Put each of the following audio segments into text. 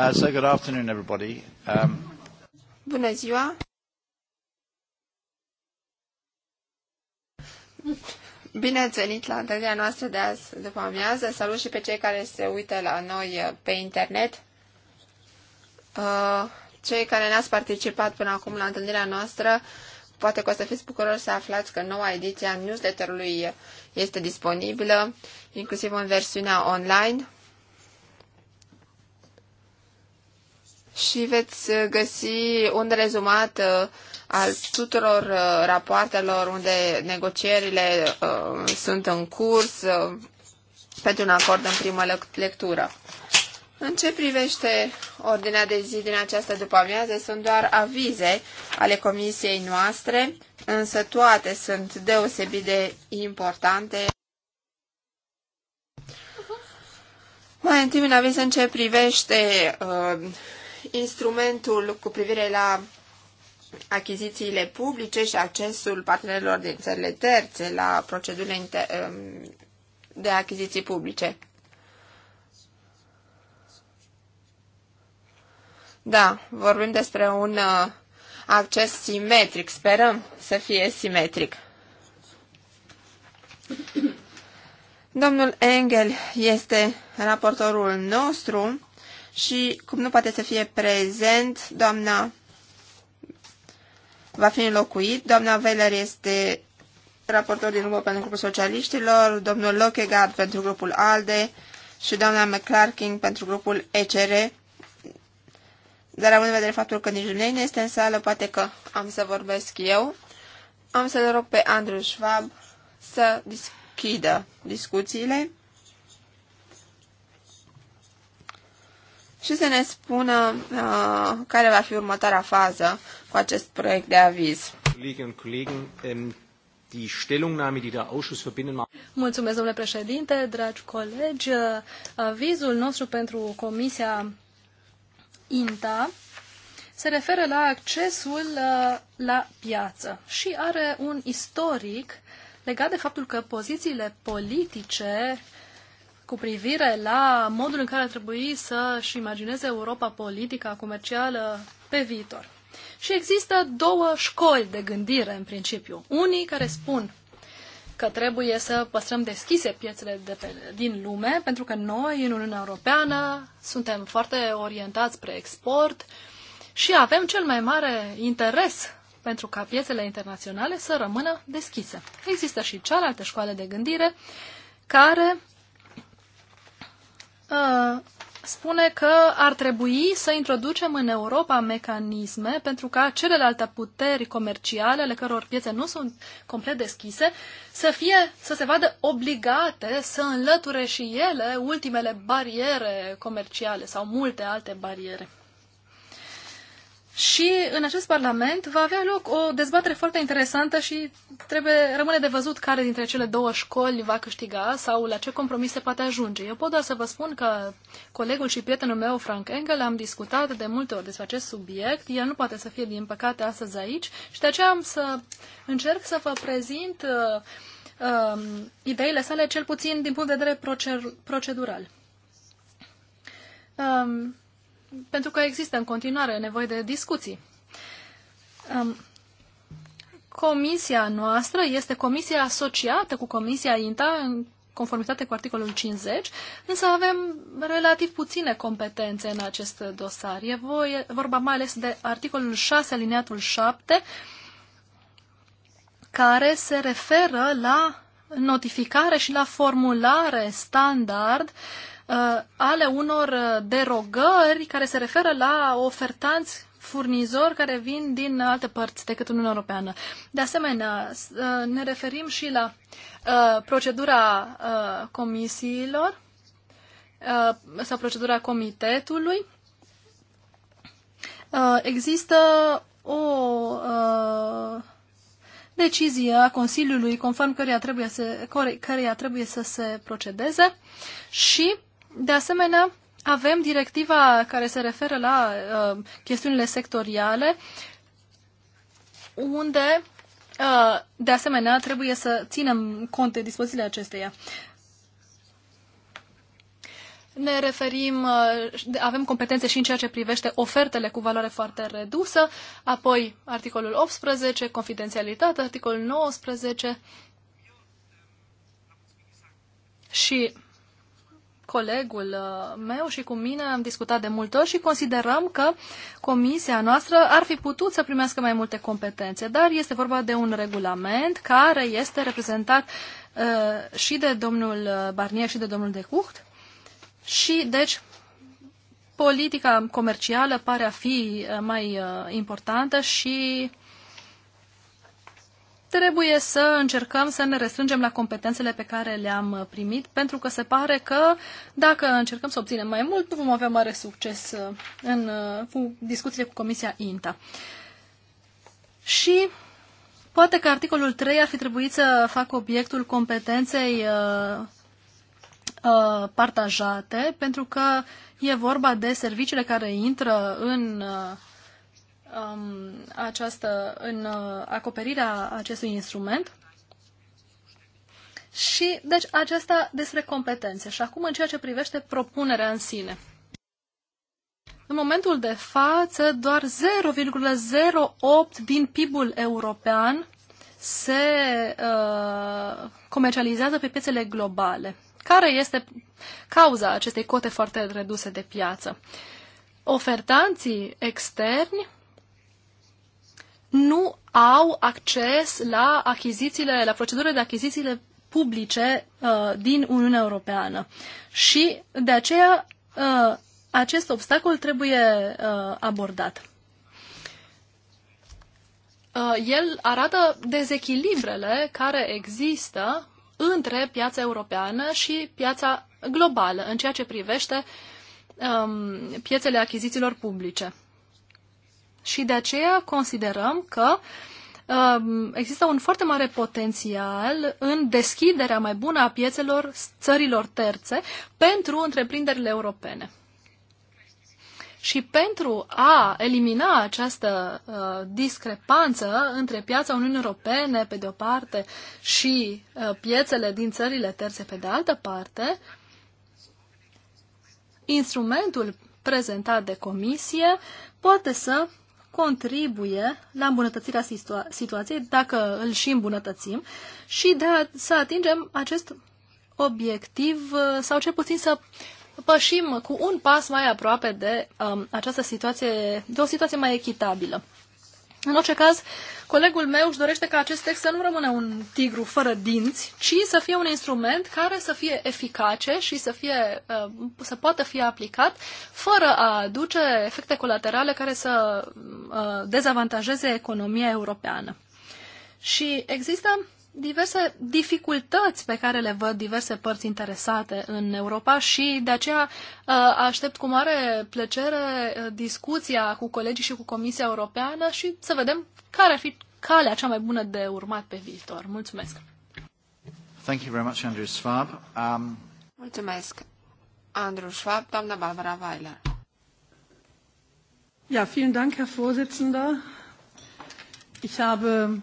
Uh, so good afternoon, everybody. Um... Bună ziua! Bine ați venit la întâlnirea noastră de azi după amiază. Salut și pe cei care se uită la noi uh, pe internet. Uh, cei care n-ați participat până acum la întâlnirea noastră, poate că o să fiți bucuroși să aflați că noua ediție a newsletterului este disponibilă, inclusiv în versiunea online. și veți uh, găsi un rezumat uh, al tuturor uh, rapoartelor unde negocierile sunt în curs pentru un acord în primă lectură. În ce privește ordinea de zi din această după-amiază, sunt doar avize ale comisiei noastre, însă toate sunt deosebit de importante. Mai întâi, un aviz în ce privește uh, instrumentul cu privire la achizițiile publice și accesul partenerilor din țările terțe la procedurile um, de achiziții publice. Da, vorbim despre un uh, acces simetric. Sperăm să fie simetric. Domnul Engel este raportorul nostru și cum nu poate să fie prezent, doamna va fi înlocuit. Doamna Veller este raportor din urmă pentru grupul socialiștilor, domnul Lockegard pentru grupul ALDE și doamna McClarkin pentru grupul ECR. Dar având în vedere faptul că nici dumneavoastră nu este în sală, poate că am să vorbesc eu. Am să le rog pe Andrew Schwab să deschidă discuțiile. și să ne spună uh, care va fi următoarea fază cu acest proiect de aviz. Mulțumesc, domnule președinte, dragi colegi. Uh, avizul nostru pentru Comisia INTA se referă la accesul uh, la piață și are un istoric legat de faptul că pozițiile politice uh, cu privire la modul în care ar trebui să-și imagineze Europa politică, comercială pe viitor. Și există două școli de gândire, în principiu. Unii care spun că trebuie să păstrăm deschise piețele de pe, din lume, pentru că noi, în Uniunea Europeană, suntem foarte orientați spre export și avem cel mai mare interes pentru ca piețele internaționale să rămână deschise. Există și cealaltă școală de gândire care uh, spune că ar trebui să introducem în Europa mecanisme pentru ca celelalte puteri comerciale, ale căror piețe nu sunt complet deschise, să, fie, să se vadă obligate să înlăture și ele ultimele bariere comerciale sau multe alte bariere. Și în acest Parlament va avea loc o dezbatere foarte interesantă și trebuie, rămâne de văzut care dintre cele două școli va câștiga sau la ce compromis se poate ajunge. Eu pot doar să vă spun că colegul și prietenul meu, Frank Engel, am discutat de multe ori despre acest subiect. El nu poate să fie, din păcate, astăzi aici și de aceea am să încerc să vă prezint uh, uh, ideile sale, cel puțin din punct de vedere procedural. Um, pentru că există în continuare nevoie de discuții. Um, comisia noastră este comisia asociată cu comisia INTA în conformitate cu articolul 50, însă avem relativ puține competențe în acest dosar. E vorba mai ales de articolul 6, aliniatul 7, care se referă la notificare și la formulare standard uh, Uh, ale unor uh, derogări care se referă la ofertanți furnizori care vin din alte părți decât Uniunea Europeană. De asemenea, uh, ne referim și la procedura comisiilor sau procedura comitetului. Există o decizie a Consiliului conform căreia trebuie să, căreia trebuie să se procedeze și de asemenea, avem directiva care se referă la uh, chestiunile sectoriale, unde, uh, de asemenea, trebuie să ținem cont de dispozițiile acesteia. Ne referim, uh, avem competențe și în ceea ce privește ofertele cu valoare foarte redusă, apoi articolul 18, confidențialitate, articolul 19 și colegul uh, meu și cu mine am discutat de multe ori și considerăm că comisia noastră ar fi putut să primească mai multe competențe, dar este vorba de un regulament care este reprezentat uh, și de domnul uh, Barnier și de domnul de Cucht și deci politica comercială pare a fi uh, mai importantă și uh, trebuie să încercăm să ne restrângem la competențele pe care le-am uh, primit, pentru că se pare că dacă încercăm să obținem mai mult, nu vom avea mare succes uh, în uh, cu discuțiile cu Comisia INTA. Și poate că articolul 3 ar fi trebuit să facă obiectul competenței uh, uh, partajate, pentru că e vorba de serviciile care intră în uh, um, această, în uh, acoperirea acestui instrument. Și, deci, acesta despre competențe. Și acum, în ceea ce privește propunerea în sine. În momentul de față, doar 0,08 din PIB-ul european se uh, comercializează pe piețele globale. Care este cauza acestei cote foarte reduse de piață? Ofertanții externi nu au acces la achizițiile, la procedurile de achizițiile publice uh, din Uniunea Europeană. Și de aceea uh, acest obstacol trebuie uh, abordat. Uh, el arată dezechilibrele care există între piața europeană și piața globală în ceea ce privește um, piețele achizițiilor publice și de aceea considerăm că um, există un foarte mare potențial în deschiderea mai bună a piețelor țărilor terțe pentru întreprinderile europene. Și pentru a elimina această uh, discrepanță între piața Uniunii Europene, pe de-o parte, și uh, piețele din țările terțe, pe de altă parte, instrumentul prezentat de comisie poate să contribuie la îmbunătățirea situa situației, dacă îl și îmbunătățim, și de a, să atingem acest obiectiv uh, sau cel puțin să pășim cu un pas mai aproape de um, această situație, de o situație mai echitabilă. În orice caz, colegul meu își dorește ca acest text să nu rămână un tigru fără dinți, ci să fie un instrument care să fie eficace și să, fie, uh, să poată fi aplicat fără a aduce efecte colaterale care să uh, dezavantajeze economia europeană. Și există diverse dificultăți pe care le văd diverse părți interesate în Europa și de aceea uh, aștept cu mare plăcere uh, discuția cu colegii și cu Comisia Europeană și să vedem care ar fi calea cea mai bună de urmat pe viitor. Mulțumesc! Thank you very much, Andrew Schwab. Um... Mulțumesc, Andrew Schwab, doamna Barbara Weiler. Ja, vielen Dank, Herr Vorsitzender. Ich habe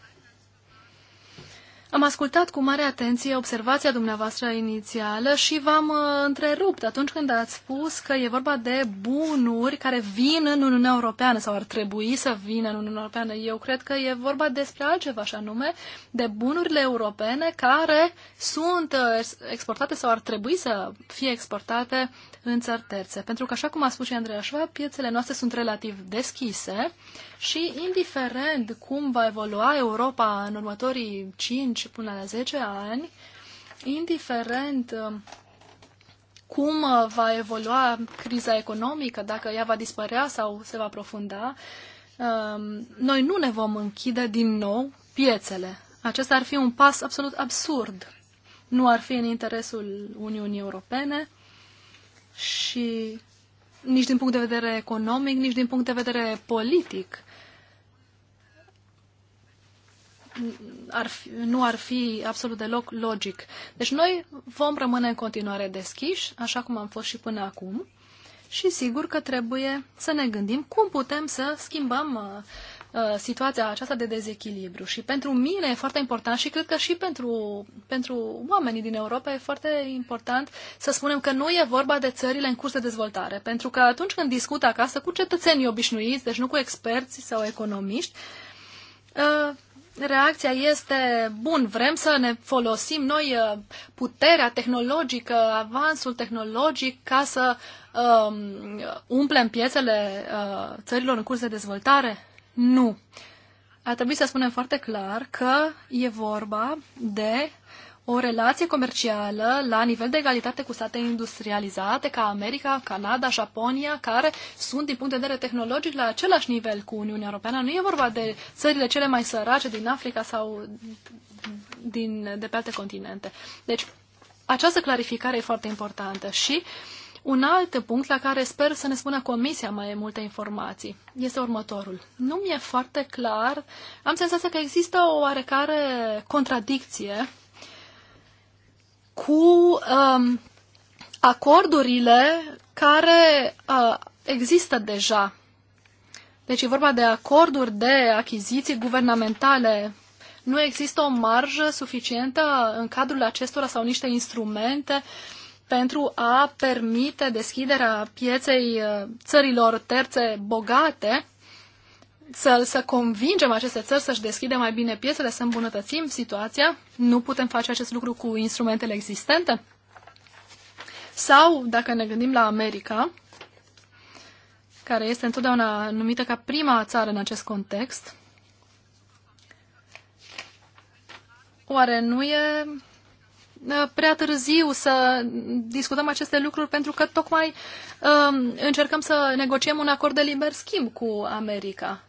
Am ascultat cu mare atenție observația dumneavoastră inițială și v-am uh, întrerupt atunci când ați spus că e vorba de bunuri care vin în Uniunea Europeană sau ar trebui să vină în Uniunea Europeană. Eu cred că e vorba despre altceva, așa nume, de bunurile europene care sunt uh, exportate sau ar trebui să fie exportate în țări terțe. Pentru că, așa cum a spus și Andreea Șva, piețele noastre sunt relativ deschise și, indiferent cum va evolua Europa în următorii 5 și până la 10 ani, indiferent uh, cum uh, va evolua criza economică, dacă ea va dispărea sau se va profunda, um, noi nu ne vom închide din nou piețele. Acesta ar fi un pas absolut absurd. Nu ar fi în interesul Uniunii Europene și nici din punct de vedere economic, nici din punct de vedere politic ar fi, nu ar fi absolut deloc logic. Deci noi vom rămâne în continuare deschiși, așa cum am fost și până acum, și sigur că trebuie să ne gândim cum putem să schimbăm uh, uh, situația aceasta de dezechilibru. Și pentru mine e foarte important și cred că și pentru, pentru oamenii din Europa e foarte important să spunem că nu e vorba de țările în curs de dezvoltare. Pentru că atunci când discut acasă cu cetățenii obișnuiți, deci nu cu experți sau economiști, uh, reacția este, bun, vrem să ne folosim noi uh, puterea tehnologică, avansul tehnologic ca să um, umplem piețele uh, țărilor în curs de dezvoltare? Nu. Ar trebui să spunem foarte clar că e vorba de o relație comercială la nivel de egalitate cu state industrializate ca America, Canada, Japonia, care sunt din punct de vedere tehnologic la același nivel cu Uniunea Europeană. Nu e vorba de țările cele mai sărace din Africa sau din, de pe alte continente. Deci, această clarificare e foarte importantă și un alt punct la care sper să ne spună Comisia mai multe informații este următorul. Nu mi-e foarte clar, am senzația că există o oarecare contradicție cu um, acordurile care uh, există deja. Deci e vorba de acorduri de achiziții guvernamentale. Nu există o marjă suficientă în cadrul acestora sau niște instrumente pentru a permite deschiderea pieței uh, țărilor terțe bogate să, să convingem aceste țări să-și deschidă mai bine piețele, să îmbunătățim situația. Nu putem face acest lucru cu instrumentele existente. Sau, dacă ne gândim la America, care este întotdeauna numită ca prima țară în acest context, oare nu e prea târziu să discutăm aceste lucruri pentru că tocmai um, încercăm să negociem un acord de liber schimb cu America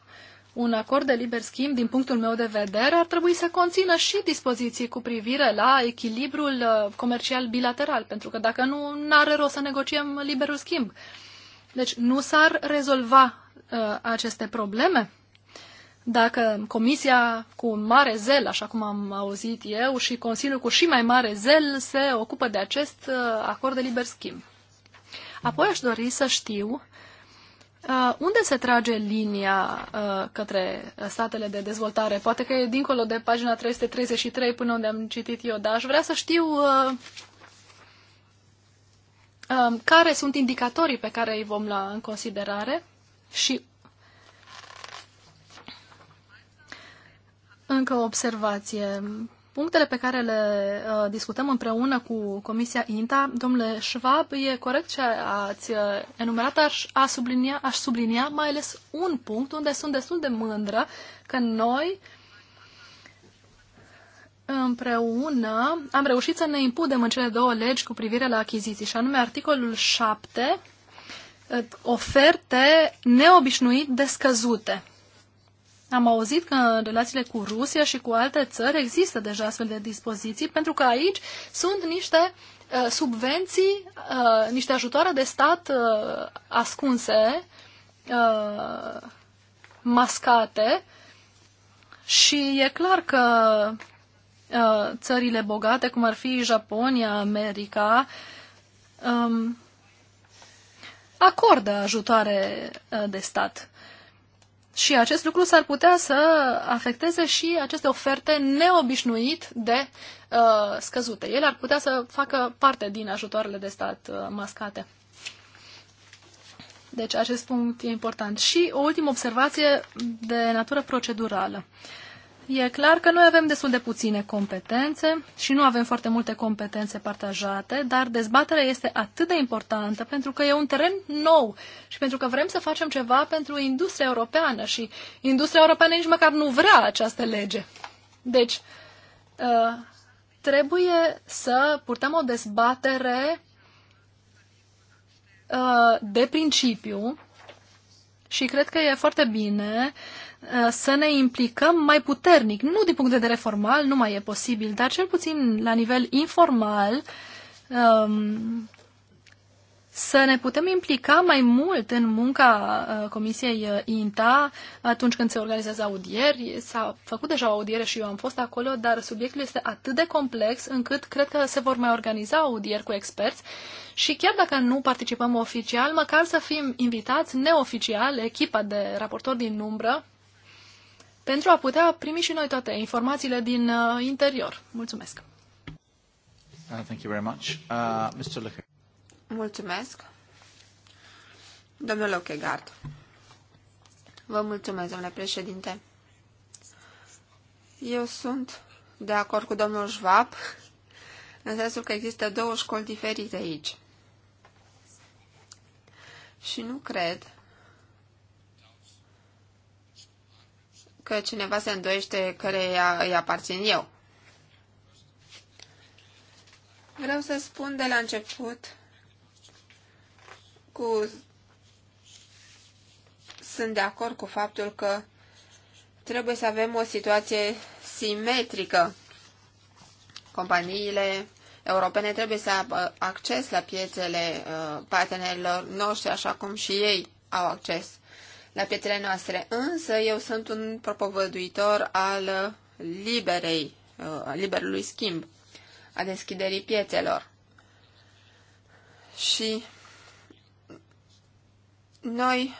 un acord de liber schimb, din punctul meu de vedere, ar trebui să conțină și dispoziții cu privire la echilibrul uh, comercial bilateral, pentru că dacă nu, n-are rost să negociem liberul schimb. Deci nu s-ar rezolva uh, aceste probleme dacă Comisia cu mare zel, așa cum am auzit eu, și Consiliul cu și mai mare zel se ocupă de acest uh, acord de liber schimb. Apoi aș dori să știu Uh, unde se trage linia uh, către statele de dezvoltare? Poate că e dincolo de pagina 333 până unde am citit eu, dar aș vrea să știu uh, uh, care sunt indicatorii pe care îi vom lua în considerare și încă o observație punctele pe care le uh, discutăm împreună cu Comisia INTA, domnule Schwab, e corect ce ați uh, enumerat, aș, a sublinia, aș sublinia mai ales un punct unde sunt destul de mândră că noi împreună am reușit să ne impunem în cele două legi cu privire la achiziții, și anume articolul 7, uh, oferte neobișnuit descăzute. Am auzit că în relațiile cu Rusia și cu alte țări există deja astfel de dispoziții, pentru că aici sunt niște uh, subvenții, uh, niște ajutoare de stat uh, ascunse, uh, mascate și e clar că uh, țările bogate, cum ar fi Japonia, America, um, acordă ajutoare uh, de stat. Și acest lucru s-ar putea să afecteze și aceste oferte neobișnuit de uh, scăzute. Ele ar putea să facă parte din ajutoarele de stat uh, mascate. Deci acest punct e important. Și o ultimă observație de natură procedurală. Uh, e clar că noi avem destul de puține competențe și nu avem foarte multe competențe partajate, dar dezbaterea este atât de importantă pentru că e un teren nou și pentru că vrem să facem ceva pentru industria europeană și industria europeană nici măcar nu vrea această lege. Deci, ă, trebuie să purtăm o dezbatere ă, de principiu și cred că e foarte bine Uh, să ne implicăm mai puternic. Nu din punct de vedere formal, nu mai e posibil, dar cel puțin la nivel informal um, să ne putem implica mai mult în munca uh, Comisiei uh, INTA atunci când se organizează audieri. S-a făcut deja o audiere și eu am fost acolo, dar subiectul este atât de complex încât cred că se vor mai organiza audieri cu experți și chiar dacă nu participăm oficial, măcar să fim invitați neoficial, echipa de raportori din umbră, pentru a putea primi și noi toate informațiile din uh, interior. Mulțumesc! Uh, thank you very much. Uh, Mr. Mulțumesc! Domnul Ochegard, Vă mulțumesc, domnule președinte. Eu sunt de acord cu domnul Schwab în sensul că există două școli diferite aici. Și nu cred că cineva se îndoiește căreia îi aparțin eu. Vreau să spun de la început cu... Sunt de acord cu faptul că trebuie să avem o situație simetrică. Companiile europene trebuie să aibă acces la piețele uh, partenerilor noștri, așa cum și ei au acces la pietrele noastre. Însă eu sunt un propovăduitor al liberei, uh, liberului schimb, a deschiderii piețelor. Și noi,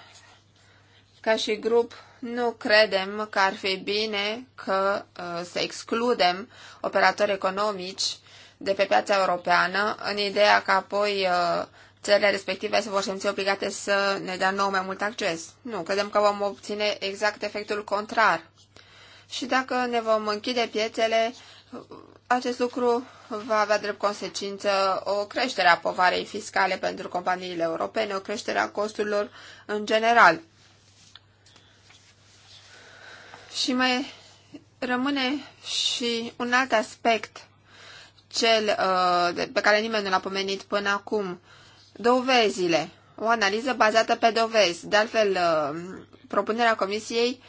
ca și grup, nu credem că ar fi bine că uh, să excludem operatori economici de pe piața europeană în ideea că apoi uh, țările respective se vor simți obligate să ne dea nou mai mult acces. Nu, credem că vom obține exact efectul contrar. Și dacă ne vom închide piețele, acest lucru va avea drept consecință o creștere a povarei fiscale pentru companiile europene, o creștere a costurilor în general. Și mai rămâne și un alt aspect, cel uh, pe care nimeni nu l-a pomenit până acum, uh, Dovezile. O analiză bazată pe dovezi. De altfel, uh, propunerea comisiei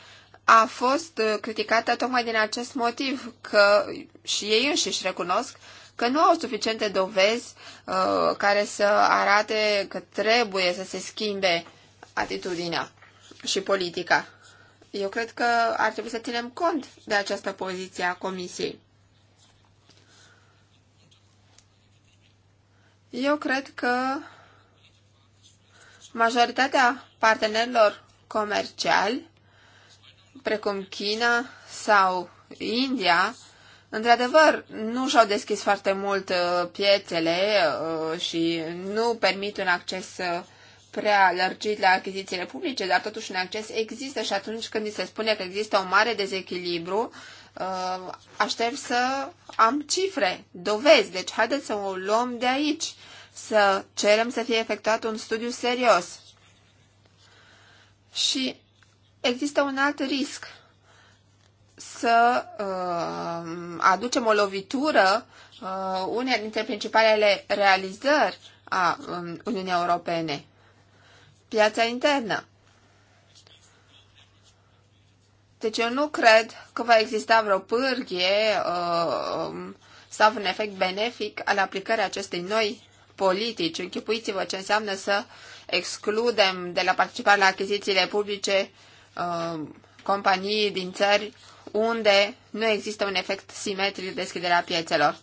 a fost uh, criticată tocmai din acest motiv, că și ei înșiși recunosc că nu au suficiente dovezi uh, care să arate că trebuie să se schimbe atitudinea și politica. Eu cred că ar trebui să ținem cont de această poziție a Comisiei. Eu cred că majoritatea partenerilor comerciali, precum China sau India, într-adevăr, nu și-au deschis foarte mult uh, piețele uh, și nu permit un acces uh, prea lărgit la achizițiile publice, dar totuși un acces există și atunci când ni se spune că există un mare dezechilibru, aștept să am cifre, dovezi. Deci haideți să o luăm de aici să cerem să fie efectuat un studiu serios. Și există un alt risc să uh, aducem o lovitură uh, unei dintre principalele realizări a um, Uniunii Europene, piața internă. Deci eu nu cred că va exista vreo pârghie uh, um, sau un efect benefic al aplicării acestei noi politici. Închipuiți-vă ce înseamnă să excludem de la participare la achizițiile publice uh, companii din țări unde nu există un efect simetric de deschidere a piețelor.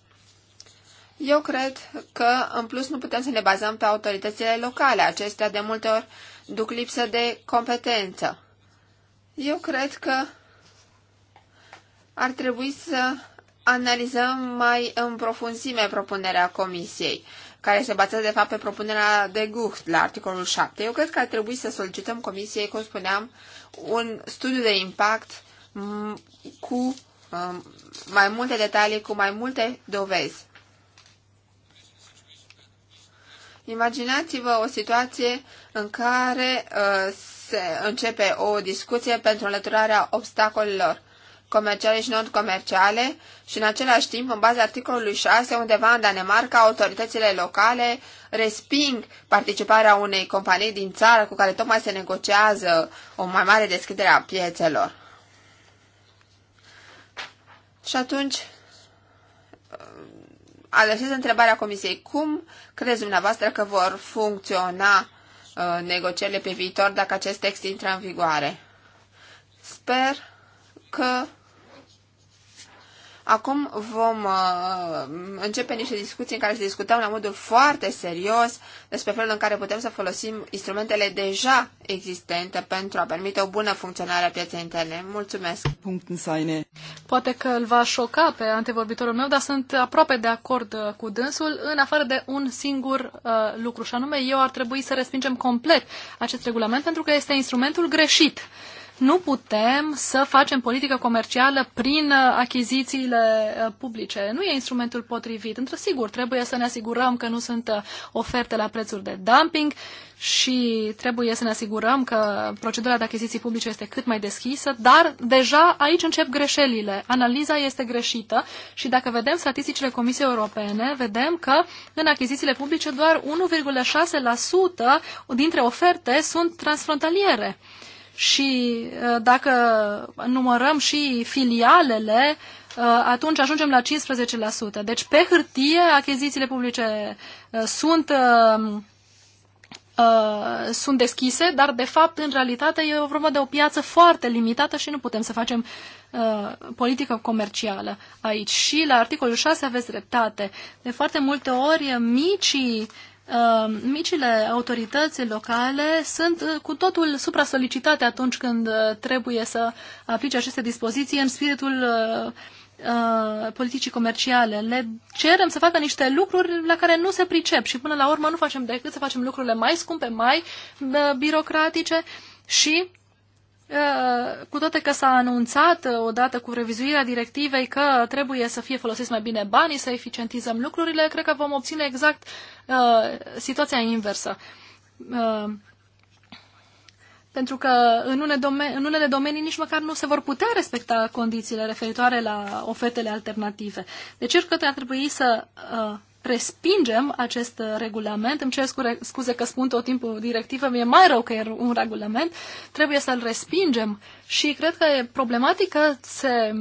Eu cred că, în plus, nu putem să ne bazăm pe autoritățile locale. Acestea, de multe ori, duc lipsă de competență. Eu cred că ar trebui să analizăm mai în profunzime propunerea Comisiei care se bazează de fapt pe propunerea de Gucht la articolul 7. Eu cred că ar trebui să solicităm comisiei, cum spuneam, un studiu de impact cu um, mai multe detalii, cu mai multe dovezi. Imaginați-vă o situație în care uh, se începe o discuție pentru înlăturarea obstacolelor comerciale și non-comerciale și în același timp, în baza articolului 6, undeva în Danemarca, autoritățile locale resping participarea unei companii din țară cu care tocmai se negociază o mai mare deschidere a piețelor. Și atunci, adresez întrebarea Comisiei, cum crezi dumneavoastră că vor funcționa uh, negocierile pe viitor dacă acest text intră în vigoare? Sper că Acum vom uh, începe niște discuții în care să discutăm la modul foarte serios despre felul în care putem să folosim instrumentele deja existente pentru a permite o bună funcționare a pieței interne. Mulțumesc! Poate că îl va șoca pe antevorbitorul meu, dar sunt aproape de acord uh, cu dânsul, în afară de un singur uh, lucru, și anume eu ar trebui să respingem complet acest regulament pentru că este instrumentul greșit nu putem să facem politică comercială prin uh, achizițiile uh, publice. Nu e instrumentul potrivit. Într sigur, trebuie să ne asigurăm că nu sunt uh, oferte la prețuri de dumping și trebuie să ne asigurăm că procedura de achiziții publice este cât mai deschisă, dar deja aici încep greșelile. Analiza este greșită și dacă vedem statisticile Comisiei Europene, vedem că în achizițiile publice doar 1,6% dintre oferte sunt transfrontaliere și uh, dacă numărăm și filialele, uh, atunci ajungem la 15%. Deci, pe hârtie, achizițiile publice uh, sunt, sunt deschise, dar, de fapt, în realitate, e vorba de o piață foarte limitată și nu putem să facem politică comercială aici. Și la articolul 6 aveți dreptate. De foarte multe ori, micii uh, Ehm, micile autorități locale sunt eh, cu totul supra-solicitate atunci când eh, trebuie să aplice aceste dispoziții în spiritul eh, politicii comerciale. Le cerem să facă niște lucruri la care nu se pricep și până la urmă nu facem decât să facem lucrurile mai scumpe, mai birocratice și Eh, cu toate că s-a anunțat eh, odată cu revizuirea directivei că trebuie să fie folosiți mai bine banii, să eficientizăm lucrurile, cred că vom obține exact eh, situația inversă. pentru că în, unele, domenii, în unele domenii nici măcar nu se vor putea respecta condițiile referitoare la ofertele alternative. Deci, cred că ar trebui să uh, respingem acest regulament, îmi cer scuze că spun tot timpul directivă, mi-e mai rău că e un regulament, trebuie să-l respingem și cred că problematica se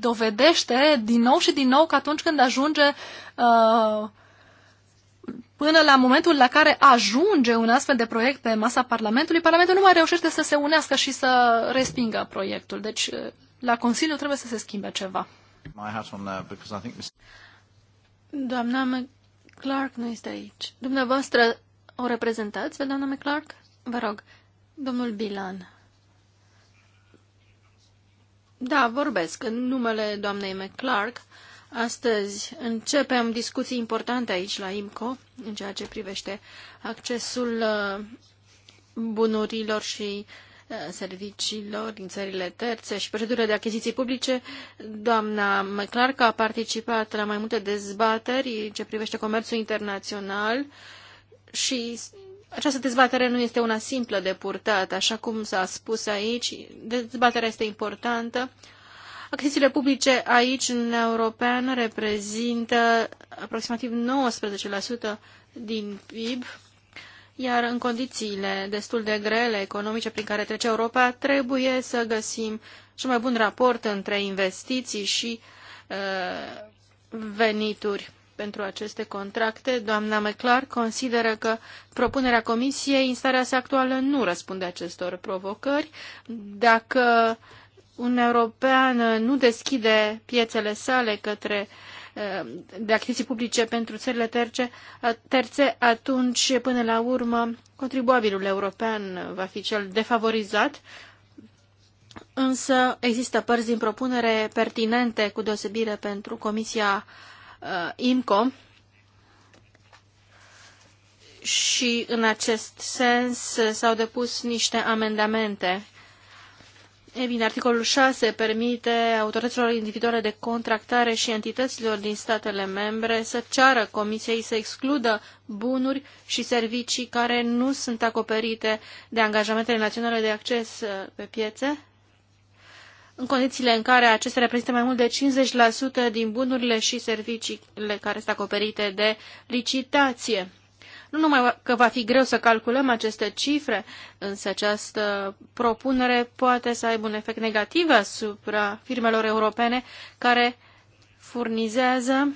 dovedește din nou și din nou că atunci când ajunge uh, până la momentul la care ajunge un astfel de proiect pe masa Parlamentului, Parlamentul nu mai reușește să se unească și să respingă proiectul. Deci uh, la Consiliu trebuie să se schimbe ceva. Doamna McClark nu este aici. Dumneavoastră o reprezentați pe doamna McClark? Vă rog, domnul Bilan. Da, vorbesc în numele doamnei McClark. Astăzi începem discuții importante aici la IMCO în ceea ce privește accesul uh, bunurilor și uh, Uh, serviciilor din țările terțe și procedură de achiziții publice. Doamna McClark a participat la mai multe dezbateri ce privește comerțul internațional și această dezbatere nu este una simplă de purtat, așa cum s-a spus aici. Dezbaterea este importantă. Achizițiile publice aici, în Europeană, reprezintă aproximativ 19% din PIB iar în condițiile destul de grele economice prin care trece Europa, trebuie să găsim și mai bun raport între investiții și uh, venituri pentru aceste contracte. Doamna McClark consideră că propunerea Comisiei în starea sa actuală nu răspunde acestor provocări. Dacă un european nu deschide piețele sale către uh, de achiziții publice pentru țările terce, terțe, atunci, până la urmă, contribuabilul european va fi cel defavorizat, însă există părți din propunere pertinente, cu deosebire pentru Comisia IMCO, și în acest sens s-au depus niște amendamente E bine, articolul 6 permite autorităților individuale de contractare și entităților din statele membre să ceară Comisiei să excludă bunuri și servicii care nu sunt acoperite de angajamentele naționale de acces uh, pe piețe, în condițiile în care acestea reprezintă mai mult de 50% din bunurile și serviciile care sunt acoperite de licitație. Nu numai că va fi greu să calculăm aceste cifre, însă această propunere poate să aibă un efect negativ asupra firmelor europene care furnizează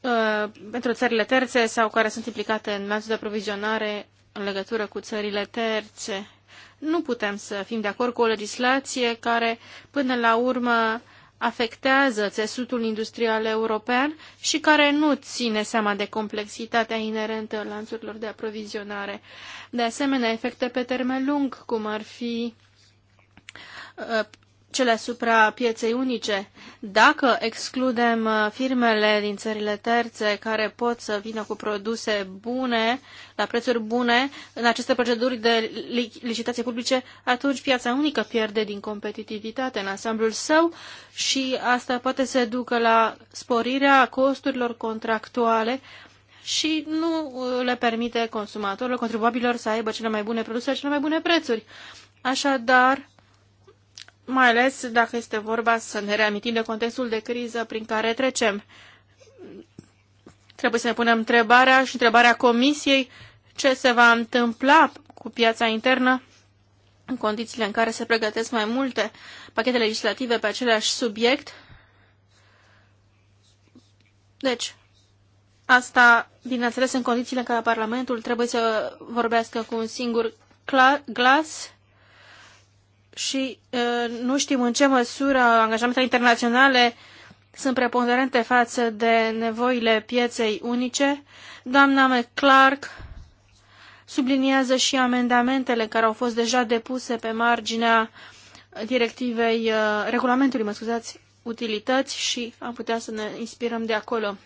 uh, pentru țările terțe sau care sunt implicate în lanțul de aprovizionare în legătură cu țările terțe. Nu putem să fim de acord cu o legislație care, până la urmă, afectează țesutul industrial european și care nu ține seama de complexitatea inerentă lanțurilor de aprovizionare. De asemenea, efecte pe termen lung, cum ar fi cele supra pieței unice. Dacă excludem uh, firmele din țările terțe care pot să vină cu produse bune, la prețuri bune, în aceste proceduri de licitație publice, atunci piața unică pierde din competitivitate în ansamblul său și asta poate să ducă la sporirea costurilor contractuale și nu uh, le permite consumatorilor, contribuabililor să aibă cele mai bune produse, și cele mai bune prețuri. Așadar, mai ales dacă este vorba să ne reamintim de contextul de criză prin care trecem. Trebuie să ne punem întrebarea și întrebarea Comisiei ce se va întâmpla cu piața internă în condițiile în care se pregătesc mai multe pachete legislative pe același subiect. Deci, asta, bineînțeles, în condițiile în care Parlamentul trebuie să vorbească cu un singur glas și nu știm în ce măsură angajamentele internaționale sunt preponderente față de nevoile pieței unice. Doamna McClark subliniază și amendamentele care au fost deja depuse pe marginea directivei, regulamentului, mă scuzați, utilități și am putea să ne inspirăm de acolo.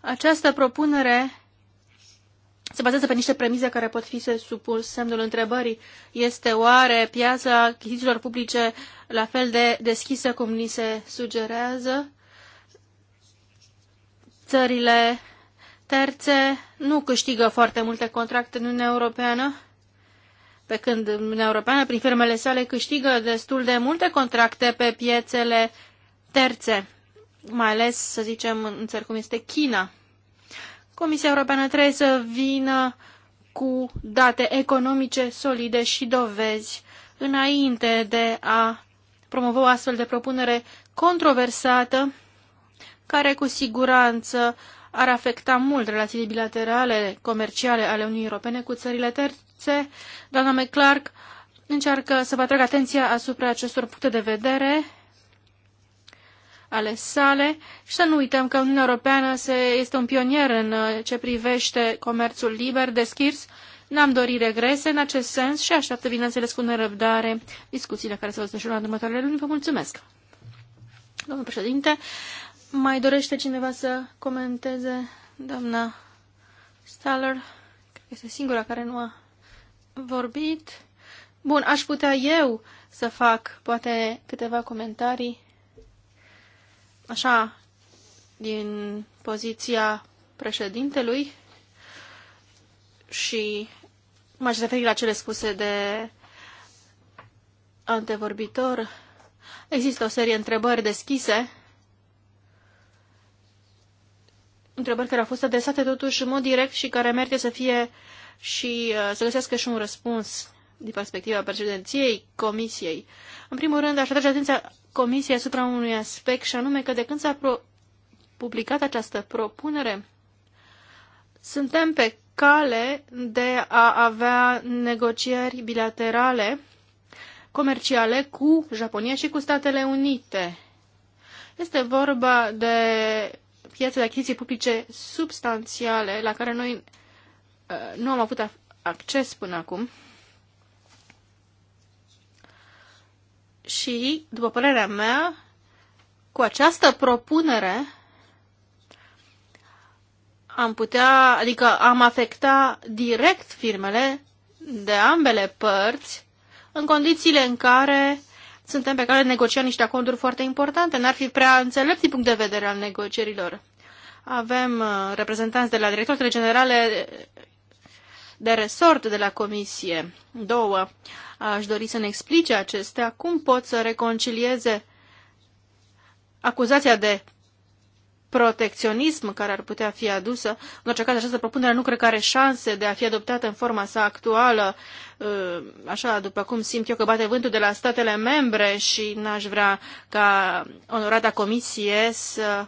Această propunere se bazează pe niște premize care pot fi supus semnul întrebării. Este oare piața achizițiilor publice la fel de deschisă cum ni se sugerează? Țările terțe nu câștigă foarte multe contracte în Uniunea Europeană, pe când Uniunea Europeană, prin firmele sale, câștigă destul de multe contracte pe piețele terțe, mai ales, să zicem, în țări cum este China. Comisia Europeană trebuie să vină cu date economice solide și dovezi înainte de a promova o astfel de propunere controversată care cu siguranță ar afecta mult relațiile bilaterale comerciale ale Uniunii Europene cu țările terțe. Doamna McClark încearcă să vă atrag atenția asupra acestor puncte de vedere ale sale și să nu uităm că Uniunea Europeană se, este un pionier în uh, ce privește comerțul liber, deschis. N-am dorit regrese în acest sens și așteaptă, bineînțeles, cu nerăbdare discuțiile care se vor desfășura în următoarele luni. Vă mulțumesc! Domnul președinte, mai dorește cineva să comenteze? Doamna Staller, cred că este singura care nu a vorbit. Bun, aș putea eu să fac poate câteva comentarii așa, din poziția președintelui și m-aș referi la cele spuse de antevorbitor. Există o serie întrebări deschise, întrebări care au fost adresate totuși în mod direct și care merită să fie și uh, să găsească și un răspuns din perspectiva președinției Comisiei. În primul rând, aș atrage atenția Comisiei asupra unui aspect și anume că de când s-a publicat această propunere, suntem pe cale de a avea negocieri bilaterale comerciale cu Japonia și cu Statele Unite. Este vorba de piețe de achiziții publice substanțiale la care noi uh, nu am avut acces până acum. Și, după părerea mea, cu această propunere am putea, adică am afecta direct firmele de ambele părți în condițiile în care suntem pe care de negocia niște acorduri foarte importante. N-ar fi prea înțelept din punct de vedere al negocierilor. Avem uh, reprezentanți de la directoratele generale de resort de la Comisie. Două, aș dori să ne explice acestea cum pot să reconcilieze acuzația de protecționism care ar putea fi adusă. În orice caz, această propunere nu cred că are șanse de a fi adoptată în forma sa actuală, ă, așa după cum simt eu că bate vântul de la statele membre și n-aș vrea ca onorata comisie să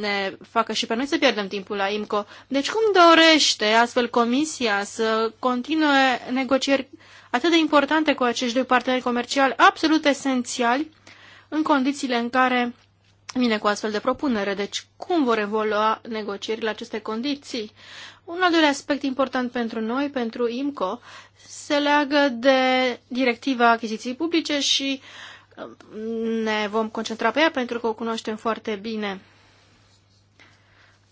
ne facă și pe noi să pierdem timpul la IMCO. Deci cum dorește astfel Comisia să continue negocieri atât de importante cu acești doi parteneri comerciali absolut esențiali în condițiile în care vine cu astfel de propunere? Deci cum vor evolua negocierile aceste condiții? Un al doilea aspect important pentru noi, pentru IMCO, se leagă de directiva achiziții publice și um, ne vom concentra pe ea pentru că o cunoaștem foarte bine.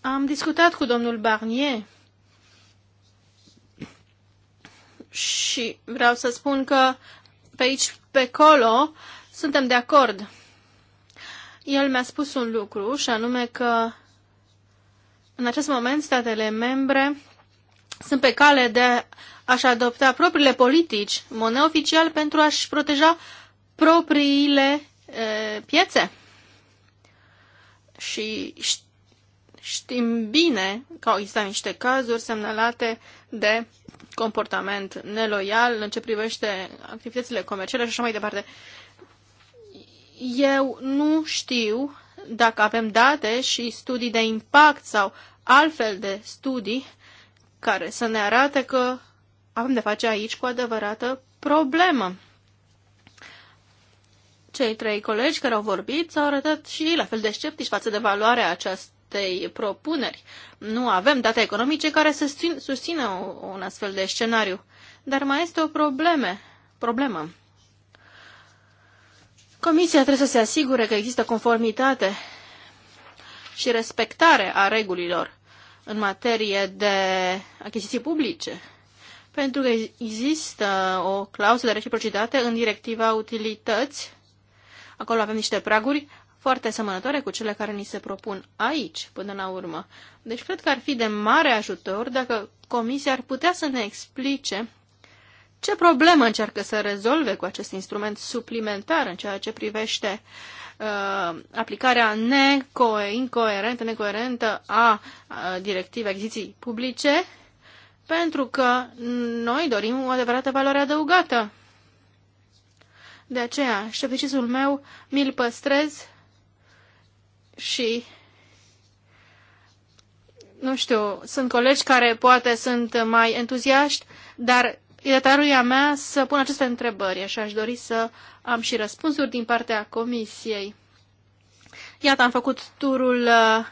Am discutat cu domnul Barnier și vreau să spun că pe aici, pe colo, suntem de acord. El mi-a spus un lucru și anume că în acest moment statele membre sunt pe cale de a-și adopta propriile politici, mod neoficial, pentru a-și proteja propriile e, piețe. Și Știm bine că au existat niște cazuri semnalate de comportament neloial în ce privește activitățile comerciale și așa mai departe. Eu nu știu dacă avem date și studii de impact sau altfel de studii care să ne arate că avem de face aici cu adevărată problemă. Cei trei colegi care au vorbit s-au arătat și ei la fel de sceptici față de valoarea acest, acestei propuneri. Nu avem date economice care să susțină un astfel de scenariu. Dar mai este o probleme, problemă. Comisia trebuie să se asigure că există conformitate și respectare a regulilor în materie de achiziții publice, pentru că există o clauză de reciprocitate în directiva utilități, acolo avem niște praguri, foarte asemănătoare cu cele care ni se propun aici, până la urmă. Deci cred că ar fi de mare ajutor dacă Comisia ar putea să ne explice ce problemă încearcă să rezolve cu acest instrument suplimentar în ceea ce privește uh, aplicarea neco incoerentă, necoerentă a uh, directivei achiziții publice, pentru că noi dorim o adevărată valoare adăugată. De aceea, șeficisul meu mi-l păstrez și nu știu, sunt colegi care poate sunt mai entuziaști, dar e datoria mea să pun aceste întrebări și aș dori să am și răspunsuri din partea comisiei. Iată, am făcut turul uh,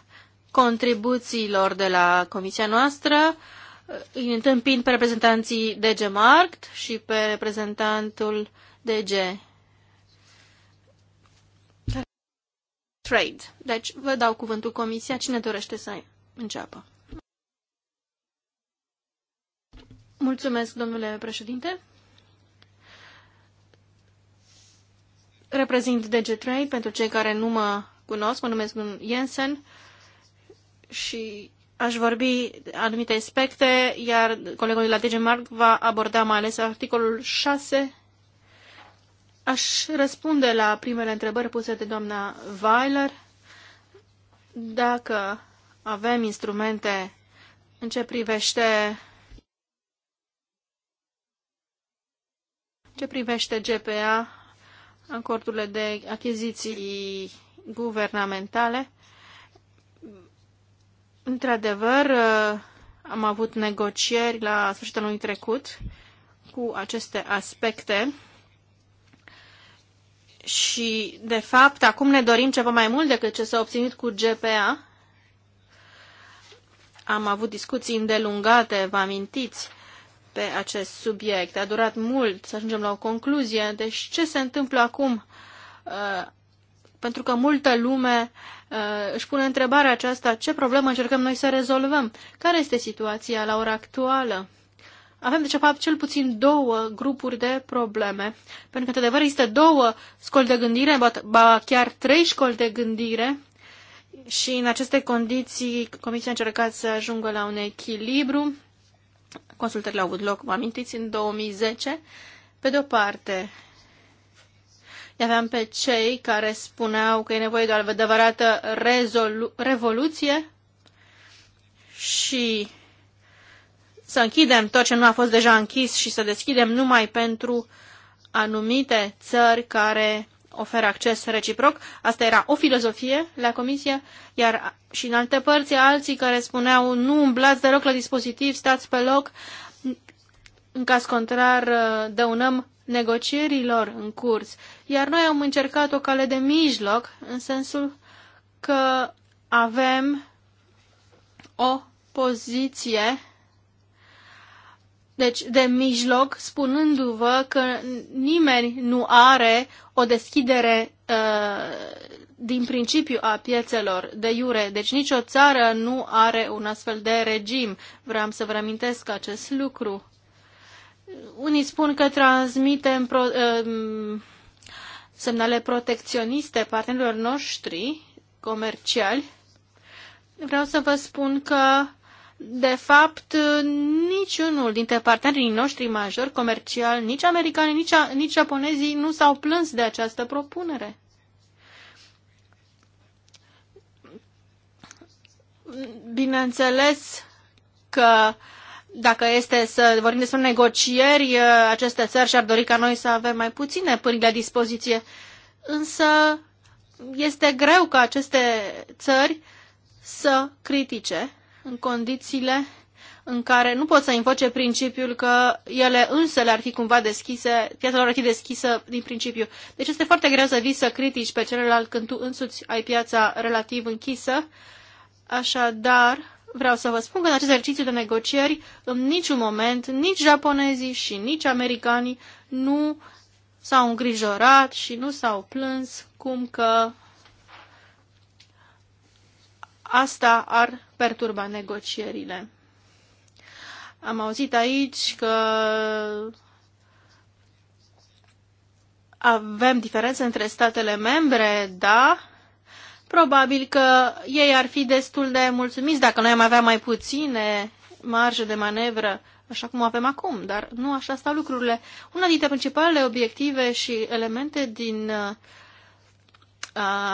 contribuțiilor de la comisia noastră, uh, întâmpind pe reprezentanții DG Markt și pe reprezentantul DG Trade. Deci vă dau cuvântul comisia. Cine dorește să înceapă? Mulțumesc, domnule președinte. Reprezint DG Trade pentru cei care nu mă cunosc. Mă numesc Jensen și aș vorbi anumite aspecte, iar colegul de la DG Mark va aborda mai ales articolul 6 Aș răspunde la primele întrebări puse de doamna Weiler. Dacă avem instrumente în ce privește ce privește GPA, acordurile de achiziții guvernamentale, într-adevăr, am avut negocieri la sfârșitul anului trecut cu aceste aspecte și, de fapt, acum ne dorim ceva mai mult decât ce s-a obținut cu GPA. Am avut discuții îndelungate, vă amintiți, pe acest subiect. A durat mult să ajungem la o concluzie. Deci, ce se întâmplă acum? Uh, pentru că multă lume uh, își pune întrebarea aceasta, ce problemă încercăm noi să rezolvăm? Care este situația la ora actuală? avem deci, de fapt cel puțin două grupuri de probleme, pentru că într-adevăr există două școli de gândire, ba chiar trei școli de gândire și în aceste condiții Comisia a încercat să ajungă la un echilibru. Consultările au avut loc, vă amintiți, în 2010. Pe de o parte, aveam pe cei care spuneau că e nevoie de o adevărată revoluție și să închidem tot ce nu a fost deja închis și să deschidem numai pentru anumite țări care oferă acces reciproc. Asta era o filozofie la comisie, iar și în alte părți alții care spuneau nu umblați deloc la dispozitiv, stați pe loc. În caz contrar, dăunăm negocierilor în curs. Iar noi am încercat o cale de mijloc, în sensul că avem o poziție deci, de mijloc, spunându-vă că nimeni nu are o deschidere uh, din principiu a piețelor de iure. Deci nicio țară nu are un astfel de regim. Vreau să vă amintesc acest lucru. Unii spun că transmitem pro, uh, semnale protecționiste partenerilor noștri comerciali. Vreau să vă spun că de fapt, niciunul dintre partenerii noștri majori comerciali, nici americani, nici, nici japonezii, nu s-au plâns de această propunere. Bineînțeles că dacă este să vorbim despre negocieri, aceste țări și-ar dori ca noi să avem mai puține pârghi la dispoziție, însă este greu ca aceste țări să critique în condițiile în care nu pot să invoce principiul că ele însele ar fi cumva deschise, piața lor ar fi deschisă din principiu. Deci este foarte greu să vii să critici pe celălalt când tu însuți ai piața relativ închisă. Așadar, vreau să vă spun că în acest exercițiu de negocieri, în niciun moment, nici japonezii și nici americanii nu s-au îngrijorat și nu s-au plâns cum că asta ar perturba negocierile. Am auzit aici că avem diferențe între statele membre, da, probabil că ei ar fi destul de mulțumiți dacă noi am avea mai puține marje de manevră, așa cum avem acum, dar nu așa stau lucrurile. Una dintre principalele obiective și elemente din uh,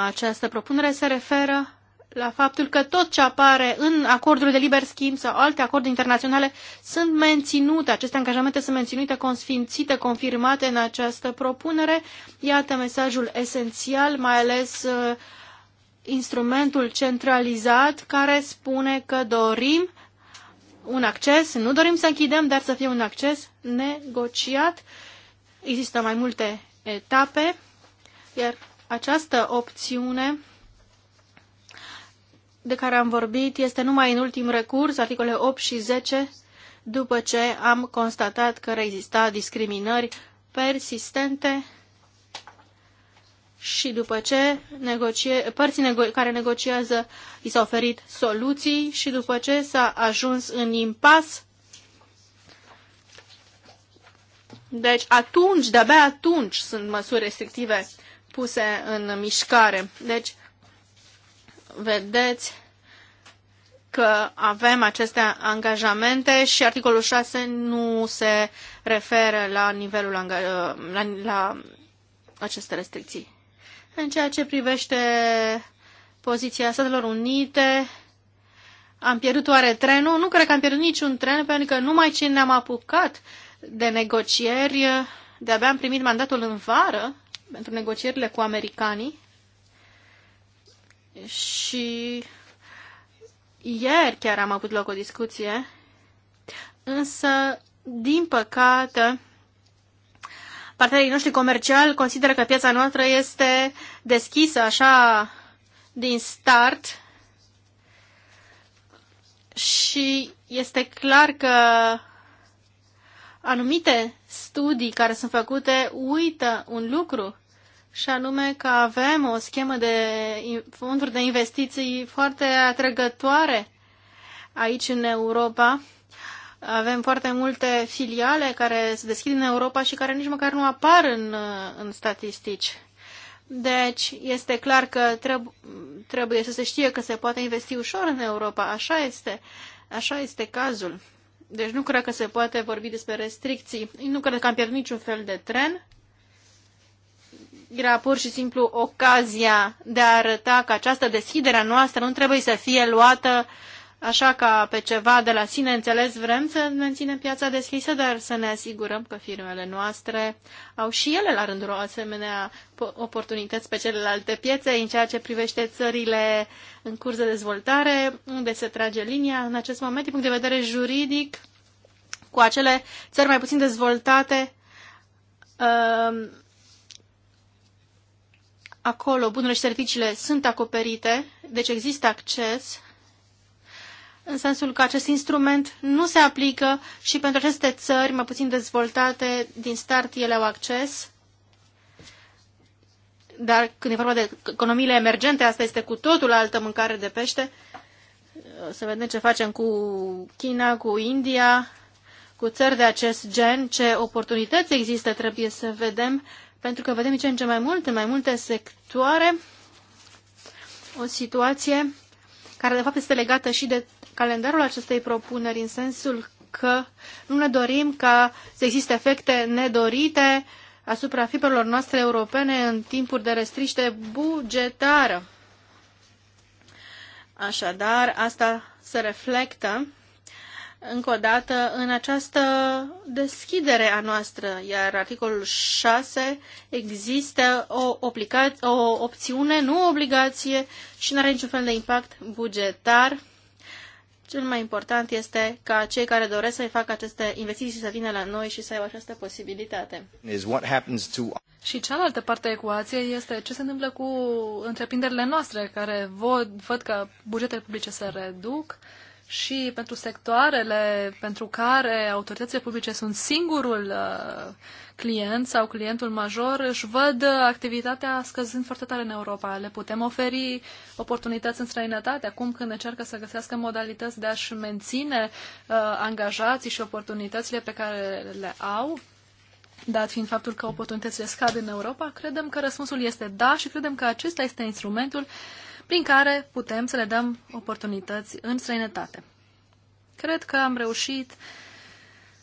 această propunere se referă la faptul că tot ce apare în acordurile de liber schimb sau alte acorduri internaționale sunt menținute, aceste angajamente sunt menținute, consfințite, confirmate în această propunere. Iată mesajul esențial, mai ales uh, instrumentul centralizat care spune că dorim un acces, nu dorim să închidem, dar să fie un acces negociat. Există mai multe etape, iar această opțiune de care am vorbit este numai în ultim recurs, articole 8 și 10, după ce am constatat că rezista discriminări persistente și după ce negocie, părții nego care negociază i s-au oferit soluții și după ce s-a ajuns în impas. Deci atunci, de-abia atunci sunt măsuri restrictive puse în mișcare. Deci vedeți că avem aceste angajamente și articolul 6 nu se referă la nivelul la, la aceste restricții. În ceea ce privește poziția Statelor Unite, am pierdut oare trenul? Nu cred că am pierdut niciun tren, pentru că numai ce ne-am apucat de negocieri, de-abia am primit mandatul în vară pentru negocierile cu americanii, și ieri chiar am avut loc o discuție, însă, din păcate, partenerii noștri comerciali consideră că piața noastră este deschisă așa din start și este clar că anumite studii care sunt făcute uită un lucru și anume că avem o schemă de fonduri de investiții foarte atrăgătoare aici în Europa. Avem foarte multe filiale care se deschid în Europa și care nici măcar nu apar în, în statistici. Deci este clar că trebu- trebuie să se știe că se poate investi ușor în Europa. Așa este, așa este cazul. Deci nu cred că se poate vorbi despre restricții. Nu cred că am pierdut niciun fel de tren era pur și simplu ocazia de a arăta că această deschidere a noastră nu trebuie să fie luată așa ca pe ceva de la sine înțeles. Vrem să menținem piața deschisă, dar să ne asigurăm că firmele noastre au și ele la rândul o asemenea oportunități pe celelalte piețe în ceea ce privește țările în curs de dezvoltare, unde se trage linia în acest moment din punct de vedere juridic cu acele țări mai puțin dezvoltate uh, acolo bunurile și serviciile sunt acoperite, deci există acces, în sensul că acest instrument nu se aplică și pentru aceste țări mai puțin dezvoltate, din start ele au acces. Dar când e vorba de economiile emergente, asta este cu totul altă mâncare de pește. O să vedem ce facem cu China, cu India, cu țări de acest gen, ce oportunități există, trebuie să vedem pentru că vedem ce în ce mai mult, în mai multe sectoare, o situație care de fapt este legată și de calendarul acestei propuneri, în sensul că nu ne dorim ca să existe efecte nedorite asupra fibrelor noastre europene în timpuri de restriște bugetară. Așadar, asta se reflectă încă o dată în această deschidere a noastră, iar articolul 6 există o, o opțiune, nu o obligație și nu are niciun fel de impact bugetar. Cel mai important este ca cei care doresc să facă aceste investiții să vină la noi și să aibă această posibilitate. Și cealaltă parte a ecuației este ce se întâmplă cu întreprinderile noastre care văd, văd că bugetele publice se reduc, uh, și pentru sectoarele pentru care autoritățile publice sunt singurul uh, client sau clientul major, își văd activitatea scăzând foarte tare în Europa. Le putem oferi oportunități în străinătate acum când încearcă să găsească modalități de a-și menține uh, angajații și oportunitățile pe care le au. Dat fiind faptul că oportunitățile scad în Europa, credem că răspunsul este da și credem că acesta este instrumentul uh, prin care putem să le dăm oportunități în străinătate. Cred că am reușit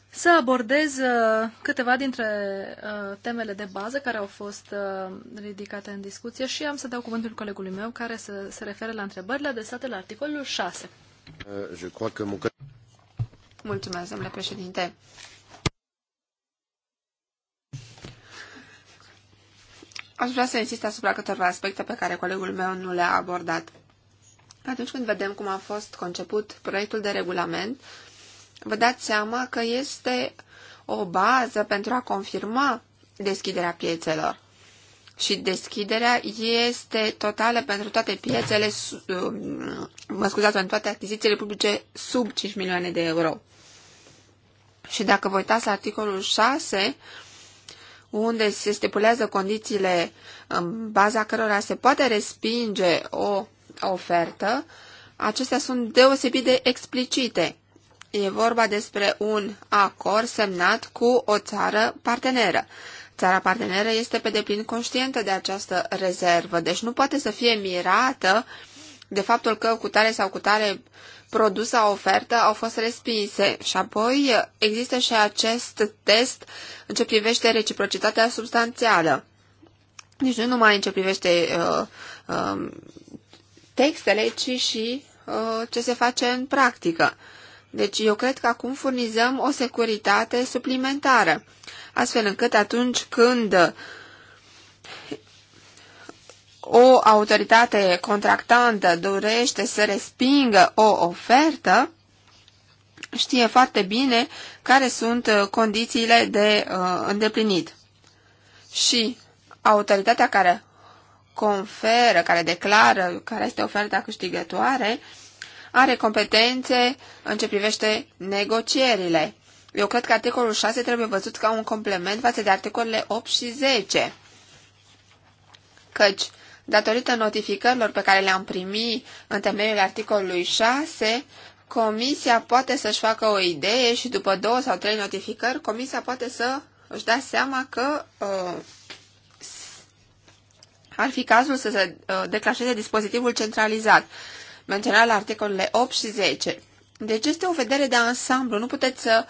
să abordez uh, câteva dintre uh, temele de bază care au fost uh, ridicate în discuție și am să dau cuvântul colegului meu care să se refere la întrebările adresate la articolul 6. Mulțumesc, domnule președinte. Aș vrea să insist asupra câteva aspecte pe care colegul meu nu le-a abordat. Atunci când vedem cum a fost conceput proiectul de regulament, vă dați seama că este o bază pentru a confirma deschiderea piețelor. Și deschiderea este totală pentru toate piețele, um, mă scuzați, pentru toate achizițiile publice sub 5 milioane de euro. Și dacă vă uitați articolul 6, unde se stipulează condițiile în baza cărora se poate respinge o ofertă, acestea sunt deosebit de explicite. E vorba despre un acord semnat cu o țară parteneră. Țara parteneră este pe deplin conștientă de această rezervă, deci nu poate să fie mirată de faptul că cu tare sau cu tare produs sau ofertă au fost respinse. Și apoi există și acest test în ce privește reciprocitatea substanțială. Deci nu numai în ce privește uh, uh, textele, ci și uh, ce se face în practică. Deci eu cred că acum furnizăm o securitate suplimentară, astfel încât atunci când o autoritate contractantă dorește să respingă o ofertă, știe foarte bine care sunt uh, condițiile de uh, îndeplinit. Și autoritatea care conferă, care declară care este oferta câștigătoare, are competențe în ce privește negocierile. Eu cred că articolul 6 trebuie văzut ca un complement față de articolele 8 și 10, căci Datorită notificărilor pe care le-am primit în temeiul articolului 6, comisia poate să-și facă o idee și după două sau trei notificări, comisia poate să își dea seama că uh, ar fi cazul să se uh, declanșeze dispozitivul centralizat, menționat la articolele 8 și 10. Deci este o vedere de ansamblu, nu puteți să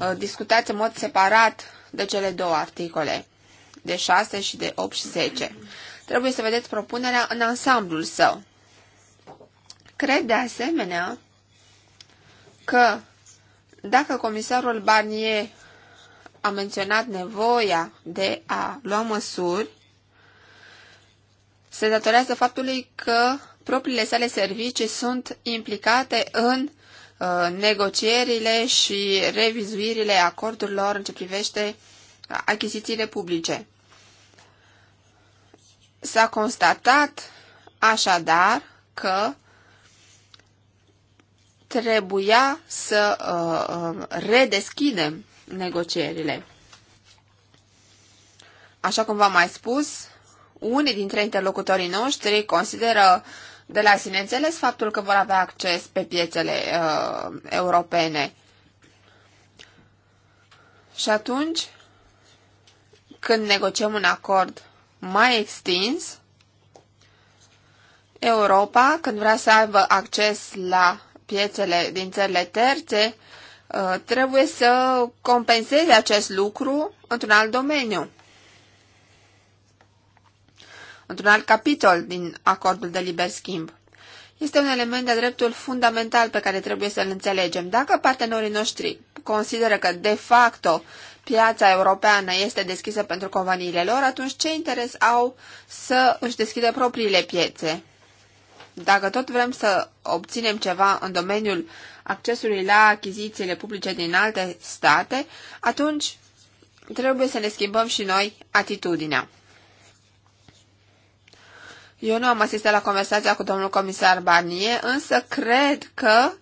uh, discutați în mod separat de cele două articole, de 6 și de 8 și 10. Trebuie să vedeți propunerea în ansamblul său. Cred de asemenea că dacă comisarul Barnier a menționat nevoia de a lua măsuri, se datorează faptului că propriile sale servicii sunt implicate în uh, negocierile și revizuirile acordurilor în ce privește achizițiile publice. S-a constatat așadar că trebuia să uh, um, redeschidem negocierile. Așa cum v-am mai spus, unii dintre interlocutorii noștri consideră de la sine înțeles faptul că vor avea acces pe piețele uh, europene. Și atunci, când negociem un acord mai extins, Europa, când vrea să aibă acces la piețele din țările terțe, uh, trebuie să compenseze acest lucru într-un alt domeniu, într-un alt capitol din acordul de liber schimb. Este un element de dreptul fundamental pe care trebuie să-l înțelegem. Dacă partenerii noștri consideră că, de facto, piața europeană este deschisă pentru companiile lor, atunci ce interes au să își deschidă propriile piețe? Dacă tot vrem să obținem ceva în domeniul accesului la achizițiile publice din alte state, atunci trebuie să ne schimbăm și noi atitudinea. Eu nu am asistat la conversația cu domnul comisar Barnier, însă cred că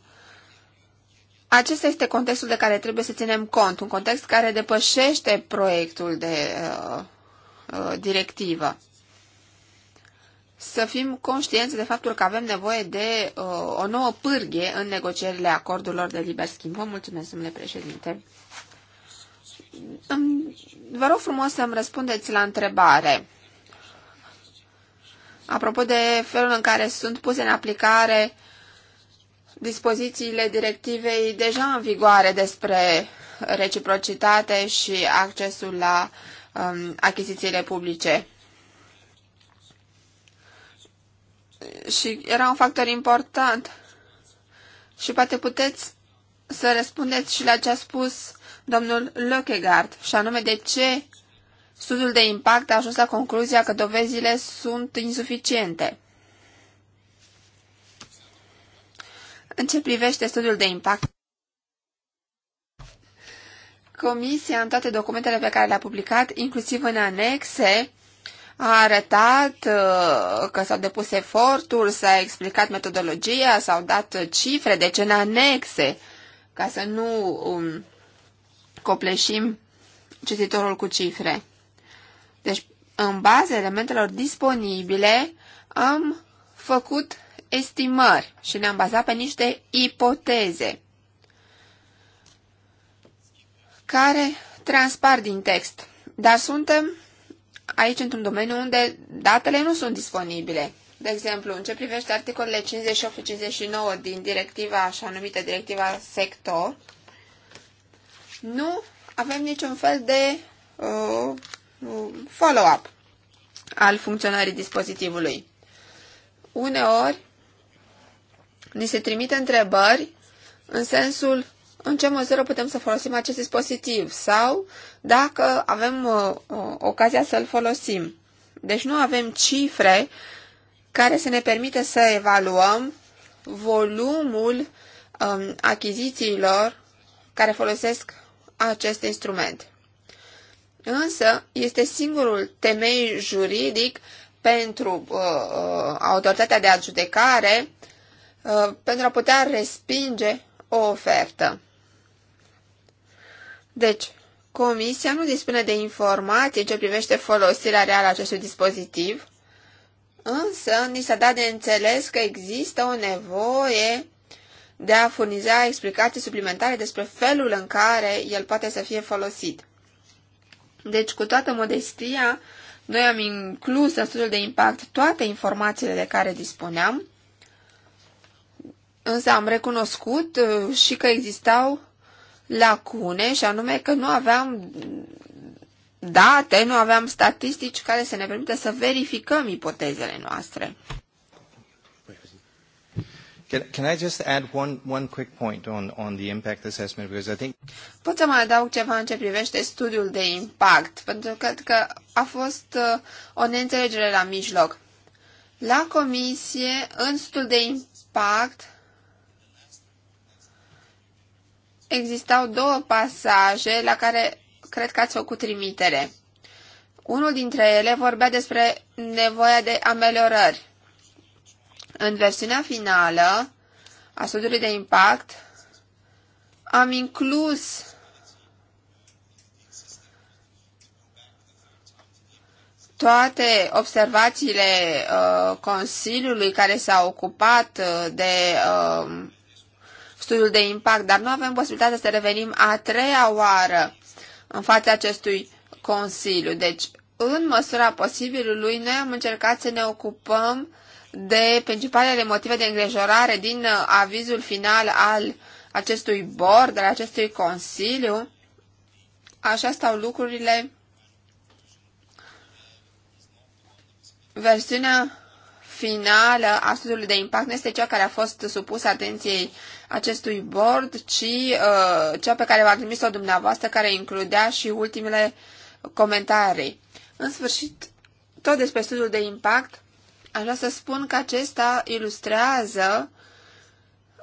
acesta este contextul de care trebuie să ținem cont, un context care depășește proiectul de uh, uh, directivă. Să fim conștienți de faptul că avem nevoie de uh, o nouă pârghie în negocierile acordurilor de liber schimb. Vă mulțumesc, domnule președinte. vă rog frumos să-mi răspundeți la întrebare. Apropo de felul în care sunt puse în aplicare uh, dispozițiile directivei deja în vigoare despre reciprocitate și accesul la um, achizițiile publice. Și era un factor important. Și poate puteți să răspundeți și la ce a spus domnul Lökegaard, și anume de ce studiul de impact a ajuns la concluzia că dovezile sunt insuficiente. În ce privește studiul de impact, Comisia, în toate documentele pe care le-a publicat, inclusiv în anexe, a arătat uh, că s-au depus eforturi, s-a explicat metodologia, s-au dat cifre, deci în anexe, ca să nu um, copleșim cititorul cu cifre. Deci, în baza elementelor disponibile, am făcut estimări și ne-am bazat pe niște ipoteze care transpar din text, dar suntem aici într-un domeniu unde datele nu sunt disponibile. De exemplu, în ce privește articolele 58 și 59 din directiva, așa numită directiva sector, nu avem niciun fel de uh, uh follow-up al funcționării dispozitivului. Uneori, Ni se trimite întrebări în sensul în ce măsură putem să folosim acest dispozitiv sau dacă avem uh, uh, ocazia să-l folosim. Deci nu avem cifre care să ne permite să evaluăm volumul um, achizițiilor care folosesc acest instrument. Însă este singurul temei juridic pentru uh, uh autoritatea de adjudecare Uh, pentru a putea respinge o ofertă. Deci, Comisia nu dispune de informații ce privește folosirea reală a acestui dispozitiv, însă ni s-a dat de înțeles că există o nevoie de a furniza explicații suplimentare despre felul în care el poate să fie folosit. Deci, cu toată modestia, noi am inclus în studiul de impact toate informațiile de care dispuneam Însă am recunoscut uh, și că existau lacune și anume că nu aveam date, nu aveam statistici care să ne permită să verificăm ipotezele noastre. Can I just add one, one quick point on, on the impact assessment? Because I think... Pot să mai adaug ceva în ce privește studiul de impact, pentru că că a fost uh, o neînțelegere la mijloc. La comisie, în studiul de impact, existau două pasaje la care cred că ați făcut trimitere. Unul dintre ele vorbea despre nevoia de ameliorări. În versiunea finală a studiului de impact am inclus toate observațiile uh, Consiliului care s-a ocupat uh, de uh, studiul de impact, dar nu avem posibilitatea să revenim a treia oară în fața acestui Consiliu. Deci, în măsura posibilului, noi am încercat să ne ocupăm de principalele motive de îngrijorare din uh, avizul final al acestui board, al acestui Consiliu. Așa stau lucrurile. Versiunea finală a studiului de impact nu este cea care a fost supusă atenției acestui board, ci uh, cea pe care v-a trimis-o dumneavoastră, care includea și ultimele comentarii. În sfârșit, tot despre studiul de impact, aș vrea să spun că acesta ilustrează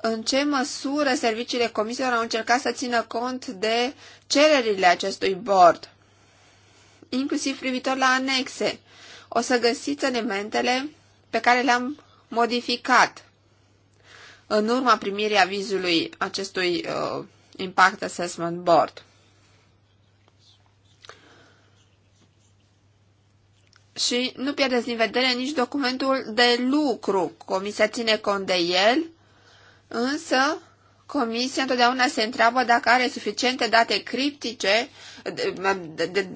în ce măsură serviciile comisiilor au încercat să țină cont de cererile acestui board, inclusiv privitor la anexe. O să găsiți elementele pe care le-am modificat în urma primirii avizului acestui uh, Impact Assessment Board. Și nu pierdeți din vedere nici documentul de lucru. Comisia ține cont de el, însă Comisia întotdeauna se întreabă dacă are suficiente date criptice, de, de, de,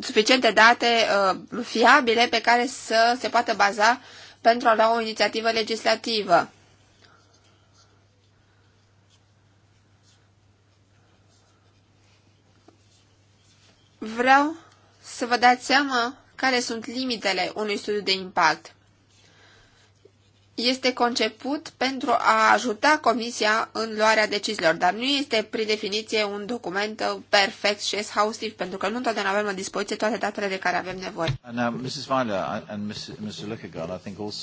suficiente date uh, fiabile pe care să se poată baza pentru a lua o inițiativă legislativă. Vreau să vă dați seama care sunt limitele unui studiu de impact. Este conceput pentru a ajuta Comisia în luarea deciziilor, dar nu este, prin definiție, un document perfect și exhaustiv, pentru că nu întotdeauna avem la dispoziție toate datele de care avem nevoie. Uh,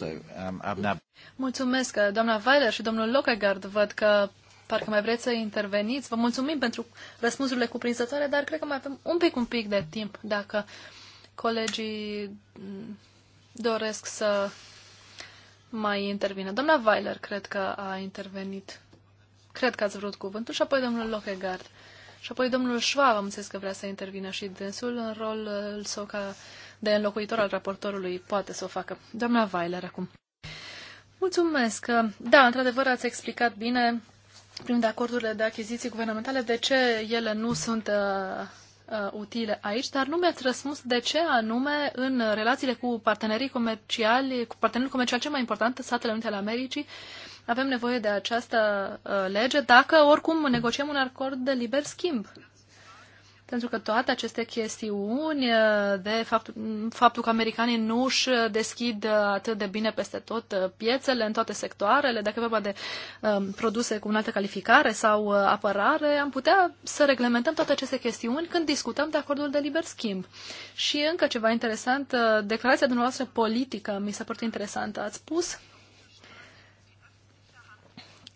um, Mulțumesc, uh, doamna Weiler și domnul Lockegaard. Văd că Parcă mai vreți să interveniți. Vă mulțumim pentru răspunsurile cuprinzătoare, dar cred că mai avem un pic, un pic de timp dacă colegii doresc să mai intervină. Doamna Weiler, cred că a intervenit. Cred că ați vrut cuvântul și apoi domnul Lochegard. Și apoi domnul Schwab, am înțeles că vrea să intervină și dânsul în rolul său ca de înlocuitor al raportorului poate să o facă. Doamna Weiler acum. Mulțumesc. Da, într-adevăr ați explicat bine prin acordurile de achiziții guvernamentale, de ce ele nu sunt uh, uh, utile aici, dar nu mi-ați răspuns de ce anume în relațiile cu partenerii comerciali, cu partenerii comerciali cel mai important, Statele Unite ale Americii, avem nevoie de această uh, lege dacă oricum negociem un acord de liber schimb pentru că toate aceste chestiuni uh, de faptul, faptul că americanii nu își deschid uh, atât de bine peste tot uh, piețele, în toate sectoarele, dacă e vorba de um, produse cu înaltă calificare sau apărare, am putea să reglementăm toate aceste chestiuni când discutăm de acordul de liber schimb. Și încă ceva interesant, declarația dumneavoastră politică mi s-a părut interesantă. Ați spus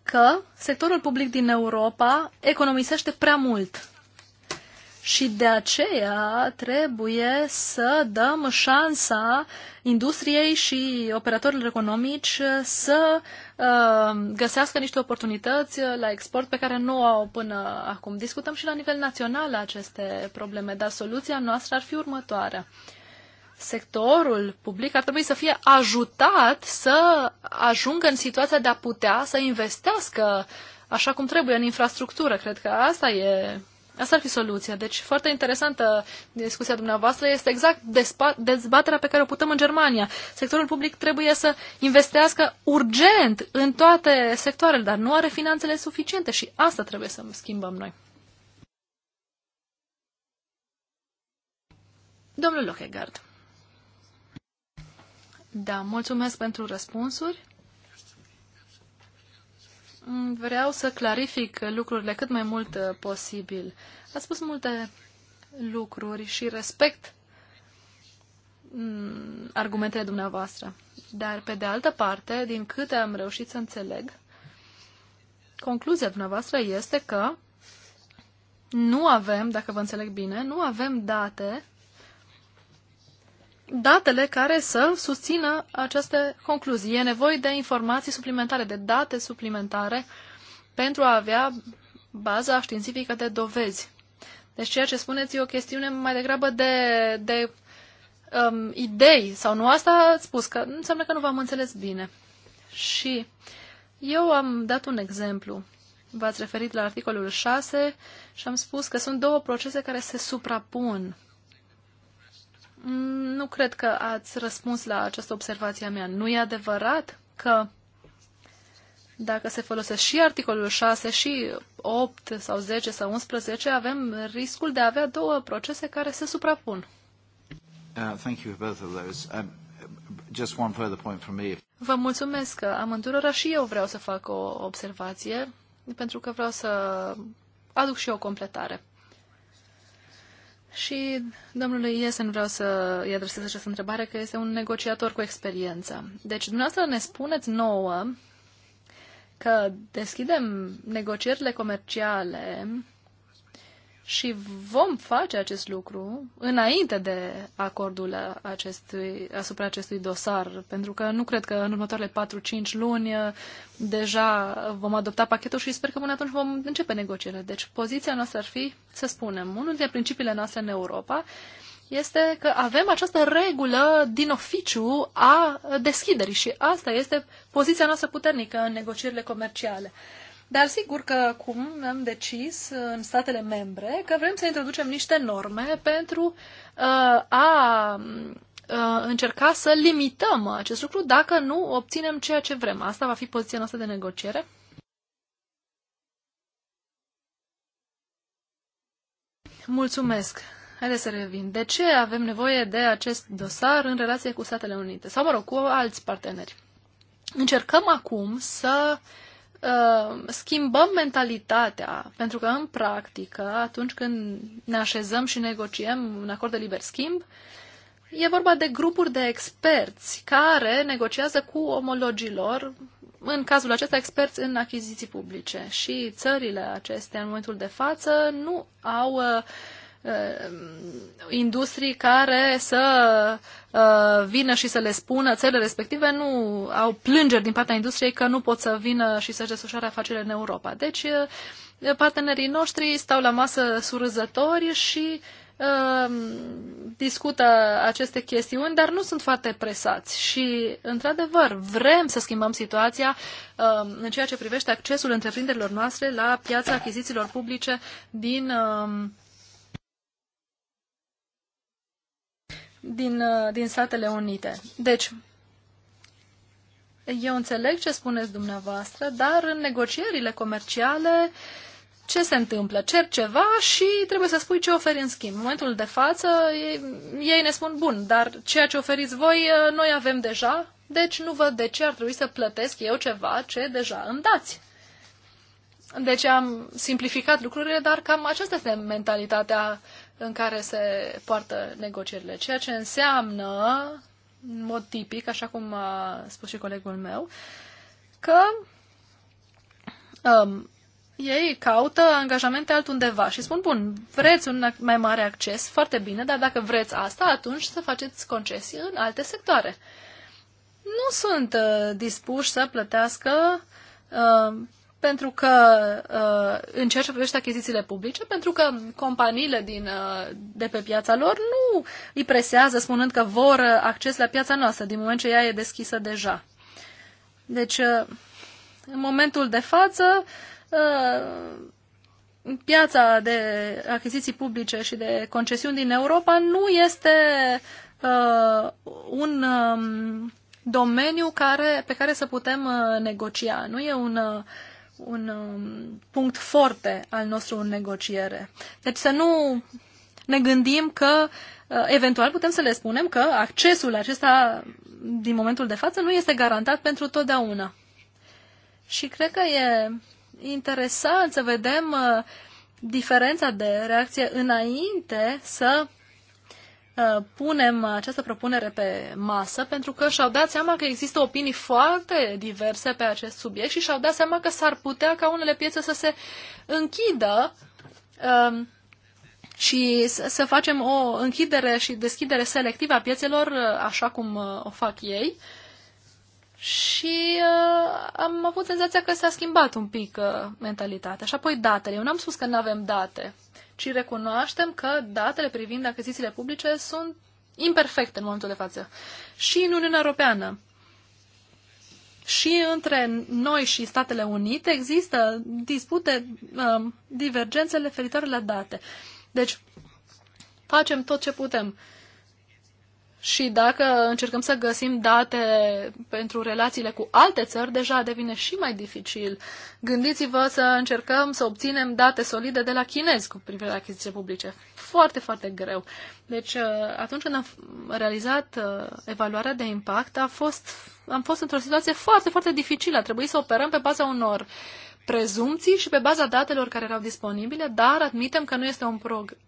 că sectorul public din Europa economisește prea mult și de aceea trebuie să dăm șansa industriei și operatorilor economici să uh, găsească niște oportunități la export pe care nu au până acum. Discutăm și la nivel național aceste probleme, dar soluția noastră ar fi următoarea. Sectorul public ar trebui să fie ajutat să ajungă în situația de a putea să investească așa cum trebuie în infrastructură. Cred că asta e Asta ar fi soluția. Deci foarte interesantă discuția dumneavoastră. Este exact dezbaterea pe care o putem în Germania. Sectorul public trebuie să investească urgent în toate sectoarele, dar nu are finanțele suficiente și asta trebuie să schimbăm noi. Domnul Lochegard. Da, mulțumesc pentru răspunsuri. Mm, vreau să clarific lucrurile cât mai mult uh, posibil. A spus multe lucruri și respect mm, argumentele dumneavoastră. Dar, pe de altă parte, din câte am reușit să înțeleg, concluzia dumneavoastră este că nu avem, dacă vă înțeleg bine, nu avem date datele care să susțină aceste concluzii. E nevoie de informații suplimentare, de date suplimentare pentru a avea baza științifică de dovezi. Deci ceea ce spuneți e o chestiune mai degrabă de, de um, idei sau nu asta ați spus, că înseamnă că nu v-am înțeles bine. Și eu am dat un exemplu. V-ați referit la articolul 6 și am spus că sunt două procese care se suprapun. Nu cred că ați răspuns la această observație a mea. Nu e adevărat că dacă se folosesc și articolul 6 și 8 sau 10 sau 11, avem riscul de a avea două procese care se suprapun. Uh, thank you both those. Um, just one further point from me. Vă mulțumesc amândurora și eu vreau să fac o observație, pentru că vreau să aduc și o completare. Și domnului Iesen vreau să îi adresez această întrebare, că este un negociator cu experiență. Deci, dumneavoastră ne spuneți nouă că deschidem negocierile comerciale și vom face acest lucru înainte de acordul acestui, asupra acestui dosar, pentru că nu cred că în următoarele 4-5 luni uh, deja vom adopta pachetul și sper că până atunci vom începe negocierile. Deci poziția noastră ar fi, să spunem, unul dintre principiile noastre în Europa este că avem această regulă din oficiu a deschiderii și asta este poziția noastră puternică în negocierile comerciale. Dar sigur că acum am decis în statele membre că vrem să introducem niște norme pentru uh, a uh, încerca să limităm acest lucru dacă nu obținem ceea ce vrem. Asta va fi poziția noastră de negociere. Mulțumesc! Haideți să revin. De ce avem nevoie de acest dosar în relație cu Statele Unite? Sau, mă rog, cu alți parteneri? Încercăm acum să uh, Uh, schimbăm mentalitatea, pentru că în practică, atunci când ne așezăm și negociem un acord de liber schimb, e vorba de grupuri de experți care negociază cu omologilor, în cazul acesta experți în achiziții publice. Și țările acestea, în momentul de față, nu au uh, Uh, industrii care să uh, vină și să le spună, țările respective nu au plângeri din partea industriei că nu pot să vină și să-și desfășoare afacerile în Europa. Deci, uh, partenerii noștri stau la masă surâzători și discută aceste chestiuni, dar nu sunt foarte presați și, într-adevăr, vrem să schimbăm situația în ceea ce privește accesul întreprinderilor noastre la piața achizițiilor publice din din, uh, din Statele Unite. Deci, eu înțeleg ce spuneți dumneavoastră, dar în negocierile comerciale ce se întâmplă? Cer ceva și trebuie să spui ce oferi în schimb. În momentul de față, ei, ei ne spun, bun, dar ceea ce oferiți voi, uh, noi avem deja, deci nu văd de ce ar trebui să plătesc eu ceva ce deja îmi dați. Deci am simplificat lucrurile, dar cam aceasta este mentalitatea uh, în care se poartă negocierile, ceea ce înseamnă, în mod tipic, așa cum a spus și colegul meu, că um, ei caută angajamente altundeva și spun, bun, vreți un mai mare acces, foarte bine, dar dacă vreți asta, atunci să faceți concesii în alte sectoare. Nu sunt uh, dispuși să plătească uh, pentru că uh, în ceea ce privește achizițiile publice, pentru că companiile din, uh, de pe piața lor nu îi presează spunând că vor uh, acces la piața noastră din moment ce ea e deschisă deja. Deci, în momentul de față, piața de achiziții publice și de concesiuni din Europa nu este un um, domeniu care, pe care să putem negocia. Nu e un uh, un um, punct forte al nostru în negociere. Deci să nu ne gândim că uh, eventual putem să le spunem că accesul acesta din momentul de față nu este garantat pentru totdeauna. Și cred că e interesant să vedem uh, diferența de reacție înainte să Uh, punem această propunere pe masă pentru că și-au dat seama că există opinii foarte diverse pe acest subiect și și-au dat seama că s-ar putea ca unele piețe să se închidă um, și să facem o închidere și deschidere selectivă a piețelor, uh, așa cum uh, o fac ei. Și uh, am avut senzația că s-a schimbat un pic uh, mentalitatea. Și apoi datele. Eu n-am spus că nu avem date ci recunoaștem că datele privind achizițiile publice sunt imperfecte în momentul de față. Și în Uniunea Europeană, și între noi și Statele Unite există dispute, um, divergențe referitoare la date. Deci, facem tot ce putem. Și dacă încercăm să găsim date pentru relațiile cu alte țări, deja devine și mai dificil. Gândiți-vă să încercăm să obținem date solide de la chinezi cu privire la achiziții publice. Foarte, foarte greu. Deci, uh, atunci când am realizat uh, evaluarea de impact, a fost, am fost într-o situație foarte, foarte dificilă. A trebuit să operăm pe baza unor uh, prezumții și pe baza datelor care erau disponibile, dar admitem că nu este un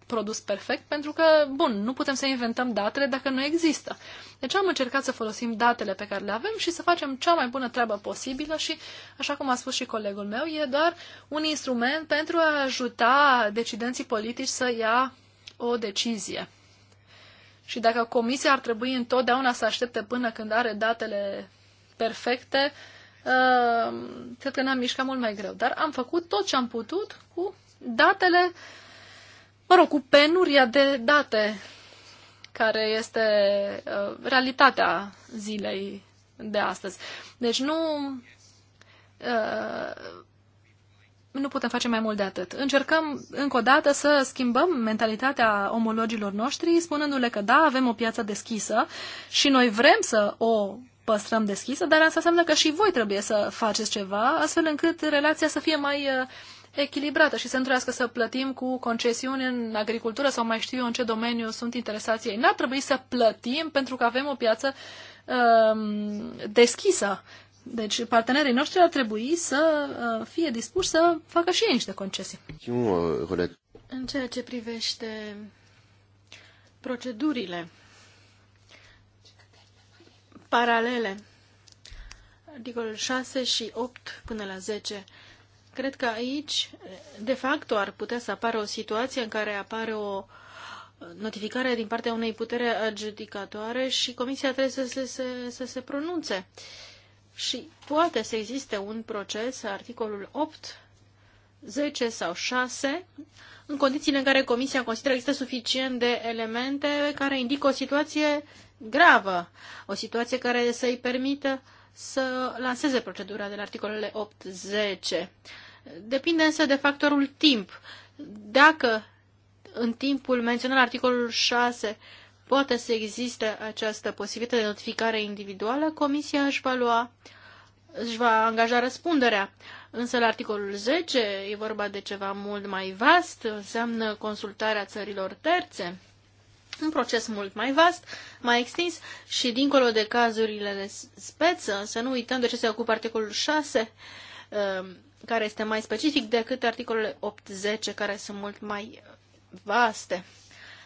produs perfect pentru că, bun, nu putem să inventăm datele dacă nu există. Deci am încercat să folosim datele pe care le avem și să facem cea mai bună treabă posibilă și, așa cum a spus și colegul meu, e doar un instrument pentru a ajuta decidenții politici să ia o decizie. Și dacă comisia ar trebui întotdeauna să aștepte până când are datele perfecte, uh, uh, cred că ne-am mișcat mult mai greu. Dar am făcut tot ce am putut cu datele, mă rog, cu penuria de date care este uh, realitatea zilei de astăzi. Deci nu, uh, nu putem face mai mult de atât. Încercăm încă o dată să schimbăm mentalitatea omologilor noștri, spunându-le că da, avem o piață deschisă și noi vrem să o păstrăm deschisă, dar asta înseamnă că și voi trebuie să faceți ceva, astfel încât relația să fie mai uh, echilibrată și să nu trebuiască să plătim cu concesiuni în agricultură sau mai știu eu în ce domeniu sunt interesați ei. N-ar trebui să plătim pentru că avem o piață um, deschisă. Deci partenerii noștri ar trebui să uh, fie dispuși să facă și ei niște concesii. Uh, în ceea ce privește procedurile paralele, articolul 6 și 8 până la 10. Cred că aici, de fapt, ar putea să apară o situație în care apare o notificare din partea unei putere adjudicatoare și comisia trebuie să se, să, să se pronunțe. Și poate să existe un proces, articolul 8, 10 sau 6, în condițiile în care Comisia consideră că există suficient de elemente care indică o situație gravă, o situație care să-i permită să lanseze procedura de la articolele 8-10. Depinde însă de factorul timp. Dacă în timpul menționat articolul 6 poate să existe această posibilitate de notificare individuală, Comisia își va lua, își va angaja răspunderea. Însă la articolul 10 e vorba de ceva mult mai vast, înseamnă consultarea țărilor terțe un proces mult mai vast, mai extins și dincolo de cazurile de speță, să nu uităm de ce se ocupă articolul 6, um, care este mai specific decât articolele 8-10, care sunt mult mai vaste.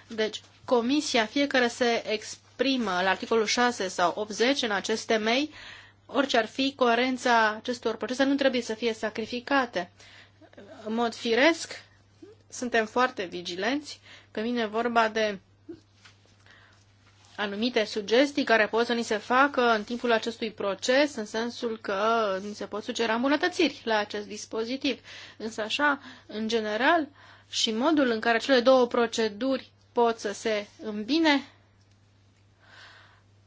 Deci, comisia fiecare se exprimă la articolul 6 sau 80 în acest temei, orice ar fi, coerența acestor procese nu trebuie să fie sacrificate. În mod firesc, suntem foarte vigilenți când vine vorba de anumite sugestii care pot să ni se facă în timpul acestui proces, în sensul că ni se pot sugera îmbunătățiri la acest dispozitiv. Însă așa, în general, și modul în care cele două proceduri pot să se îmbine,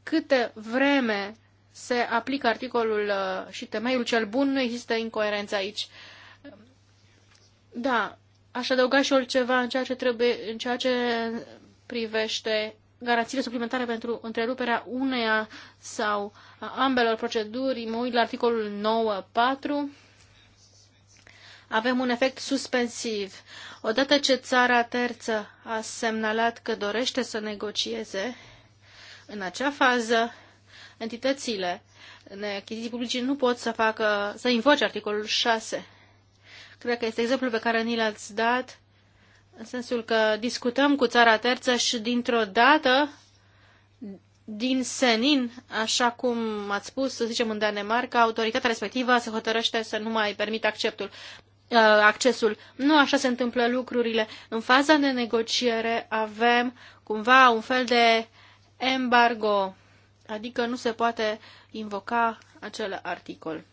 câte vreme se aplică articolul uh, și temeiul cel bun, nu există incoerență aici. Da, aș adăuga și oriceva în ceea ce, trebuie, în ceea ce privește garanțiile suplimentare pentru întreruperea uneia sau ambelor proceduri, mă uit la articolul 9.4, avem un efect suspensiv. Odată ce țara terță a semnalat că dorește să negocieze, în acea fază, entitățile în achiziții publice nu pot să facă, să invoce articolul 6. Cred că este exemplul pe care ni l-ați dat în sensul că discutăm cu țara terță și dintr-o dată, din senin, așa cum ați spus, să zicem, în Danemarca, autoritatea respectivă se hotărăște să nu mai permită acceptul, uh, accesul. Nu așa se întâmplă lucrurile. În faza de negociere avem cumva un fel de embargo, adică nu se poate invoca acel articol.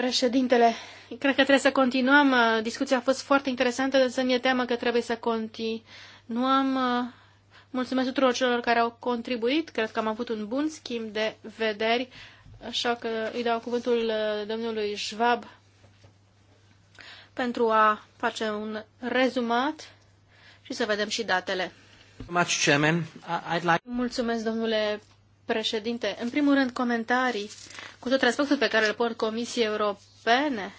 Președintele, cred că trebuie să continuăm. Uh, discuția a fost foarte interesantă, însă mi-e teamă că trebuie să continuăm. Uh, mulțumesc tuturor celor care au contribuit. Cred că am avut un bun schimb de vederi, așa că îi dau cuvântul uh, domnului Schwab pentru a face un rezumat și să vedem și datele. Mulțumesc, domnule președinte. În primul rând, comentarii. Cu tot respectul pe care îl port Comisiei Europene,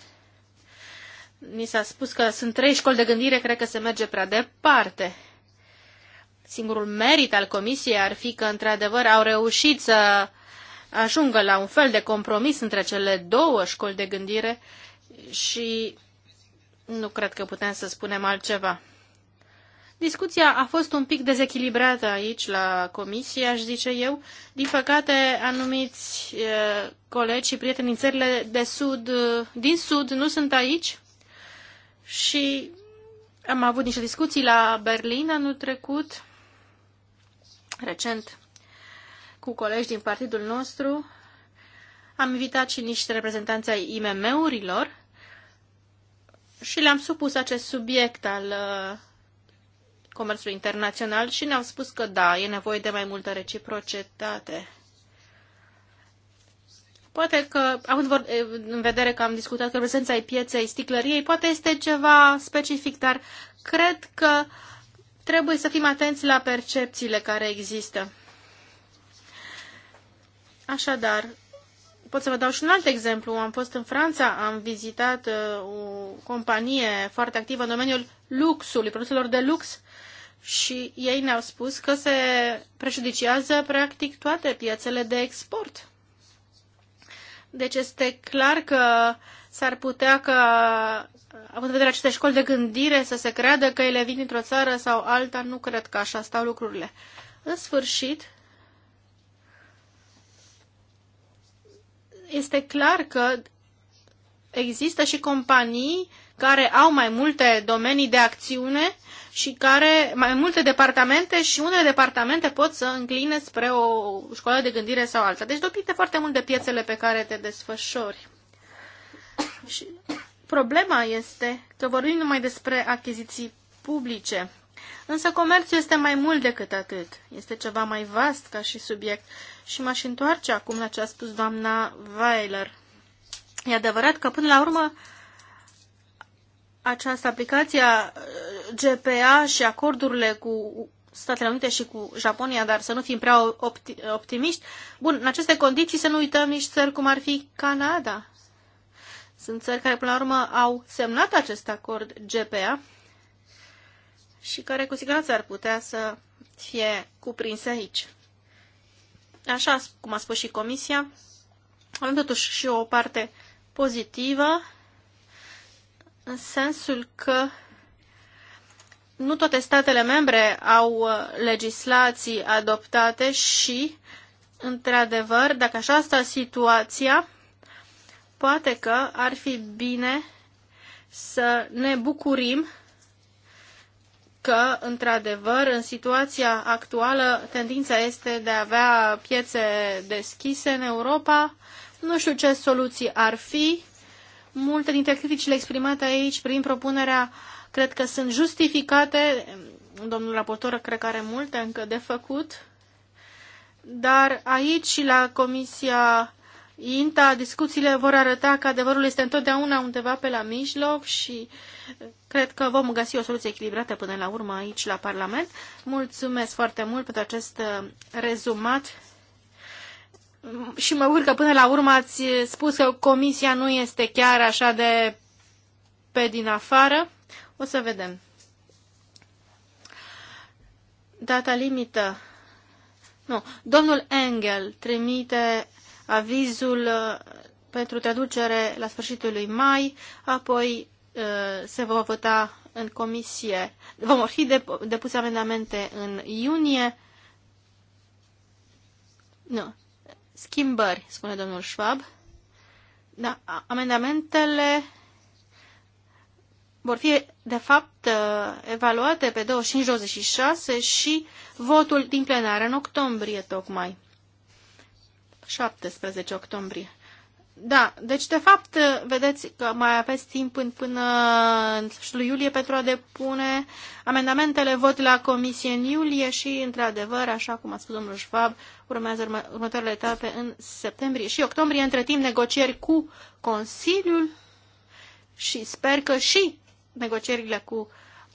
ni s-a spus că sunt trei școli de gândire, cred că se merge prea departe. Singurul merit al Comisiei ar fi că, într-adevăr, au reușit să ajungă la un fel de compromis între cele două școli de gândire și nu cred că putem să spunem altceva. Discuția a fost un pic dezechilibrată aici la comisie, aș zice eu. Din păcate, anumiți colegi și prieteni din țările de sud, din sud nu sunt aici și am avut niște discuții la Berlin anul trecut, recent, cu colegi din partidul nostru. Am invitat și niște reprezentanți ai IMM-urilor și le-am supus acest subiect al comerțului internațional și ne-au spus că da, e nevoie de mai multă reciprocitate. Poate că, având în vedere că am discutat că prezența ai pieței sticlăriei, poate este ceva specific, dar cred că trebuie să fim atenți la percepțiile care există. Așadar, pot să vă dau și un alt exemplu. Am fost în Franța, am vizitat uh, o companie foarte activă în domeniul luxului, produselor de lux și ei ne-au spus că se prejudiciază practic toate piețele de export. Deci este clar că s-ar putea că, având în vedere aceste școli de gândire, să se creadă că ele vin dintr-o țară sau alta, nu cred că așa stau lucrurile. În sfârșit, este clar că există și companii care au mai multe domenii de acțiune și care, mai multe departamente și unele departamente pot să încline spre o școală de gândire sau alta. Deci depinde foarte mult de piețele pe care te desfășori. Și problema este că vorbim numai despre achiziții publice. Însă comerțul este mai mult decât atât. Este ceva mai vast ca și subiect. Și m-aș întoarce acum la ce a spus doamna Weiler. E adevărat că până la urmă această aplicație GPA uh, și acordurile cu Statele Unite și cu Japonia, dar să nu fim prea opti- optimiști. Bun, în aceste condiții să nu uităm nici țări cum ar fi Canada. Sunt țări care, până la urmă, au semnat acest acord GPA și care cu siguranță ar putea să fie cuprinse aici. Așa cum a spus și Comisia, avem totuși și o parte pozitivă în sensul că nu toate statele membre au uh, legislații adoptate și, într-adevăr, dacă așa asta situația, poate că ar fi bine să ne bucurim că, într-adevăr, în situația actuală, tendința este de a avea piețe deschise în Europa. Nu știu ce soluții ar fi, Multe dintre criticile exprimate aici prin propunerea cred că sunt justificate. Domnul raportor cred că are multe încă de făcut. Dar aici și la Comisia INTA, discuțiile vor arăta că adevărul este întotdeauna undeva pe la mijloc și cred că vom găsi o soluție echilibrată până la urmă aici la Parlament. Mulțumesc foarte mult pentru acest rezumat și mă urcă până la urmă ați spus că comisia nu este chiar așa de pe din afară. O să vedem. Data limită. Nu. Domnul Engel trimite avizul uh, pentru traducere la sfârșitul lui mai, apoi uh, se va vota în comisie. Vom fi depuse amendamente în iunie. Nu schimbări, spune domnul Schwab. Da, amendamentele vor fi, de fapt, uh, evaluate pe 25-26 și votul din plenară în octombrie, tocmai. 17 octombrie. Da, deci de fapt vedeți că mai aveți timp până, până în iulie pentru a depune amendamentele, vot la comisie în iulie și, într-adevăr, așa cum a spus domnul Șfab, urmează urmă, următoarele etape în septembrie și octombrie, între timp negocieri cu Consiliul și sper că și negocierile cu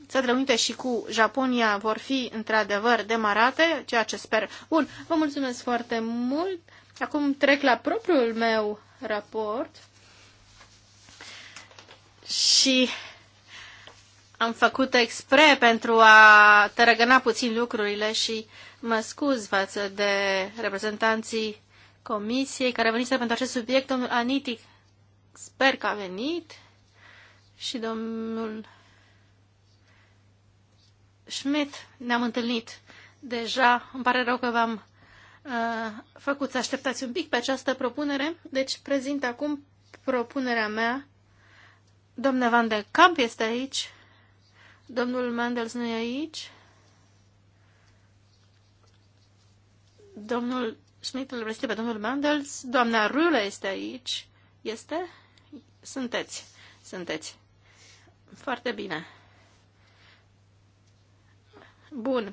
Statele Unite și cu Japonia vor fi într-adevăr demarate, ceea ce sper. Bun, vă mulțumesc foarte mult! Acum trec la propriul meu raport și am făcut expre pentru a tărăgăna puțin lucrurile și mă scuz față de reprezentanții comisiei care venise pentru acest subiect. Domnul Anitic sper că a venit și domnul Schmidt ne-am întâlnit deja. Îmi pare rău că v-am făcut să așteptați un pic pe această propunere. Deci prezint acum propunerea mea. Domnul Van de Camp este aici. Domnul Mandels nu e aici. Domnul Schmidt îl pe domnul Mandels. Doamna Rule este aici. Este? Sunteți. Sunteți. Foarte bine. Bun.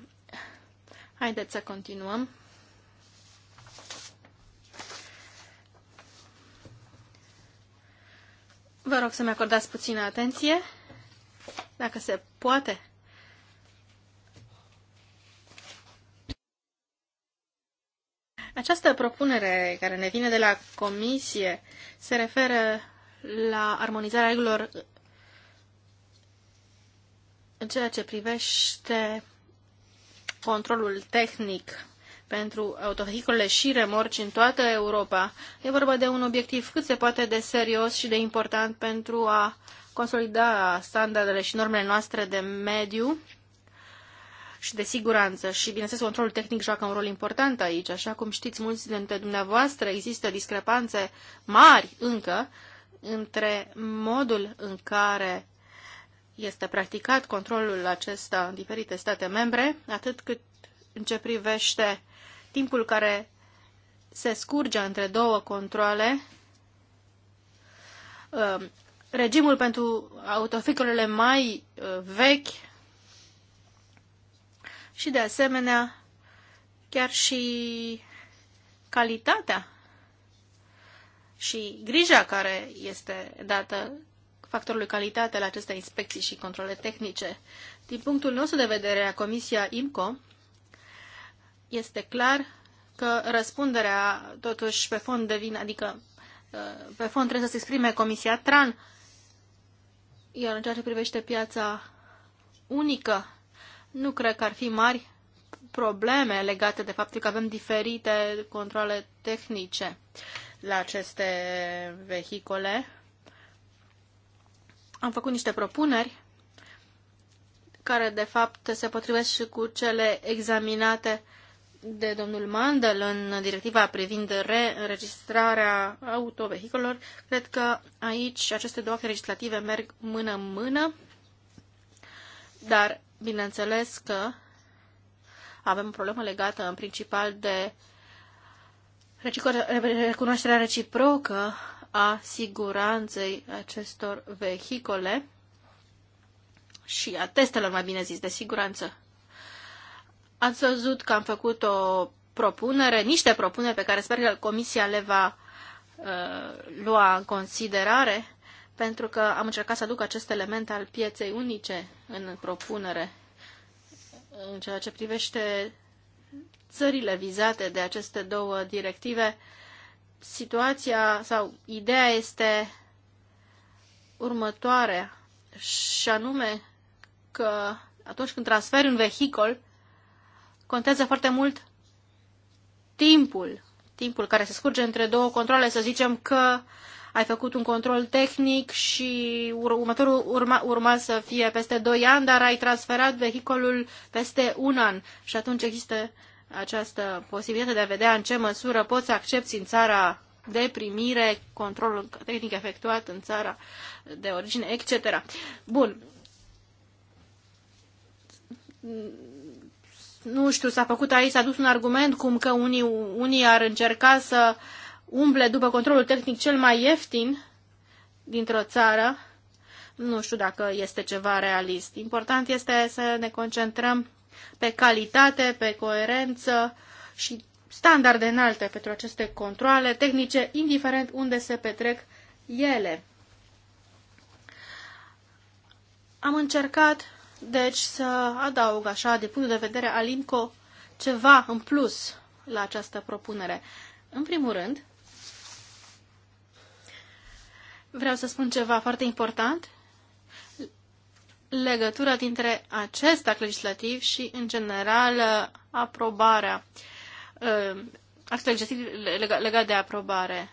Haideți să continuăm. Vă rog să-mi acordați puțină atenție, dacă se poate. Această propunere care ne vine de la Comisie se referă la armonizarea regulilor în ceea ce privește controlul tehnic pentru autovehicule și remorci în toată Europa. E vorba de un obiectiv cât se poate de serios și de important pentru a consolida standardele și normele noastre de mediu și de siguranță. Și, bineînțeles, controlul tehnic joacă un rol important aici. Așa cum știți mulți dintre dumneavoastră, există discrepanțe mari încă între modul în care este practicat controlul acesta în diferite state membre, atât cât în ce privește timpul care se scurge între două controle, um, regimul pentru autoficolele mai uh, vechi și, de asemenea, chiar și calitatea și grija care este dată factorului calitate la aceste inspecții și controle tehnice. Din punctul nostru de vedere, a Comisia IMCO este clar că răspunderea totuși pe fond devine, adică uh, pe fond trebuie să se exprime Comisia TRAN, iar în ceea ce privește piața unică, nu cred că ar fi mari probleme legate de faptul că avem diferite controle tehnice la aceste vehicole. Am făcut niște propuneri care, de fapt, se potrivesc și cu cele examinate uh, de domnul Mandel în directiva privind reînregistrarea autovehicolor, cred că aici aceste două acte legislative merg mână în mână, dar bineînțeles că avem o problemă legată în principal de recunoașterea reciprocă a siguranței acestor vehicole și a testelor, mai bine zis, de siguranță. Ați văzut că am făcut o propunere, niște propuneri pe care sper că Comisia le va uh, lua în considerare, pentru că am încercat să aduc acest element al pieței unice în propunere, în ceea ce privește țările vizate de aceste două directive. Situația sau ideea este următoarea, și anume că atunci când transferi un vehicul contează foarte mult timpul, timpul care se scurge între două controle, să zicem că ai făcut un control tehnic și următorul urma, urma să fie peste 2 ani, dar ai transferat vehicolul peste un an și atunci există această posibilitate de a vedea în ce măsură poți să accepti în țara de primire, controlul tehnic efectuat în țara de origine, etc. Bun nu știu, s-a făcut aici, s-a dus un argument cum că unii, unii ar încerca să umble după controlul tehnic cel mai ieftin dintr-o țară. Nu știu dacă este ceva realist. Important este să ne concentrăm pe calitate, pe coerență și standarde înalte pentru aceste controle tehnice, indiferent unde se petrec ele. Am încercat deci să adaug așa, de punct de vedere al INCO, ceva în plus la această propunere. În primul rând, vreau să spun ceva foarte important. Legătura dintre acest act legislativ și, în general, aprobarea. Ă, act legislativ legat de aprobare.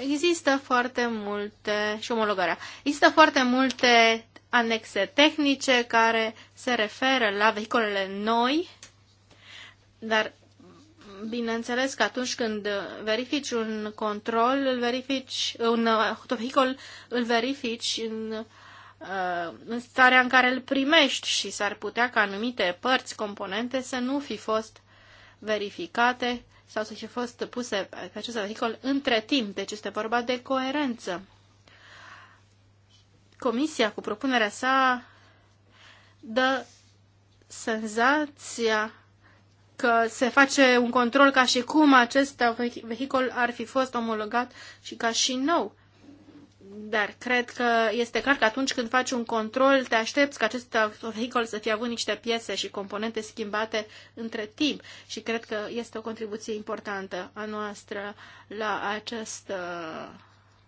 Există foarte multe, și omologarea, există foarte multe anexe tehnice care se referă la vehiculele noi, dar bineînțeles că atunci când verifici un control, îl verifici, un uh, vehicul, îl verifici în, uh, în starea în care îl primești și s-ar putea ca anumite părți, componente să nu fi fost verificate sau să fi fost puse pe acest articol între timp. Deci este vorba de coerență. Comisia, cu propunerea sa, dă senzația că se face un control ca și cum acest vehicul ar fi fost omologat și ca și nou. Dar cred că este clar că atunci când faci un control, te aștepți ca acest vehicul să fie avut niște piese și componente schimbate între timp. Și cred că este o contribuție importantă a noastră la această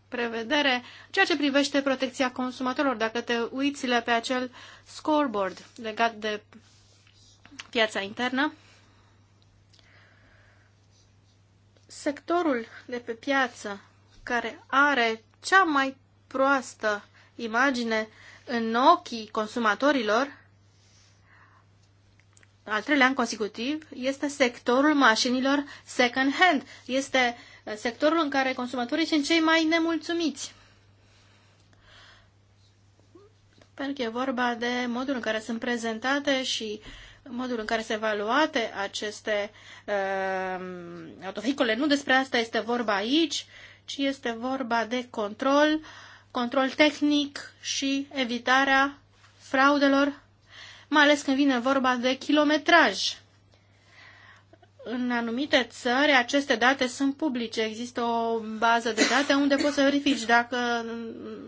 prevedere. Ceea ce privește protecția consumatorilor, dacă te uiți le pe acel scoreboard legat de piața internă, sectorul de pe piață care are cea mai proastă imagine în ochii consumatorilor al treilea an consecutiv, este sectorul mașinilor second-hand. Este uh, sectorul în care consumatorii sunt cei mai nemulțumiți. Pentru că e vorba de modul în care sunt prezentate și modul în care sunt evaluate aceste uh, autovehicule. Nu despre asta este vorba aici. Uh, ci deci este vorba de control, control tehnic și evitarea fraudelor, mai ales când vine vorba de kilometraj. În anumite țări aceste date sunt publice, există o bază de date unde poți să verifici dacă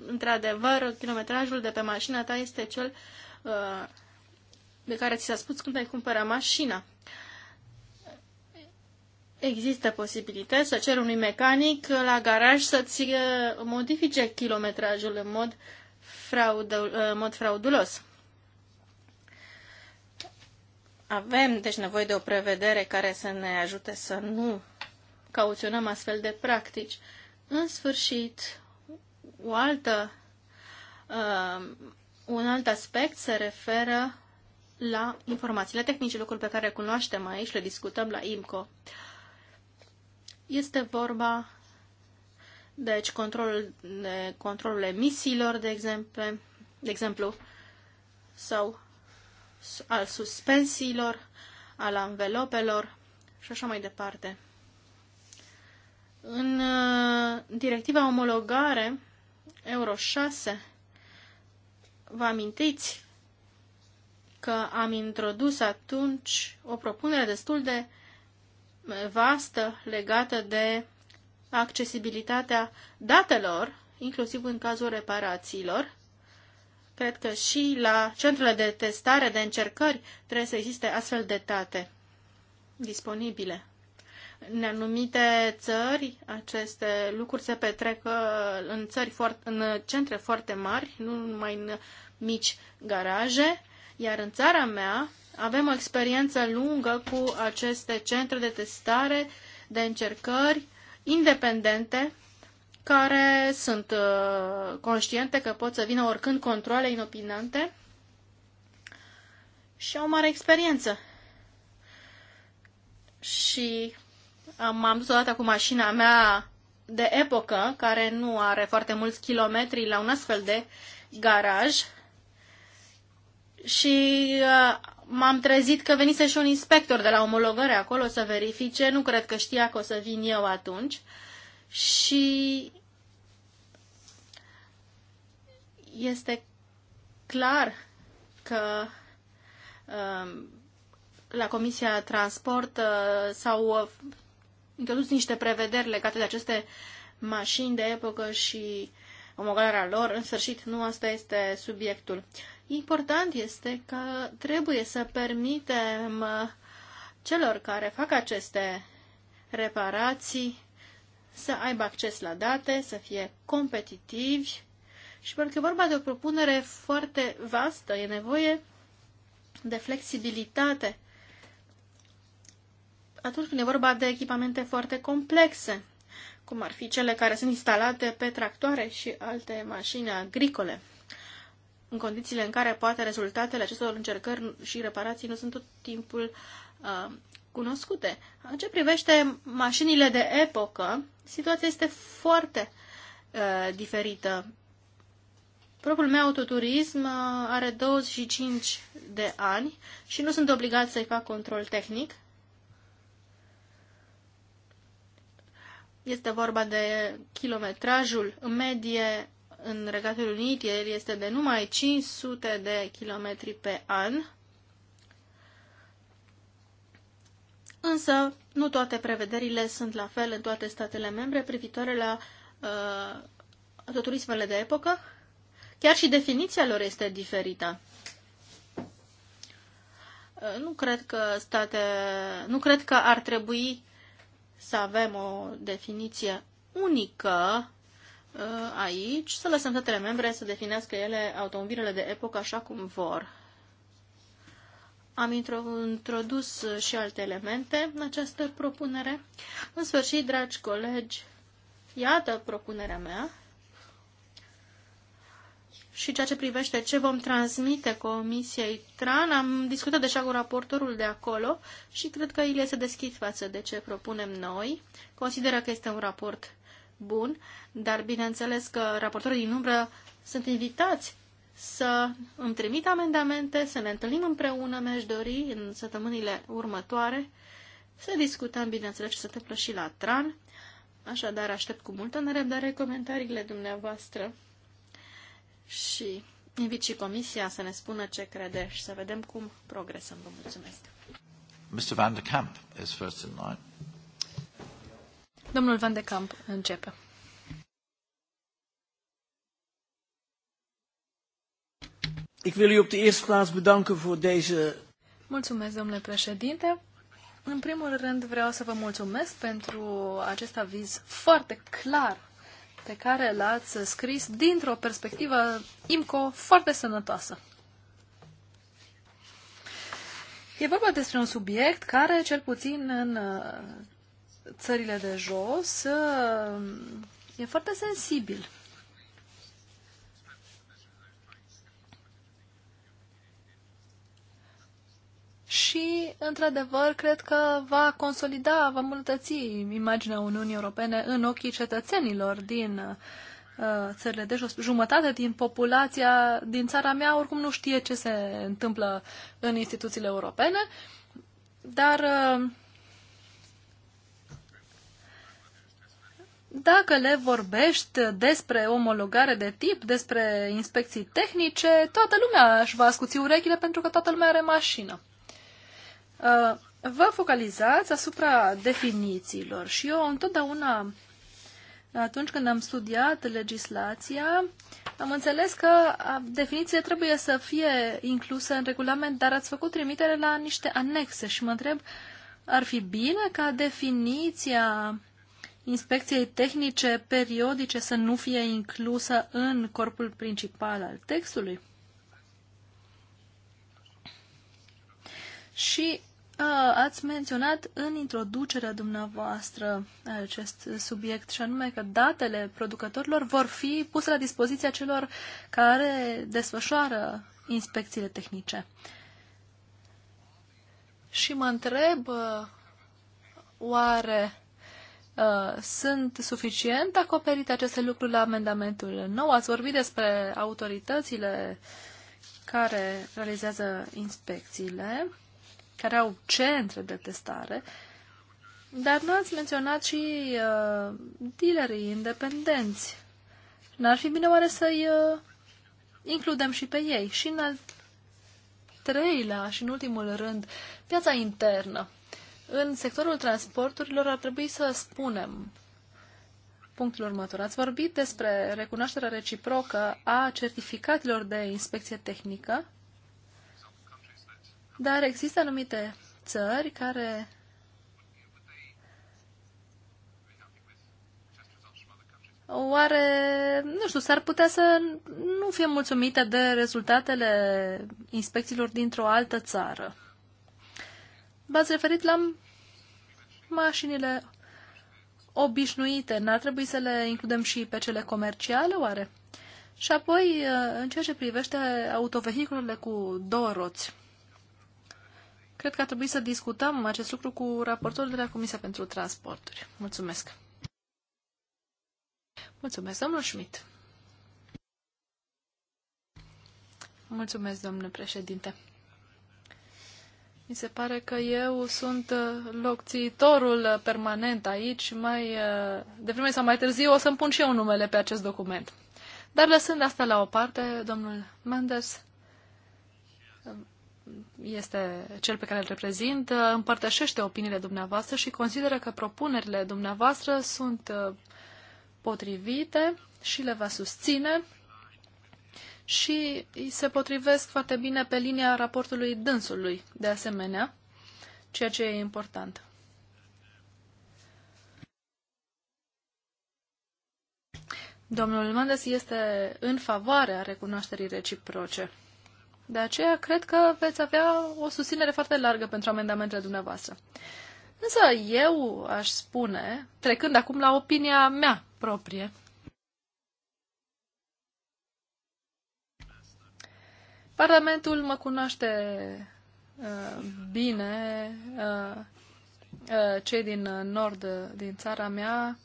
într-adevăr kilometrajul de pe mașina ta este cel uh, de care ți s-a spus când ai cumpărat mașina. Uh, Există posibilități să cer unui mecanic la garaj să-ți uh, modifice kilometrajul în mod, fraudul, uh, în mod fraudulos. Avem, deci, nevoie de o prevedere care să ne ajute să nu cauționăm astfel de practici. În sfârșit, o altă, uh, un alt aspect se referă la informațiile tehnice, lucruri pe care le cunoaștem aici, le discutăm la IMCO. Uh, este vorba, deci, controlul, de controlul emisiilor, de exemplu, de exemplu, sau al suspensiilor, al anvelopelor și așa mai departe. În uh, directiva omologare Euro 6, vă amintiți că am introdus atunci o propunere destul de vastă legată de accesibilitatea datelor, inclusiv în cazul reparațiilor. Cred că și la centrele de testare, de încercări, trebuie să existe astfel de date disponibile. În anumite țări, aceste lucruri se petrec uh, în, țări foarte, în centre foarte mari, nu numai în mici garaje iar în țara mea avem o experiență lungă cu aceste centre de testare, de încercări independente, care sunt uh, conștiente că pot să vină oricând controle inopinante și au mare experiență. Și m-am dus odată cu mașina mea de epocă, care nu are foarte mulți kilometri, la un astfel de garaj și uh, m-am trezit că venise și un inspector de la omologare acolo să verifice, nu cred că știa că o să vin eu atunci și este clar că um, la Comisia Transport uh, s-au introdus niște prevederi legate de aceste mașini de epocă și omogarea lor. În sfârșit, nu asta este subiectul. Important este că trebuie să permitem uh, celor care fac aceste reparații să aibă acces la date, să fie competitivi și pentru că e vorba de o propunere foarte vastă, e nevoie de flexibilitate atunci când e vorba de echipamente foarte complexe, cum ar fi cele care sunt instalate pe tractoare și alte mașini agricole în condițiile în care poate rezultatele acestor încercări și reparații nu sunt tot timpul uh, cunoscute. În ce privește mașinile de epocă, situația este foarte uh, diferită. Propriul meu autoturism uh, are 25 de ani și nu sunt obligat să-i fac control tehnic. Este vorba de kilometrajul în medie în Regatul Unit el este de numai 500 de kilometri pe an, însă nu toate prevederile sunt la fel în toate statele membre privitoare la uh, autoturismele de epocă. Chiar și definiția lor este diferită. Uh, nu cred că state, nu cred că ar trebui să avem o definiție unică Uh, aici, să lăsăm statele membre să definească ele automobilele de epocă așa cum vor. Am introdus și alte elemente în această propunere. În sfârșit, dragi colegi, iată propunerea mea și ceea ce privește ce vom transmite Comisiei TRAN. Am discutat deja cu raportorul de acolo și cred că el este deschis față de ce propunem noi. Consideră că este un raport bun, dar bineînțeles că raportorii din umbră sunt invitați să îmi trimit amendamente, să ne întâlnim împreună, mi-aș dori, în săptămânile următoare, să discutăm, bineînțeles, ce se întâmplă și la TRAN. Așadar, aștept cu multă nerăbdare comentariile dumneavoastră și invit și comisia să ne spună ce crede și să vedem cum progresăm. Vă mulțumesc. Mr. Van de Kamp is first in line. Domnul Van de Camp începe. Ik wil u op de eerste plaats bedanken voor deze... Mulțumesc, domnule președinte. În primul rând vreau să vă mulțumesc pentru acest aviz foarte clar pe care l-ați scris dintr-o perspectivă IMCO foarte sănătoasă. E vorba despre un subiect care, cel puțin în țările de jos uh, e foarte sensibil. Și, într-adevăr, cred că va consolida, va îmbunătăți imaginea Uniunii Europene în ochii cetățenilor din uh, țările de jos. Jumătate din populația din țara mea oricum nu știe ce se întâmplă în instituțiile europene, dar uh, dacă le vorbești despre omologare de tip, despre inspecții tehnice, toată lumea își va ascuți urechile pentru că toată lumea are mașină. Uh, vă focalizați asupra definițiilor și eu întotdeauna, atunci când am studiat legislația, am înțeles că definiția trebuie să fie inclusă în regulament, dar ați făcut trimitere la niște anexe și mă întreb, ar fi bine ca definiția inspecției tehnice periodice să nu fie inclusă în corpul principal al textului. Și uh, ați menționat în introducerea dumneavoastră acest subiect și anume că datele producătorilor vor fi puse la dispoziția celor care desfășoară inspecțiile tehnice. Și mă întreb uh, oare Uh, sunt suficient acoperite aceste lucruri la amendamentul nou? Ați vorbit despre autoritățile care realizează inspecțiile, care au centre de testare, dar nu ați menționat și uh, dealerii independenți. N-ar fi bine oare să-i uh, includem și pe ei? Și în al treilea și în ultimul rând, piața internă în sectorul transporturilor ar trebui să spunem punctul următor. Ați vorbit despre recunoașterea reciprocă a certificatelor de inspecție tehnică, dar există anumite țări care oare, nu știu, s-ar putea să nu fie mulțumite de rezultatele inspecțiilor dintr-o altă țară v-ați referit la mașinile obișnuite. N-ar trebui să le includem și pe cele comerciale, oare? Și apoi, în ceea ce privește autovehiculele cu două roți, cred că ar trebui să discutăm acest lucru cu raportorul de la Comisia pentru Transporturi. Mulțumesc! Mulțumesc, domnul Schmidt! Mulțumesc, domnule președinte! Mi se pare că eu sunt uh, locțiitorul uh, permanent aici. Mai uh, devreme sau mai târziu o să-mi pun și eu numele pe acest document. Dar lăsând asta la o parte, domnul Manders um, este cel pe care îl reprezint, împărtășește opiniile dumneavoastră și consideră că propunerile dumneavoastră sunt potrivite și le va susține și se potrivesc foarte bine pe linia raportului dânsului, de asemenea, ceea ce e important. Domnul Mendes este în favoarea recunoașterii reciproce. De aceea, cred că veți avea o susținere foarte largă pentru amendamentele dumneavoastră. Însă eu aș spune, trecând acum la opinia mea proprie, Parlamentul mă cunoaște uh, bine, uh, uh, cei din uh, nord, uh, din țara mea,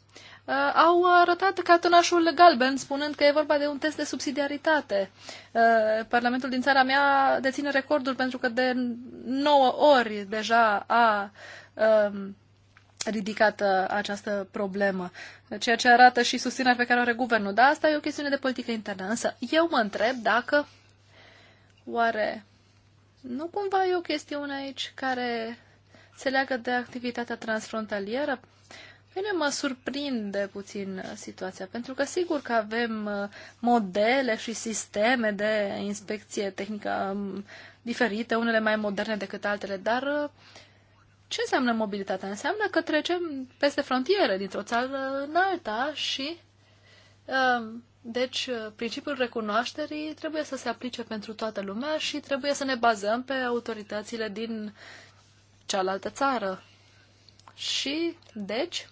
uh, au arătat cartonașul galben, spunând că e vorba de un test de subsidiaritate. Parlamentul din țara mea deține recordul pentru că de 9 ori deja a um, ridicat această problemă, ceea ce arată și susținerea pe care o are guvernul. Dar asta e o chestiune de politică internă. Însă eu mă întreb dacă Oare nu cumva e o chestiune aici care se leagă de activitatea transfrontalieră? Bine, mă surprinde puțin uh, situația, pentru că sigur că avem uh, modele și sisteme de inspecție tehnică um, diferite, unele mai moderne decât altele, dar uh, ce înseamnă mobilitatea? Înseamnă că trecem peste frontiere dintr-o țară în alta și deci, uh, principiul recunoașterii trebuie să se aplice pentru toată lumea și trebuie să ne bazăm pe autoritățile din cealaltă țară. Și, deci,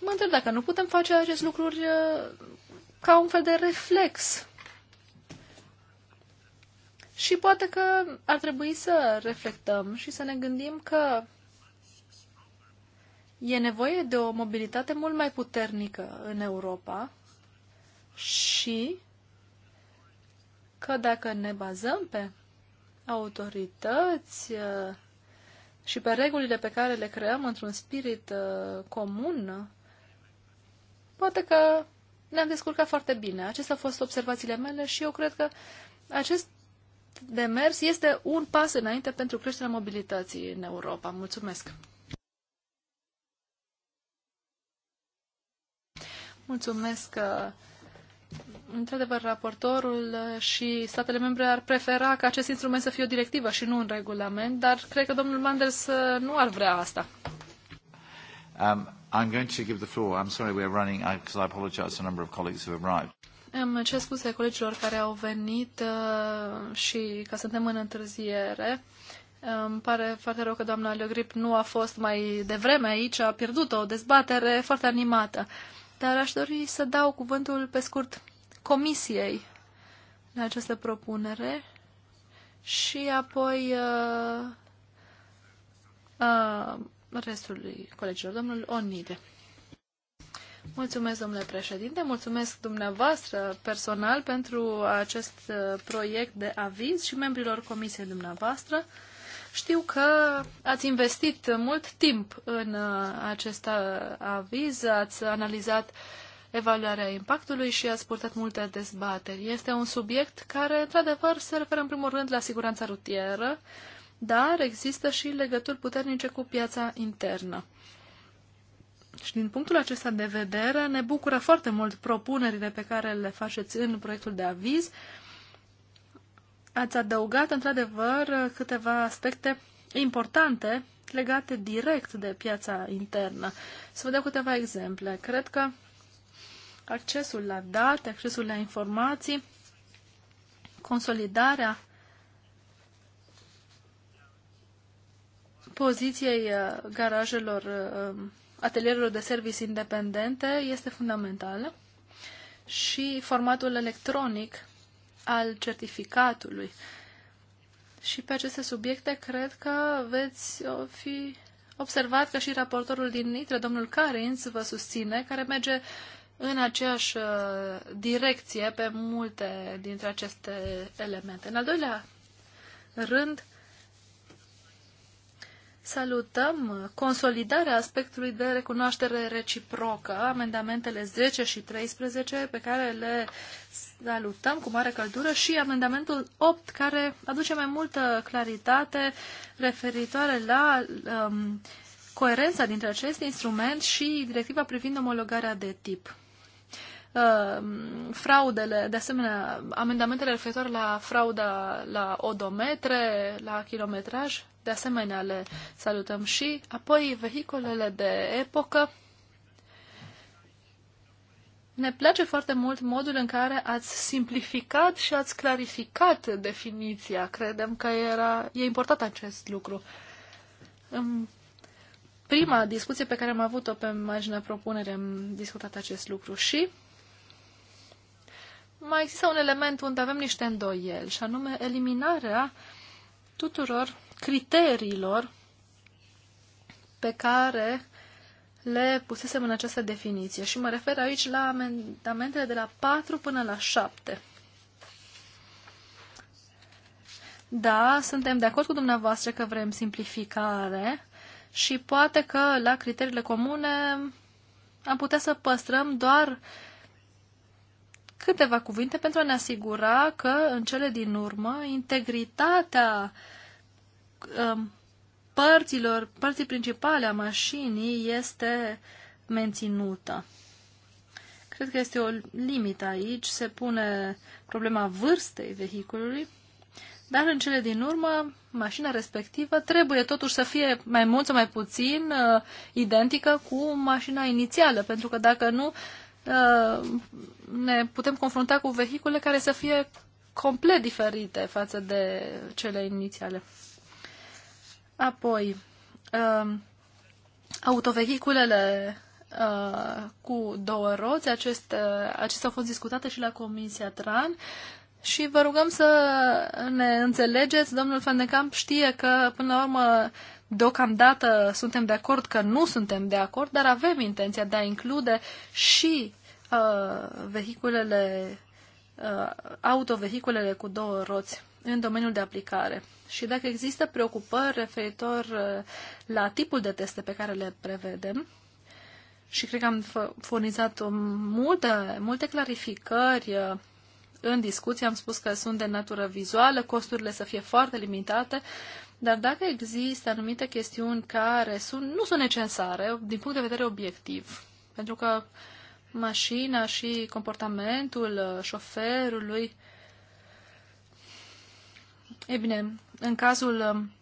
mă întreb dacă nu putem face acest lucruri uh, ca un fel de reflex. Și poate că ar trebui să reflectăm și să ne gândim că E nevoie de o mobilitate mult mai puternică în Europa și că dacă ne bazăm pe autorități uh, și pe regulile pe care le creăm într-un spirit uh, comun, poate că ne-am descurcat foarte bine. Acestea au fost observațiile mele și eu cred că acest demers este un pas înainte pentru creșterea mobilității în Europa. Mulțumesc! Mulțumesc. Uh, într-adevăr, raportorul uh, și statele membre ar prefera ca acest instrument să fie o directivă și nu un regulament, dar cred că domnul Manders uh, nu ar vrea asta. Um, I'm going to give the floor. I'm sorry we're running, because I, I apologize to a number of colleagues who have arrived. Îmi cer scuze colegilor care au venit uh, și că suntem în întârziere. Îmi pare foarte rău că doamna Leogrip nu a fost mai devreme aici, a pierdut o dezbatere foarte animată. Uh, dar aș dori să dau cuvântul pe scurt comisiei în această propunere și apoi uh, uh, restului colegilor. Domnul Onide. Mulțumesc, domnule președinte, mulțumesc dumneavoastră personal pentru acest uh, proiect de aviz și membrilor comisiei dumneavoastră. Știu că ați investit mult timp în uh, acest uh, aviz, ați analizat evaluarea impactului și ați purtat multe dezbateri. Este un subiect care, într-adevăr, se referă în primul rând la siguranța rutieră, dar există și legături puternice cu piața internă. Și din punctul acesta de vedere, ne bucură foarte mult propunerile pe care le faceți în proiectul de aviz, uh, ați adăugat într-adevăr câteva aspecte importante legate direct de piața internă. Să vă dau câteva exemple. Cred că accesul la date, accesul la informații, consolidarea poziției uh, garajelor, uh, atelierelor de servicii independente este fundamentală și formatul electronic al certificatului. Și pe aceste subiecte cred că veți fi observat că și raportorul din Nitre, domnul Carinț, vă susține, care merge în aceeași uh, direcție pe multe dintre aceste elemente. În al doilea rând, salutăm consolidarea aspectului de recunoaștere reciprocă, amendamentele 10 și 13 pe care le salutăm cu mare căldură și amendamentul 8, care aduce mai multă claritate referitoare la um, coerența dintre acest instrument și directiva privind omologarea de tip. Uh, fraudele, de asemenea, amendamentele referitoare la frauda la odometre, la kilometraj, de asemenea le salutăm și apoi vehiculele de epocă, ne place foarte mult modul în care ați simplificat și ați clarificat definiția. Credem că era, e important acest lucru. În prima discuție pe care am avut-o pe imaginea propunere am discutat acest lucru și mai există un element unde avem niște îndoieli, și anume eliminarea tuturor criteriilor pe care le pusesem în această definiție și mă refer aici la amendamentele de la 4 până la 7. Da, suntem de acord cu dumneavoastră că vrem simplificare și poate că la criteriile comune am putea să păstrăm doar câteva cuvinte pentru a ne asigura că în cele din urmă integritatea um, părților, părții principale a mașinii este menținută. Cred că este o limită aici, se pune problema vârstei vehiculului, dar în cele din urmă, mașina respectivă trebuie totuși să fie mai mult sau mai puțin uh, identică cu mașina inițială, pentru că dacă nu, uh, ne putem confrunta cu vehicule care să fie complet diferite față de cele inițiale. Apoi, um, autovehiculele uh, cu două roți, aceste, acestea au fost discutate și la Comisia TRAN și vă rugăm să ne înțelegeți, domnul Fendecamp știe că, până la urmă, deocamdată suntem de acord că nu suntem de acord, dar avem intenția de a include și uh, vehiculele, uh, autovehiculele cu două roți în domeniul de aplicare și dacă există preocupări referitor uh, la tipul de teste pe care le prevedem, și cred că am furnizat multe, multe clarificări uh, în discuție, am spus că sunt de natură vizuală, costurile să fie foarte limitate, dar dacă există anumite chestiuni care sunt, nu sunt necesare din punct de vedere obiectiv, pentru că mașina și comportamentul uh, șoferului E bine, în cazul um,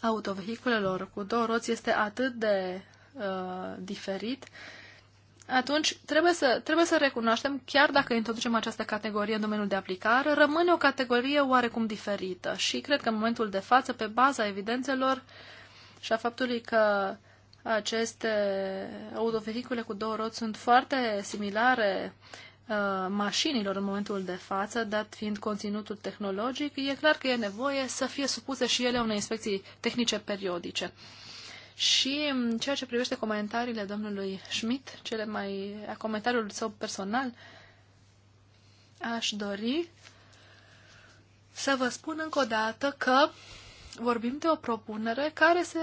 autovehiculelor cu două roți este atât de uh, diferit, atunci trebuie să, trebuie să recunoaștem, chiar dacă introducem această categorie în domeniul de aplicare, rămâne o categorie oarecum diferită și cred că în momentul de față, pe baza evidențelor și a faptului că aceste autovehicule cu două roți sunt foarte similare Uh, mașinilor în momentul de față, dat fiind conținutul tehnologic, e clar că e nevoie să fie supuse și ele unei inspecții tehnice periodice. Și ceea ce privește comentariile domnului Schmidt, cele mai, comentariul său personal, aș dori să vă spun încă o dată că vorbim de o propunere care se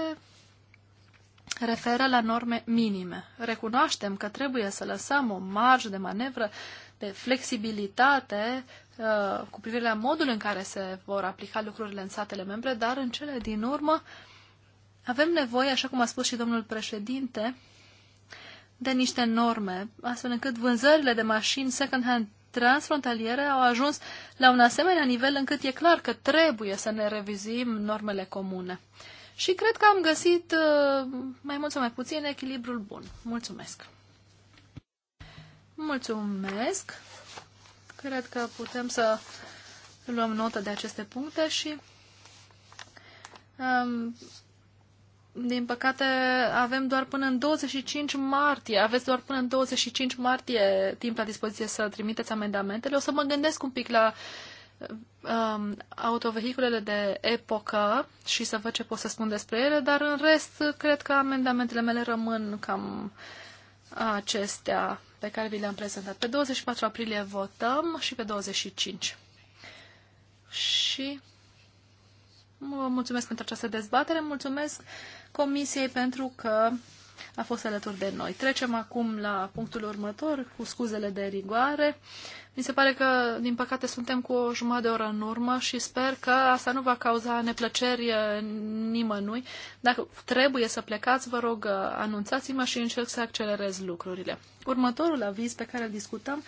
referă la norme minime. Recunoaștem că trebuie să lăsăm o marjă de manevră de flexibilitate uh, cu privire la modul în care se vor aplica lucrurile în statele membre, dar în cele din urmă avem nevoie, așa cum a spus și domnul președinte, de niște norme, astfel încât vânzările de mașini second-hand transfrontaliere au ajuns la un asemenea nivel încât e clar că trebuie să ne revizim normele comune. Uh, și cred că am găsit uh, mai mult sau mai puțin echilibrul bun. Mulțumesc! Mulțumesc! Cred că putem să luăm notă de aceste puncte și um, din păcate avem doar până în 25 martie, aveți doar până în 25 martie timp la dispoziție să trimiteți amendamentele. O să mă gândesc un pic la uh, um, autovehiculele de epocă și să văd ce pot să spun despre ele, dar în rest cred că amendamentele mele rămân cam acestea pe care vi le-am prezentat. Pe 24 aprilie votăm și pe 25. Și vă mulțumesc pentru această dezbatere, mulțumesc Comisiei pentru că a fost alături de noi. Trecem acum la punctul următor, cu scuzele de rigoare. Mi se pare că, din păcate, suntem cu o jumătate de oră în urmă și sper că asta nu va cauza neplăceri eh, nimănui. Dacă trebuie să plecați, vă rog, eh, anunțați-mă și încerc să accelerez lucrurile. Următorul aviz pe care îl discutăm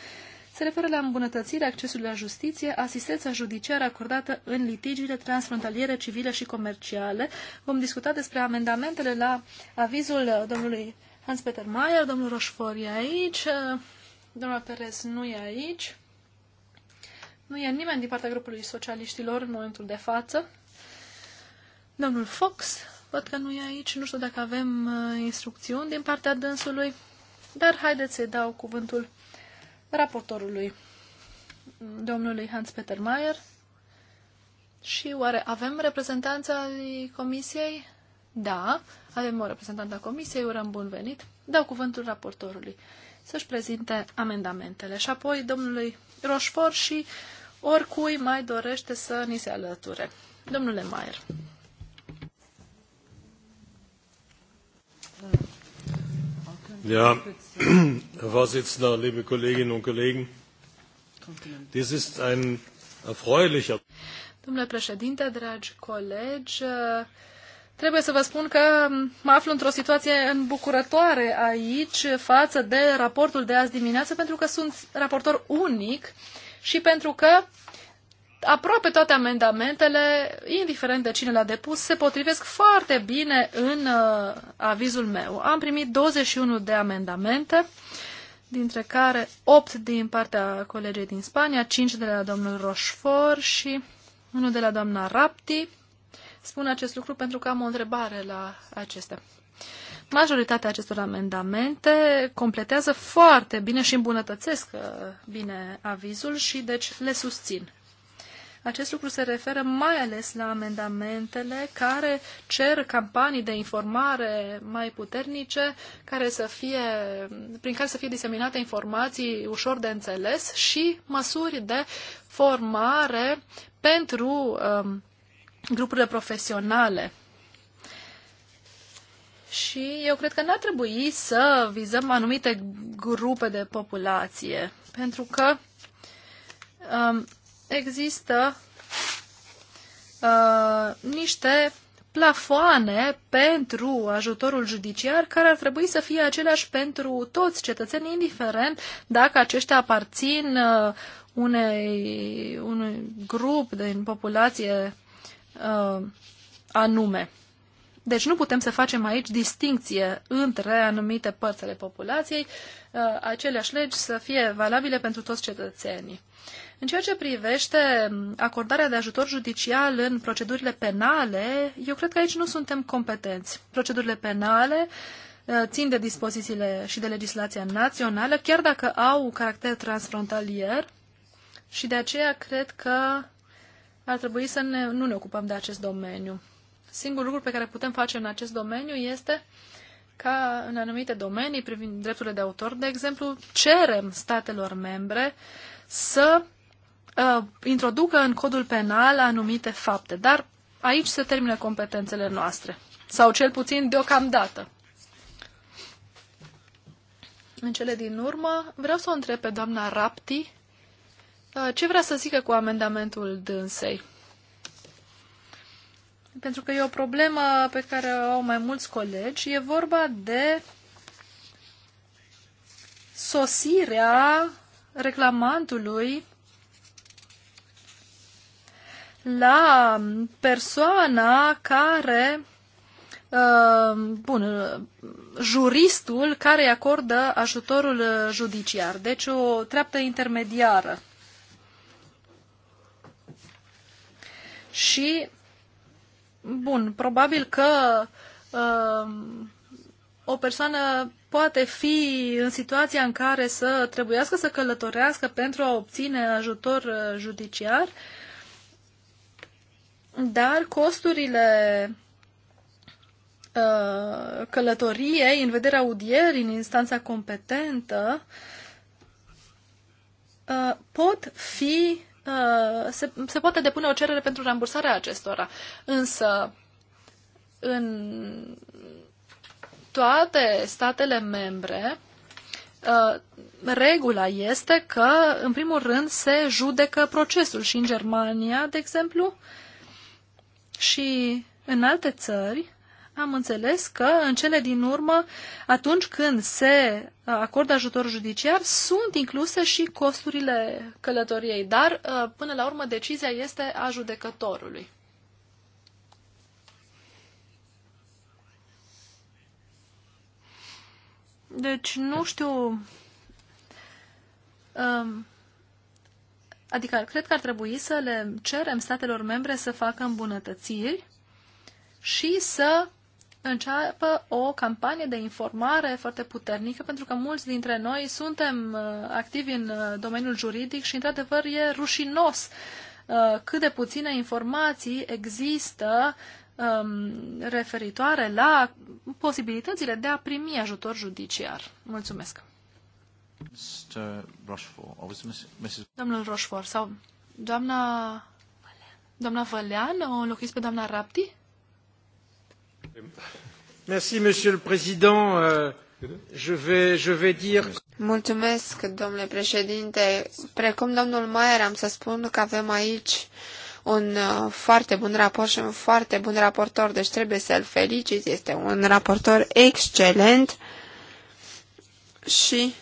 se referă la îmbunătățirea accesului la justiție, asistența judiciară acordată în litigiile transfrontaliere, civile și comerciale. Vom discuta despre amendamentele la avizul domnului Hans-Peter Mayer, domnul Roșfor e aici, domnul Perez nu e aici. Nu e nimeni din partea grupului socialiștilor în momentul de față. Domnul Fox, văd că nu e aici, nu știu dacă avem uh, instrucțiuni din partea dânsului, dar haideți să-i dau cuvântul raportorului, domnului Hans-Peter Mayer. Și oare avem reprezentanța comisiei? Da, avem o reprezentantă a comisiei, urăm bun venit. Dau cuvântul raportorului să-și prezinte amendamentele și apoi domnului Roșfor și oricui mai dorește să ni se alăture. Domnule Mayer. Ja, Herr Vorsitzender, liebe Kolleginnen und Kollegen, dies ist ein erfreulicher. Domnule președinte, dragi colegi, trebuie să vă spun că mă aflu într-o situație îmbucurătoare aici față de raportul de azi dimineață, pentru că sunt raportor unic și pentru că aproape toate amendamentele, indiferent de cine le-a depus, se potrivesc foarte bine în uh, avizul meu. Am primit 21 de amendamente, dintre care 8 din partea colegii din Spania, 5 de la domnul Roșfor și 1 de la doamna Rapti. Spun acest lucru pentru că am o întrebare la acestea. Majoritatea acestor amendamente completează foarte bine și îmbunătățesc uh, bine avizul și deci le susțin. Acest lucru se referă mai ales la amendamentele care cer campanii de informare mai puternice, care să fie, prin care să fie diseminate informații ușor de înțeles și măsuri de formare pentru um, grupurile profesionale. Și eu cred că n-ar trebui să vizăm anumite grupe de populație, pentru că um, există uh, niște plafoane pentru ajutorul judiciar care ar trebui să fie aceleași pentru toți cetățenii, indiferent dacă aceștia aparțin uh, unei, unui grup din populație uh, anume. Deci nu putem să facem aici distinție între anumite părți ale populației, uh, aceleași legi să fie valabile pentru toți cetățenii. În ceea ce privește acordarea de ajutor judicial în procedurile penale, eu cred că aici nu suntem competenți. Procedurile penale uh, țin de dispozițiile și de legislația națională, chiar dacă au caracter transfrontalier și de aceea cred că ar trebui să ne, nu ne ocupăm de acest domeniu. Singurul lucru pe care putem face în acest domeniu este ca în anumite domenii, privind drepturile de autor, de exemplu, cerem statelor membre să uh, introducă în codul penal anumite fapte, dar aici se termină competențele noastre, sau cel puțin deocamdată. În cele din urmă, vreau să o întreb pe doamna Rapti uh, ce vrea să zică cu amendamentul dânsei. Pentru că e o problemă pe care o au mai mulți colegi. E vorba de sosirea reclamantului la persoana care, uh, bun, juristul care îi acordă ajutorul judiciar. Deci o treaptă intermediară. Și, bun, probabil că uh, o persoană poate fi în situația în care să trebuiască să călătorească pentru a obține ajutor uh, judiciar uh, dar costurile uh, călătoriei în vederea audierii în instanța competentă uh, pot fi uh, se, se poate depune o cerere pentru rambursarea acestora. Însă, în toate statele membre, uh, regula este că, în primul rând, se judecă procesul și în Germania, de exemplu, și în alte țări am înțeles că în cele din urmă, atunci când se acordă ajutor judiciar, sunt incluse și costurile călătoriei, dar uh, până la urmă decizia este a judecătorului. Deci, nu știu um, Adică, cred că ar trebui să le cerem statelor membre să facă îmbunătățiri și să înceapă o campanie de informare foarte puternică, pentru că mulți dintre noi suntem uh, activi în uh, domeniul juridic și, într-adevăr, e rușinos uh, cât de puține informații există um, referitoare la posibilitățile de a primi ajutor judiciar. Mulțumesc! Mr. Rochefort, was Mrs. Domnul Rochefort sau doamna... Doamna Vălean, o înlocuiți pe doamna Rapti? Merci, Monsieur le Président. Euh, je vais, je vais dire... Mulțumesc, domnule președinte. Precum domnul Maier, am să spun că avem aici un uh, foarte bun raport și un foarte bun raportor, deci trebuie să-l felicit. Este un raportor excelent și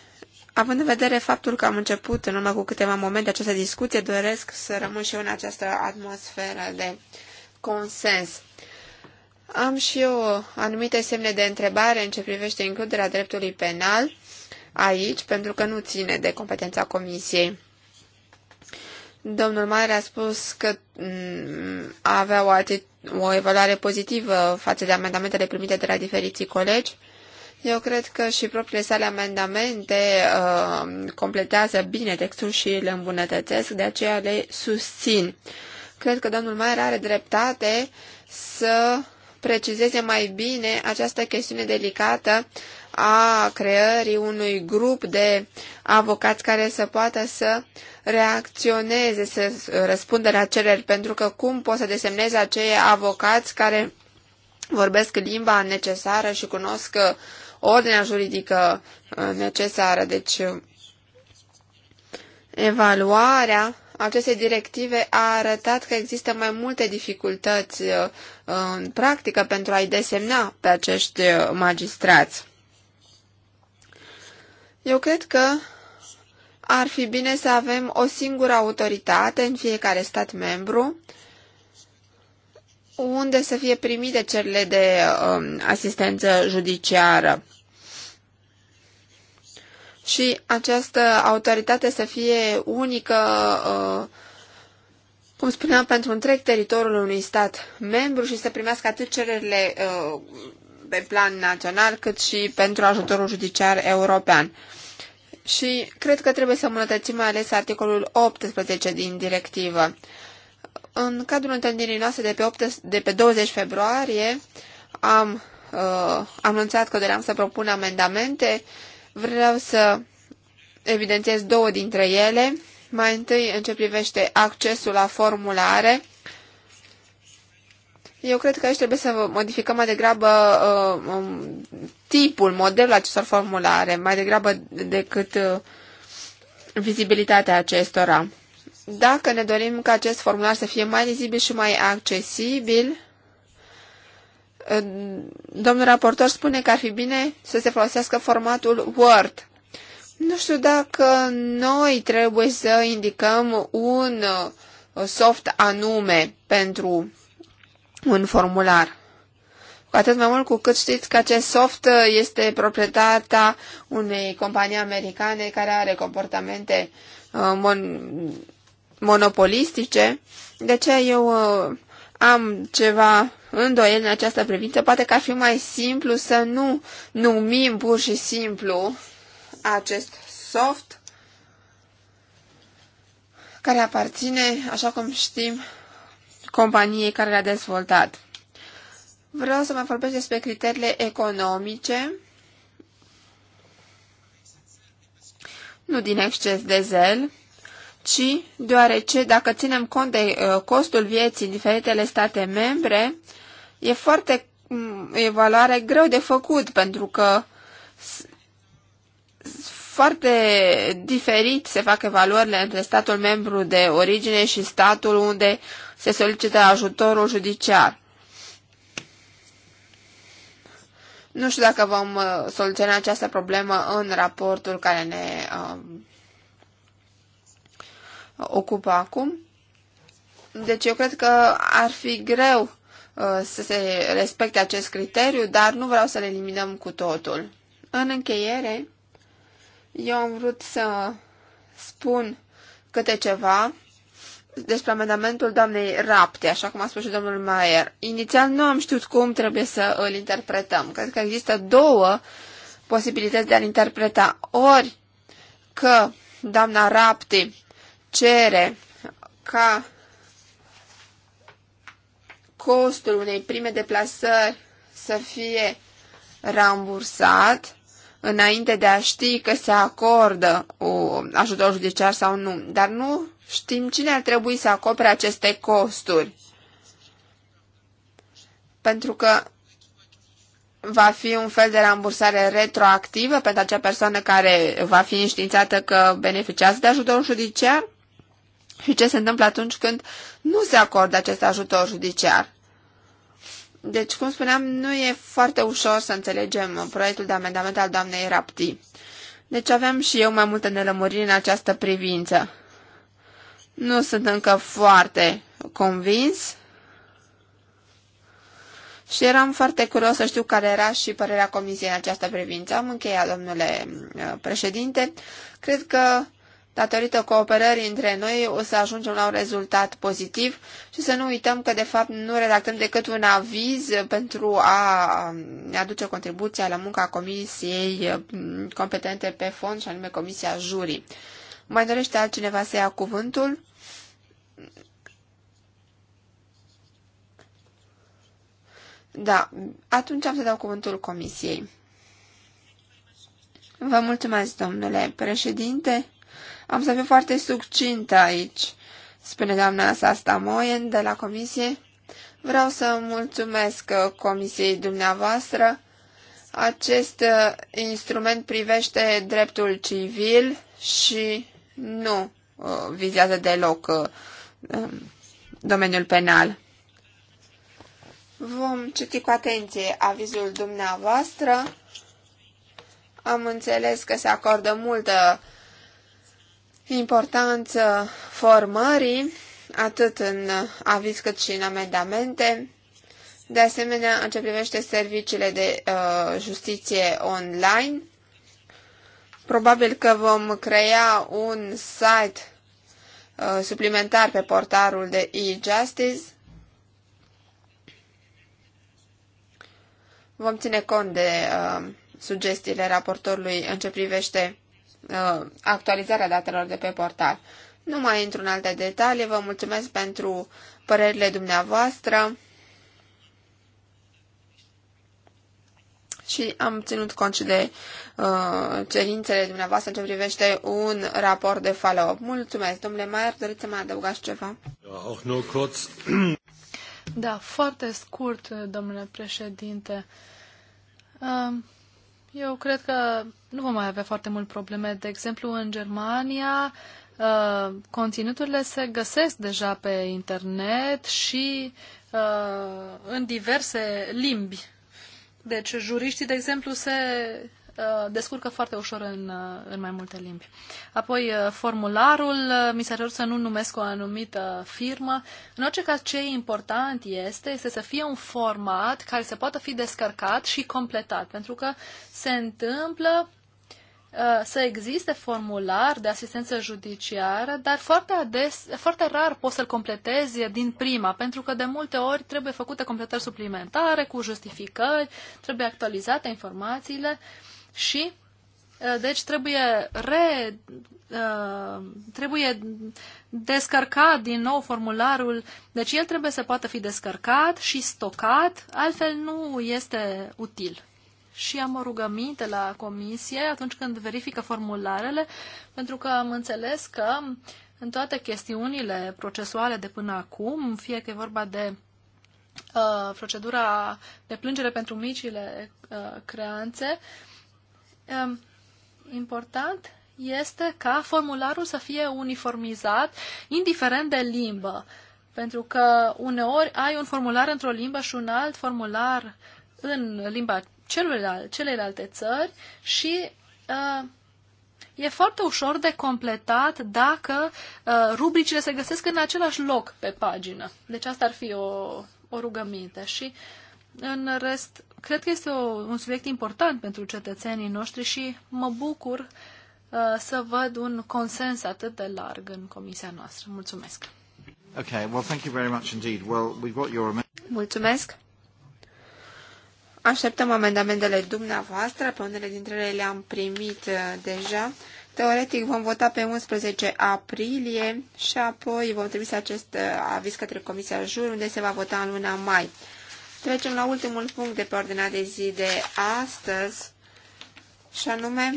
Având în vedere faptul că am început în urmă cu câteva momente această discuție, doresc să rămân și eu în această atmosferă de consens. Am și eu anumite semne de întrebare în ce privește includerea dreptului penal aici, pentru că nu ține de competența comisiei. Domnul Mare a spus că mm, avea o, o evaluare pozitivă față de amendamentele primite de la diferiții colegi, eu cred că și propriile sale amendamente uh, completează bine textul și îl îmbunătățesc, de aceea le susțin. Cred că domnul Maier are dreptate să precizeze mai bine această chestiune delicată a creării unui grup de avocați care să poată să reacționeze, să răspundă la cereri, pentru că cum poți să desemnezi acei avocați care vorbesc limba necesară și cunosc uh, ordinea juridică uh, necesară. Deci, evaluarea acestei directive a arătat că există mai multe dificultăți uh, în practică pentru a-i desemna pe acești uh, magistrați. Eu cred că ar fi bine să avem o singură autoritate în fiecare stat membru unde să fie primite cerile de um, asistență judiciară și această autoritate să fie unică, uh, cum spuneam, pentru întreg teritoriul unui stat membru și să primească atât cererile uh, pe plan național, cât și pentru ajutorul judiciar european. Și cred că trebuie să îmbunătățim mai ales articolul 18 din directivă. În cadrul întâlnirii noastre de pe, 8, de pe 20 februarie am uh, anunțat că doream să propun amendamente. Vreau să evidențiez două dintre ele. Mai întâi, în ce privește accesul la formulare, eu cred că aici trebuie să modificăm mai degrabă uh, um, tipul, modelul acestor formulare, mai degrabă decât uh, vizibilitatea acestora. Dacă ne dorim ca acest formular să fie mai lizibil și mai accesibil, domnul raportor spune că ar fi bine să se folosească formatul Word. Nu știu dacă noi trebuie să indicăm un uh, soft anume pentru un formular. Cu atât mai mult cu cât știți că acest soft uh, este proprietatea unei companii americane care are comportamente uh, monopolistice, de ce eu uh, am ceva îndoieli în această privință. Poate că ar fi mai simplu să nu numim pur și simplu acest soft care aparține, așa cum știm, companiei care l-a dezvoltat. Vreau să mai vorbesc despre criteriile economice, nu din exces de zel, ci deoarece dacă ținem cont de uh, costul vieții în diferitele state membre, e foarte mm, evaluare greu de făcut pentru că foarte diferit se fac evaluările între statul membru de origine și statul unde se solicită ajutorul judiciar. Nu știu dacă vom uh, soluționa această problemă în raportul care ne uh, ocupă acum. Deci eu cred că ar fi greu uh, să se respecte acest criteriu, dar nu vreau să-l eliminăm cu totul. În încheiere, eu am vrut să spun câte ceva despre amendamentul doamnei Rapte, așa cum a spus și domnul Maier. Inițial nu am știut cum trebuie să îl interpretăm. Cred că există două posibilități de a-l interpreta. Ori că doamna Rapte cere ca costul unei prime deplasări să fie rambursat înainte de a ști că se acordă o ajutor judiciar sau nu. Dar nu știm cine ar trebui să acopere aceste costuri. Pentru că va fi un fel de rambursare retroactivă pentru acea persoană care va fi înștiințată că beneficiază de ajutor judiciar? și ce se întâmplă atunci când nu se acordă acest ajutor judiciar. Deci, cum spuneam, nu e foarte ușor să înțelegem proiectul de amendament al doamnei Rapti. Deci aveam și eu mai multe nelămuriri în această privință. Nu sunt încă foarte convins și eram foarte curios să știu care era și părerea comisiei în această privință. Am încheiat, domnule uh, președinte. Cred că Datorită cooperării între noi o să ajungem la un rezultat pozitiv și să nu uităm că de fapt nu redactăm decât un aviz pentru a ne aduce contribuția la munca comisiei eh, competente pe fond și anume comisia jurii. Mai dorește altcineva să ia cuvântul? Da, atunci am să dau cuvântul comisiei. Vă mulțumesc, domnule președinte. Am să fiu foarte succintă aici, spune doamna Sasta Moen de la comisie. Vreau să mulțumesc uh, comisiei dumneavoastră. Acest uh, instrument privește dreptul civil și nu uh, vizează deloc um, domeniul penal. Vom citi cu atenție avizul dumneavoastră. Am înțeles că se acordă multă importanță formării, atât în aviz cât și în amendamente. De asemenea, în ce privește serviciile de uh, justiție online, probabil că vom crea un site uh, suplimentar pe portarul de e-justice. Vom ține cont de uh, sugestiile raportorului în ce privește uh, actualizarea datelor de pe portal. Nu mai intru în alte detalii, vă mulțumesc pentru părerile dumneavoastră și am ținut cont și de uh, cerințele dumneavoastră în ce privește un raport de follow-up. Mulțumesc, domnule Maier, doriți să mai adăugați ceva? Da, foarte scurt, domnule președinte. Uh... Eu cred că nu vom mai avea foarte mult probleme. De exemplu, în Germania, uh, conținuturile se găsesc deja pe internet și uh, în diverse limbi. Deci, juriștii, de exemplu, se Uh, descurcă foarte ușor în, uh, în mai multe limbi. Apoi, uh, formularul, mi s-a să nu numesc o anumită firmă. În orice caz, ce important este, este să fie un format care să poată fi descărcat și completat, pentru că se întâmplă să existe formular de asistență judiciară, dar foarte, ades, foarte rar poți să-l completezi din prima, pentru că de multe ori trebuie făcute completări suplimentare cu justificări, trebuie actualizate informațiile. Uh, și uh, deci trebuie re, uh, trebuie descărcat din nou formularul, deci el trebuie să poată fi descărcat și stocat, altfel nu este util. Și am o rugăminte la comisie atunci când verifică formularele, pentru că am înțeles că în toate chestiunile procesuale de până acum, fie că e vorba de uh, procedura de plângere pentru micile uh, creanțe, uh, Ehm, important este ca formularul să fie uniformizat, indiferent de limbă. Pentru că uneori ai un formular într-o limbă și un alt formular în limba celelalte, celelalte țări și uh, e foarte ușor de completat dacă uh, rubricile se găsesc în același loc pe pagină. Deci asta ar fi o, o rugăminte. Și uh, în rest, cred că este o, un subiect important pentru cetățenii noștri și mă bucur uh, să văd un consens atât de larg în comisia noastră. Mulțumesc. Okay, well, thank you very much indeed. Well, we've got your... Mulțumesc. Așteptăm amendamentele dumneavoastră, pe unele dintre ele le-am primit uh, deja. Teoretic vom vota pe 11 aprilie și apoi vom trimis acest uh, aviz către Comisia Jur, unde se va vota în luna mai. Trecem la ultimul punct de pe ordinea de zi de astăzi, și anume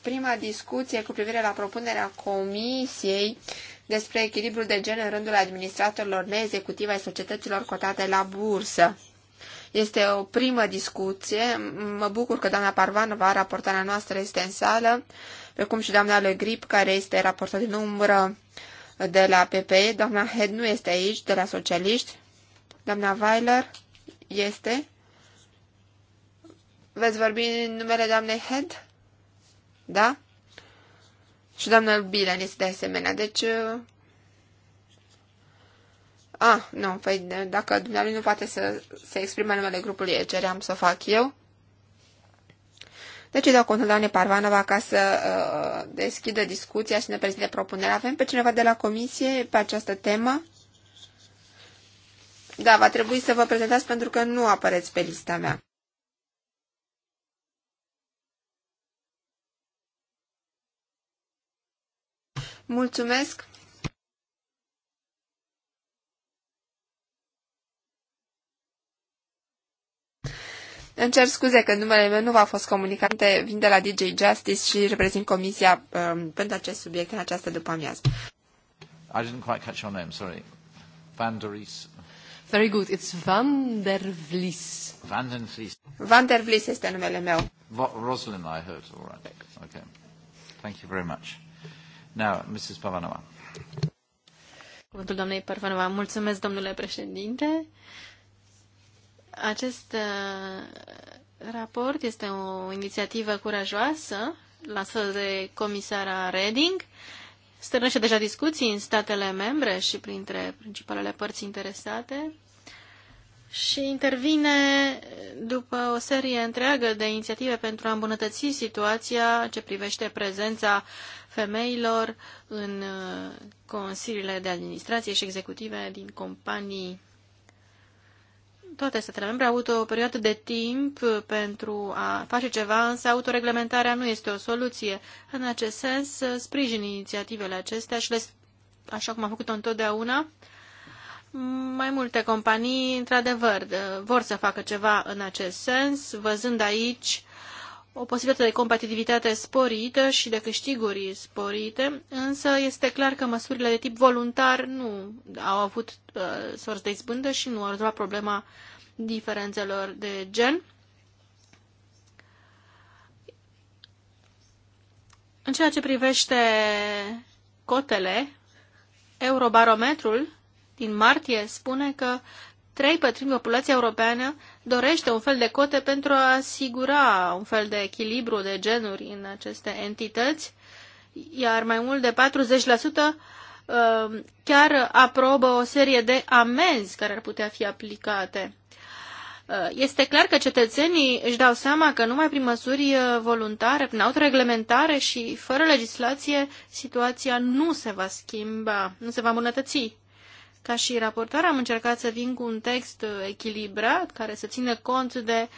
prima discuție cu privire la propunerea Comisiei despre echilibrul de gen în rândul administratorilor neexecutive ai societăților cotate la bursă. Este o primă discuție. Mă bucur că doamna Parvanova, raportarea noastră, este în sală, pe cum și doamna Le Grip, care este raportat din umbră de la PPE. Doamna Head nu este aici, de la socialiști. Doamna Weiler este? Veți vorbi în numele doamnei Head? Da? Și doamna Bilan este de asemenea. Deci... Uh, A, ah, nu, păi dacă dumneavoastră nu poate să se exprime numele grupului ECR, am să o fac eu. Deci îi dau contul doamnei Parvanova ca să uh, deschidă discuția și ne prezinte propunerea. Avem pe cineva de la comisie pe această temă? Da, va trebui să vă prezentați pentru că nu apăreți pe lista mea. Mulțumesc! Îmi cer scuze că numele meu nu v-a fost comunicat. Vin de la DJ Justice și reprezint comisia um, pentru acest subiect în această după-amiază. I didn't quite catch your name, sorry. Van Derice. Very good. It's Van der Vlies. Van der Vlies. Van der Vlies este numele meu. Rosalind, I heard. All right. Okay. Thank you very much. Now, Mrs. Pavanova. Cuvântul doamnei Pavanova. Mulțumesc, domnule președinte. Acest uh, raport este o inițiativă curajoasă lansată de comisara Reding. Stârnește deja discuții în statele membre și printre principalele părți interesate și intervine după o serie întreagă de inițiative pentru a îmbunătăți situația ce privește prezența femeilor în uh, consiliile de administrație și executive din companii. Toate statele membre au avut o perioadă de timp uh, pentru a face ceva, însă autoreglementarea nu este o soluție. În acest sens, uh, sprijin inițiativele acestea și le, așa cum am făcut-o întotdeauna, mai multe companii, într-adevăr, vor să facă ceva în acest sens, văzând aici o posibilitate de competitivitate sporită și de câștiguri sporite, însă este clar că măsurile de tip voluntar nu au avut uh, sorți de izbândă și nu au rezolvat problema diferențelor de gen. În ceea ce privește cotele, Eurobarometrul din martie spune că trei pătrimi populația europeană dorește un fel de cote pentru a asigura un fel de echilibru de genuri în aceste entități, iar mai mult de 40% uh, chiar aprobă o serie de amenzi care ar putea fi aplicate. Uh, este clar că cetățenii își dau seama că numai prin măsuri uh, voluntare, prin autoreglementare și fără legislație, situația nu se va schimba, nu se va îmbunătăți. Ca și raportor am încercat să vin cu un text echilibrat care să țină cont de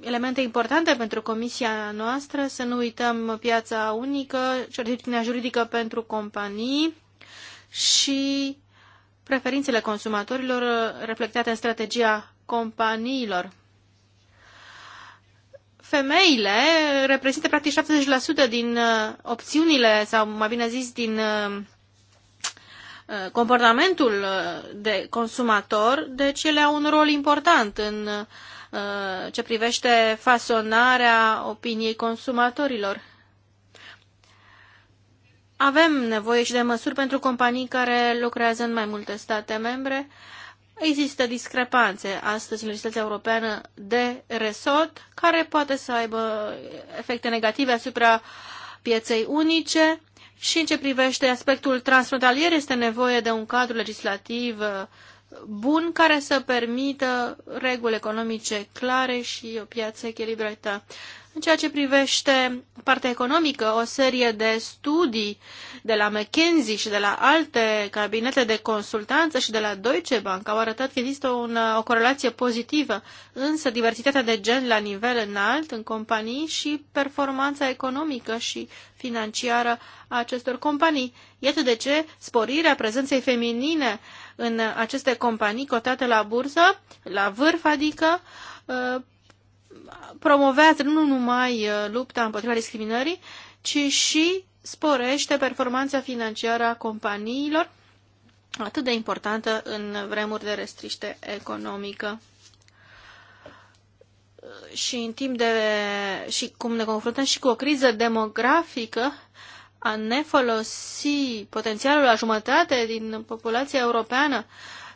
elemente importante pentru comisia noastră, să nu uităm piața unică, certitudinea juridică pentru companii și preferințele consumatorilor reflectate în strategia companiilor. Femeile reprezintă practic 70% din uh, opțiunile sau mai bine zis din uh, Uh, comportamentul uh, de consumator, deci ele au un rol important în uh, ce privește fasonarea opiniei consumatorilor. Avem nevoie și de măsuri pentru companii care lucrează în mai multe state membre. Există discrepanțe astăzi în legislația europeană de resort, care poate să aibă efecte negative asupra pieței unice și în ce privește aspectul transfrontalier, este nevoie de un cadru legislativ uh, bun care să permită reguli economice clare și o piață echilibrată. În ceea ce privește partea economică, o serie de studii de la McKinsey și de la alte cabinete de consultanță și de la Deutsche Bank au arătat că există un, o corelație pozitivă, însă diversitatea de gen la nivel înalt în companii și performanța economică și financiară a acestor companii. Iată de ce sporirea prezenței feminine în aceste companii cotate la bursă, la vârf adică, ă, promovează nu numai uh, lupta împotriva discriminării, ci și sporește performanța financiară a companiilor, atât de importantă în vremuri de restriște economică. Uh, și în timp de și cum ne confruntăm și cu o criză demografică, a ne folosi potențialul la jumătate din populația europeană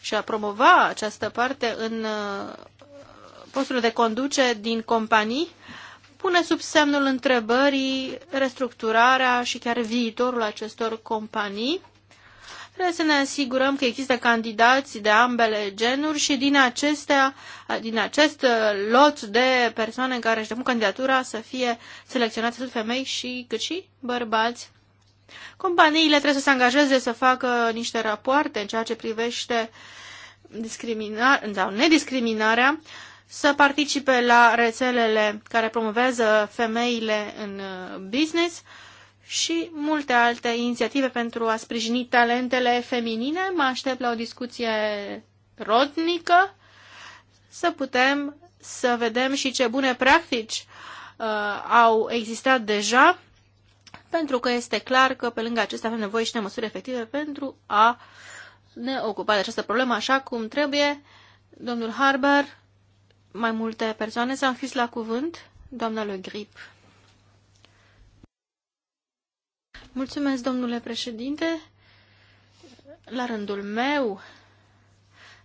și a promova această parte în uh, Postul de conduce din companii pune sub semnul întrebării restructurarea și chiar viitorul acestor companii. Trebuie să ne asigurăm că există candidați de ambele genuri și din, acestea, din acest lot de persoane care își depun candidatura să fie selecționați atât femei și, cât și bărbați. Companiile trebuie să se angajeze să facă niște rapoarte în ceea ce privește discriminarea sau nediscriminarea să participe la rețelele care promovează femeile în uh, business și multe alte inițiative pentru a sprijini talentele feminine. Mă aștept la o discuție rodnică să putem să vedem și ce bune practici uh, au existat deja, pentru că este clar că pe lângă acestea avem nevoie și de măsuri efective pentru a ne ocupa de această problemă așa cum trebuie. Domnul Harber mai multe persoane s-au închis la cuvânt. Doamna Le Grip. Mulțumesc, domnule președinte. La rândul meu,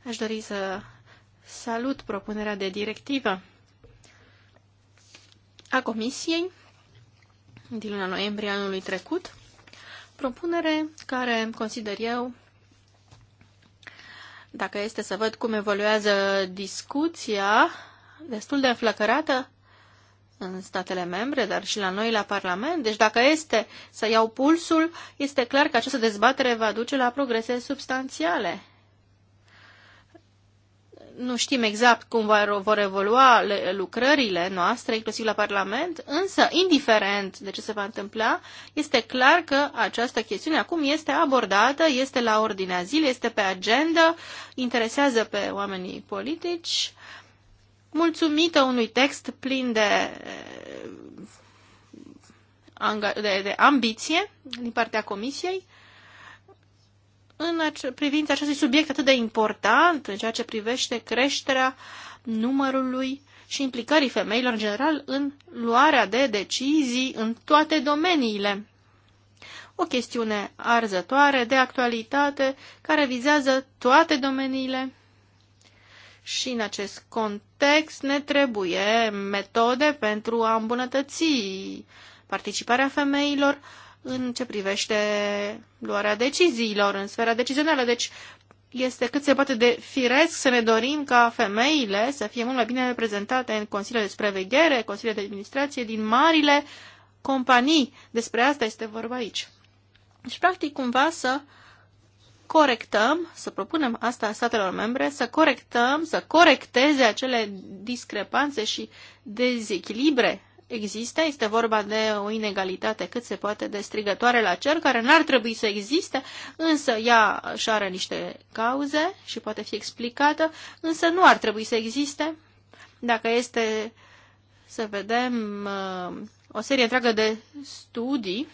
aș dori să salut propunerea de directivă a Comisiei din luna noiembrie anului trecut, propunere care consider eu dacă este să văd cum evoluează discuția, destul de înflăcărată în statele membre, dar și la noi la Parlament. Deci dacă este să iau pulsul, este clar că această dezbatere va duce la progrese substanțiale nu știm exact cum vor evolua lucrările noastre, inclusiv la Parlament, însă, indiferent de ce se va întâmpla, este clar că această chestiune acum este abordată, este la ordinea zilei, este pe agenda, interesează pe oamenii politici. Mulțumită unui text plin de, eh, de, de ambiție din partea Comisiei, în privința acestui subiect atât de important în ceea ce privește creșterea numărului și implicării femeilor în general în luarea de decizii în toate domeniile. O chestiune arzătoare, de actualitate, care vizează toate domeniile. Și în acest context ne trebuie metode pentru a îmbunătăți participarea femeilor în ce privește luarea deciziilor în sfera decizională. Deci este cât se poate de firesc să ne dorim ca femeile să fie mult mai bine reprezentate în consiliile de supraveghere, consiliile de administrație din marile companii. Despre asta este vorba aici. Deci, practic, cumva să corectăm, să propunem asta statelor membre, să corectăm, să corecteze acele discrepanțe și dezechilibre existe. Este vorba de o inegalitate cât se poate de strigătoare la cer, care n-ar trebui să existe, însă ea și are niște cauze și poate fi explicată, însă nu ar trebui să existe. Dacă este să vedem uh, o serie întreagă de studii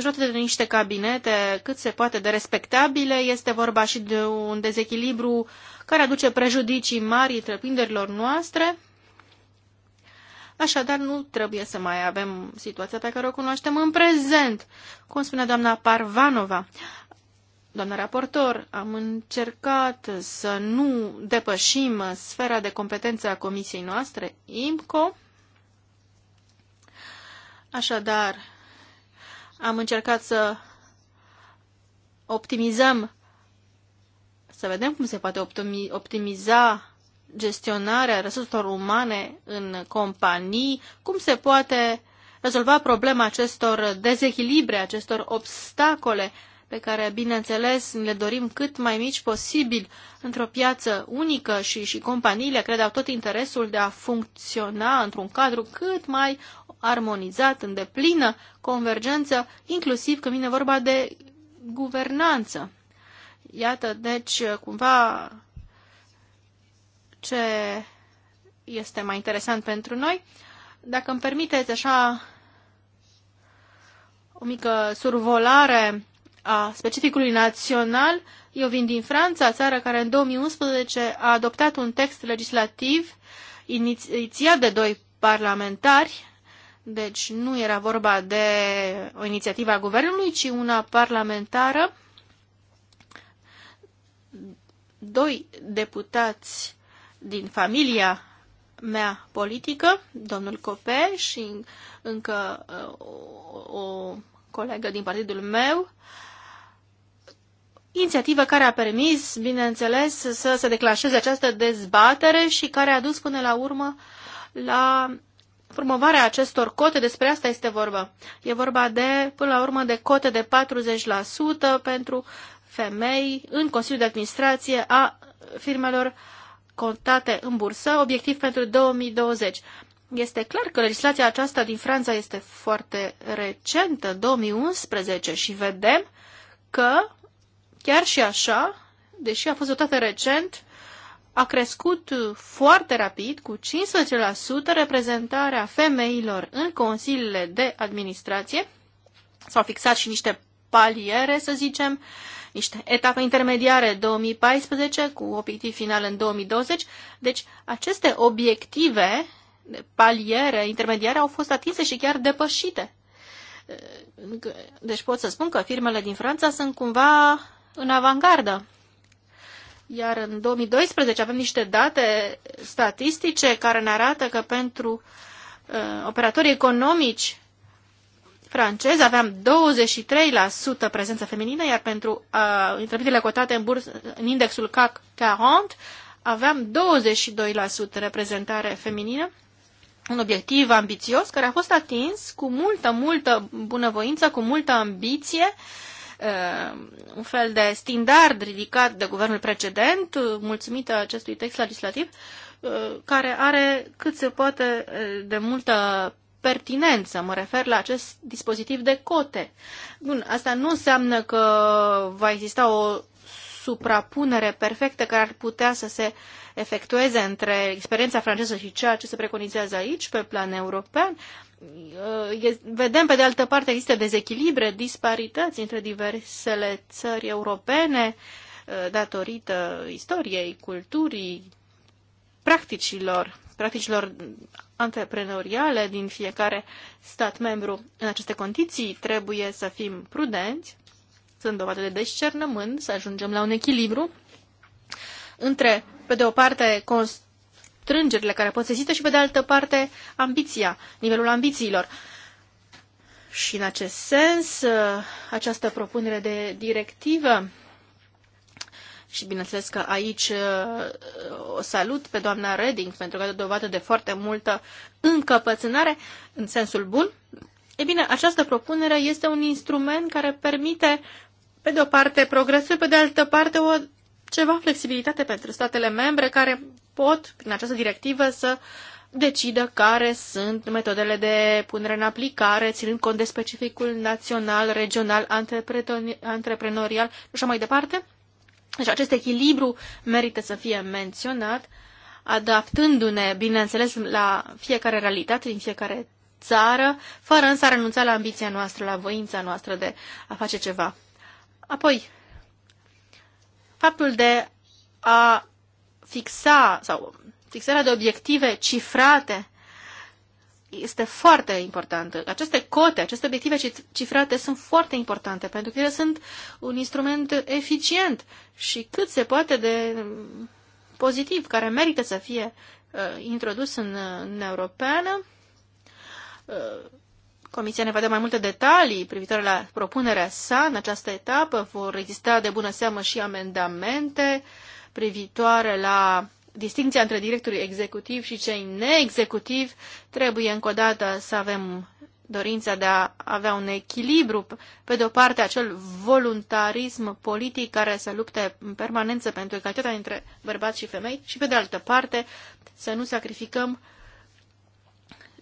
joate de niște cabinete cât se poate de respectabile. Este vorba și de un dezechilibru care aduce prejudicii mari întreprinderilor noastre Așadar, nu trebuie să mai avem situația pe care o cunoaștem în prezent. Cum spunea doamna Parvanova, doamna raportor, am încercat să nu depășim sfera de competență a comisiei noastre, IMCO. Așadar, am încercat să optimizăm, să vedem cum se poate optimiza gestionarea resurselor umane în companii, cum se poate rezolva problema acestor dezechilibre, acestor obstacole pe care, bineînțeles, le dorim cât mai mici posibil într-o piață unică și, și companiile cred au tot interesul de a funcționa într-un cadru cât mai armonizat, în deplină convergență, inclusiv când vine vorba de guvernanță. Iată, deci, cumva ce este mai interesant pentru noi. Dacă îmi permiteți așa o mică survolare a specificului național, eu vin din Franța, țară care în 2011 a adoptat un text legislativ inițiat de doi parlamentari, deci nu era vorba de o inițiativă a guvernului, ci una parlamentară. Doi deputați din familia mea politică, domnul Cope și încă uh, o, o colegă din partidul meu, inițiativă care a permis, bineînțeles, să se declanșeze această dezbatere și care a dus până la urmă la promovarea acestor cote, despre asta este vorba. E vorba de, până la urmă, de cote de 40% pentru femei în Consiliul de Administrație a firmelor uh, cotate în bursă, obiectiv pentru 2020. Este clar că legislația aceasta din Franța este foarte recentă, 2011, și vedem că chiar și așa, deși a fost votată recent, a crescut foarte rapid, cu 15%, reprezentarea femeilor în consiliile de administrație. S-au fixat și niște paliere, să zicem, uh, niște etape intermediare 2014 cu obiectiv final în 2020. Deci aceste obiective, paliere intermediare, au fost atinse și chiar depășite. Deci pot să spun că firmele din Franța sunt cumva în avangardă. Iar în 2012 avem niște date statistice care ne arată că pentru uh, operatorii economici francez aveam 23% prezență feminină, iar pentru uh, întreprinderile cotate în, burs, în indexul CAC 40 aveam 22% reprezentare feminină, un obiectiv ambițios care a fost atins cu multă, multă bunăvoință, cu multă ambiție, uh, un fel de standard ridicat de guvernul precedent, uh, mulțumită acestui text legislativ, uh, care are cât se poate uh, de multă pertinență. Mă refer la acest dispozitiv de cote. Bun, asta nu înseamnă că va exista o suprapunere perfectă care ar putea să se efectueze între experiența franceză și ceea ce se preconizează aici pe plan european. Uh, vedem, pe de altă parte, există dezechilibre, disparități între diversele țări europene uh, datorită istoriei, culturii, practicilor, practicilor antreprenoriale din fiecare stat membru. În aceste condiții trebuie să fim prudenți, sunt dovadă de discernământ, să ajungem la un echilibru între, pe de o parte, constrângerile care pot să existe și, pe de altă parte, ambiția, nivelul ambițiilor. Și în acest sens, această propunere de directivă și bineînțeles că aici uh, o salut pe doamna Reding pentru că a dovadă de foarte multă încăpățânare în sensul bun. E bine, această propunere este un instrument care permite, pe de o parte, progresul, pe de altă parte, o ceva flexibilitate pentru statele membre care pot, prin această directivă, să decidă care sunt metodele de punere în aplicare, ținând cont de specificul național, regional, antreprenorial și așa mai departe. Deci acest echilibru merită să fie menționat, adaptându-ne, bineînțeles, la fiecare realitate din fiecare țară, fără însă a renunța la ambiția noastră, la voința noastră de a face ceva. Apoi, faptul de a fixa sau fixarea de obiective cifrate este foarte importantă. Aceste cote, aceste obiective cifrate sunt foarte importante pentru că ele sunt un instrument eficient și cât se poate de um, pozitiv, care merită să fie uh, introdus în Uniunea uh, Europeană. Uh, Comisia ne va da mai multe detalii privitoare la propunerea sa în această etapă. Vor exista de bună seamă și amendamente privitoare la distinția între directorii executivi și cei neexecutivi, trebuie încă o dată să avem dorința de a avea un echilibru, pe de o parte acel voluntarism politic care să lupte în permanență pentru egalitatea între bărbați și femei și pe de altă parte să nu sacrificăm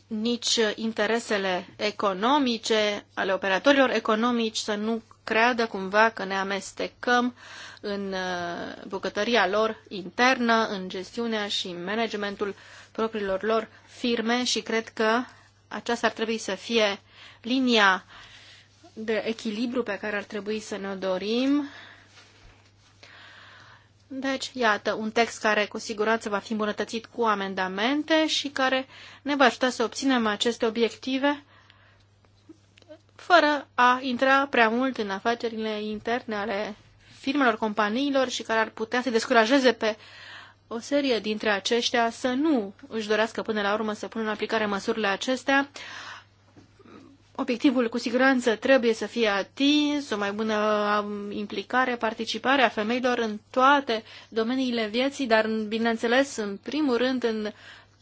nici interesele economice ale operatorilor economici, să nu creadă cumva că ne amestecăm în uh, bucătăria lor internă, în gestiunea și în managementul propriilor lor firme și cred că aceasta ar trebui să fie linia de echilibru pe care ar trebui să ne dorim. Deci, iată, un text care cu siguranță va fi îmbunătățit cu amendamente și care ne va ajuta să obținem aceste obiective fără a intra prea mult în afacerile interne ale firmelor, companiilor și care ar putea să descurajeze pe o serie dintre aceștia să nu își dorească până la urmă să pună în aplicare măsurile acestea. Obiectivul cu siguranță trebuie să fie atins, o mai bună um, implicare, participare a femeilor în toate domeniile vieții, dar bineînțeles în primul rând în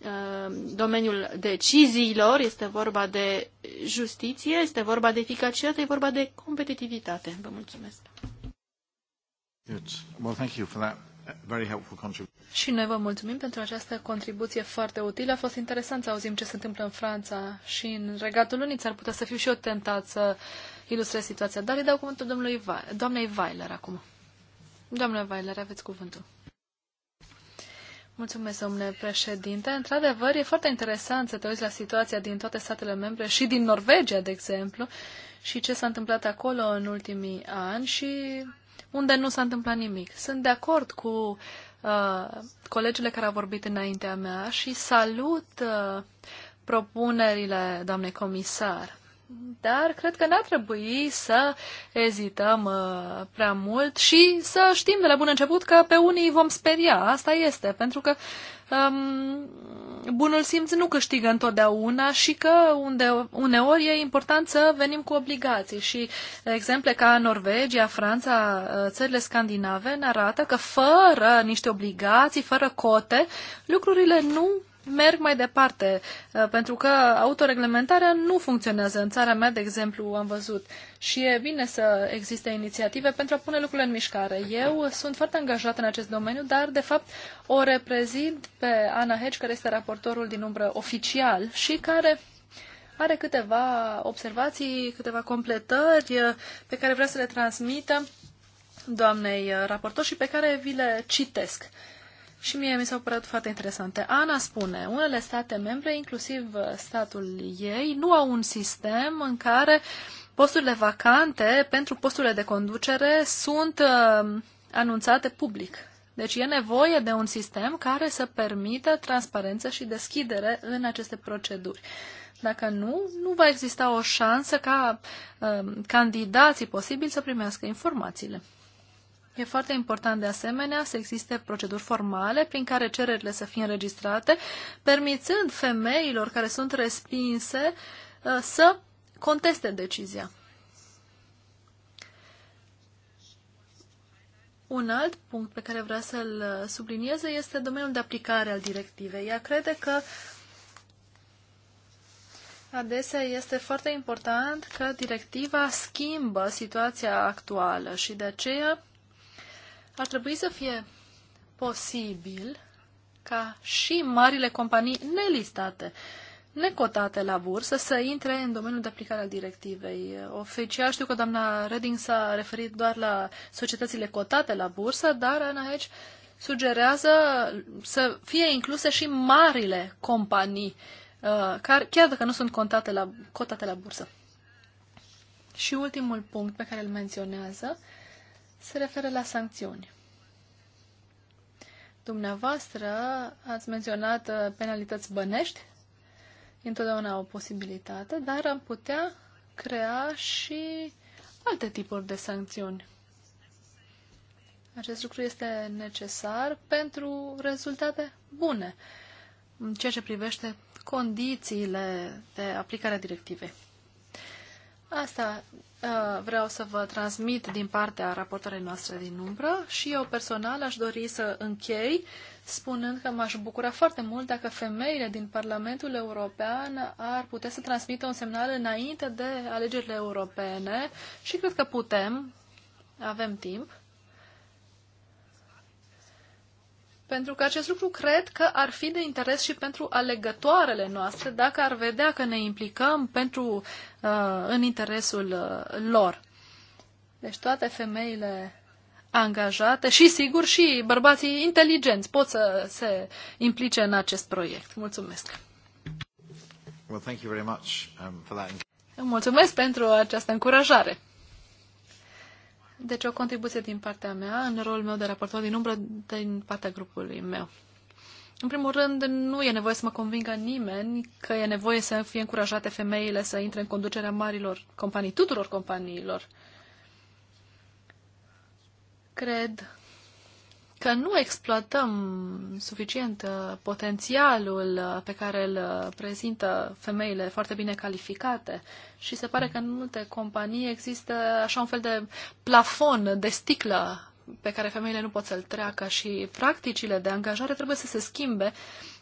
Uh, domeniul deciziilor, este vorba de justiție, este vorba de eficacitate, este vorba de competitivitate. Vă mulțumesc. Good. Well, thank you for that. Uh, very helpful contribution. Și noi vă mulțumim pentru această contribuție foarte utilă. A fost interesant să auzim ce se întâmplă în Franța și în Regatul Unit. Ar putea să fiu și eu tentat să ilustrez situația. Dar îi dau cuvântul domnului, doamnei Weiler acum. Doamne Weiler, aveți cuvântul. Mulțumesc, domnule președinte. Într-adevăr, e foarte interesant să te uiți la situația din toate statele membre și din Norvegia, de exemplu, și ce s-a întâmplat acolo în ultimii ani și unde nu s-a întâmplat nimic. Sunt de acord cu uh, colegele care au vorbit înaintea mea și salut uh, propunerile doamnei comisar dar cred că n-ar trebui să ezităm uh, prea mult și să știm de la bun început că pe unii vom speria. Asta este, pentru că um, bunul simț nu câștigă întotdeauna și că unde, uneori e important să venim cu obligații. Și exemple ca Norvegia, Franța, uh, țările scandinave ne arată că fără niște obligații, fără cote, lucrurile nu merg mai departe, uh, pentru că autoreglementarea nu funcționează. În țara mea, de exemplu, am văzut și e bine să existe inițiative pentru a pune lucrurile în mișcare. Eu sunt foarte angajat în acest domeniu, dar, de fapt, o reprezint pe Ana Hedge, care este raportorul din umbră oficial și care are câteva observații, câteva completări uh, pe care vrea să le transmită doamnei uh, raportor și pe care vi le citesc și mie mi s-au părut foarte interesante. Ana spune, unele state membre, inclusiv uh, statul ei, nu au un sistem în care posturile vacante pentru posturile de conducere sunt uh, anunțate public. Deci e nevoie de un sistem care să permită transparență și deschidere în aceste proceduri. Dacă nu, nu va exista o șansă ca uh, candidații posibili să primească informațiile. E foarte important de asemenea să existe proceduri formale prin care cererile să fie înregistrate, permițând femeilor care sunt respinse uh, să conteste decizia. Un alt punct pe care vreau să-l uh, sublinieze este domeniul de aplicare al directivei. Ea crede că Adesea este foarte important că directiva schimbă situația actuală și de aceea ar trebui să fie posibil ca și marile companii nelistate, necotate la bursă, să intre în domeniul de aplicare al directivei. Oficial știu că doamna Reding s-a referit doar la societățile cotate la bursă, dar Ana aici sugerează să fie incluse și marile companii, uh, care, chiar dacă nu sunt contate la, cotate la bursă. Și ultimul punct pe care îl menționează se referă la sancțiuni. Dumneavoastră ați menționat uh, penalități bănești, întotdeauna o posibilitate, dar am putea crea și alte tipuri de sancțiuni. Acest lucru este necesar pentru rezultate bune în ceea ce privește condițiile de aplicare a directivei. Asta uh, vreau să vă transmit din partea raportoarei noastre din umbră și eu personal aș dori să închei spunând că m-aș bucura foarte mult dacă femeile din Parlamentul European ar putea să transmită un semnal înainte de alegerile europene și cred că putem, avem timp, pentru că acest lucru cred că ar fi de interes și pentru alegătoarele noastre dacă ar vedea că ne implicăm pentru, uh, în interesul uh, lor. Deci toate femeile angajate și, sigur, și bărbații inteligenți pot să se implice în acest proiect. Mulțumesc! Well, thank you very much, um, for that. Mulțumesc pentru această încurajare! Deci o contribuție din partea mea, în rolul meu de raportor din umbră, din partea grupului meu. În primul rând, nu e nevoie să mă convingă nimeni că e nevoie să fie încurajate femeile să intre în conducerea marilor companii, tuturor companiilor. Cred că nu exploatăm suficient uh, potențialul uh, pe care îl uh, prezintă femeile foarte bine calificate și se pare că în multe companii există așa un fel de plafon de sticlă pe care femeile nu pot să-l treacă și practicile de angajare trebuie să se schimbe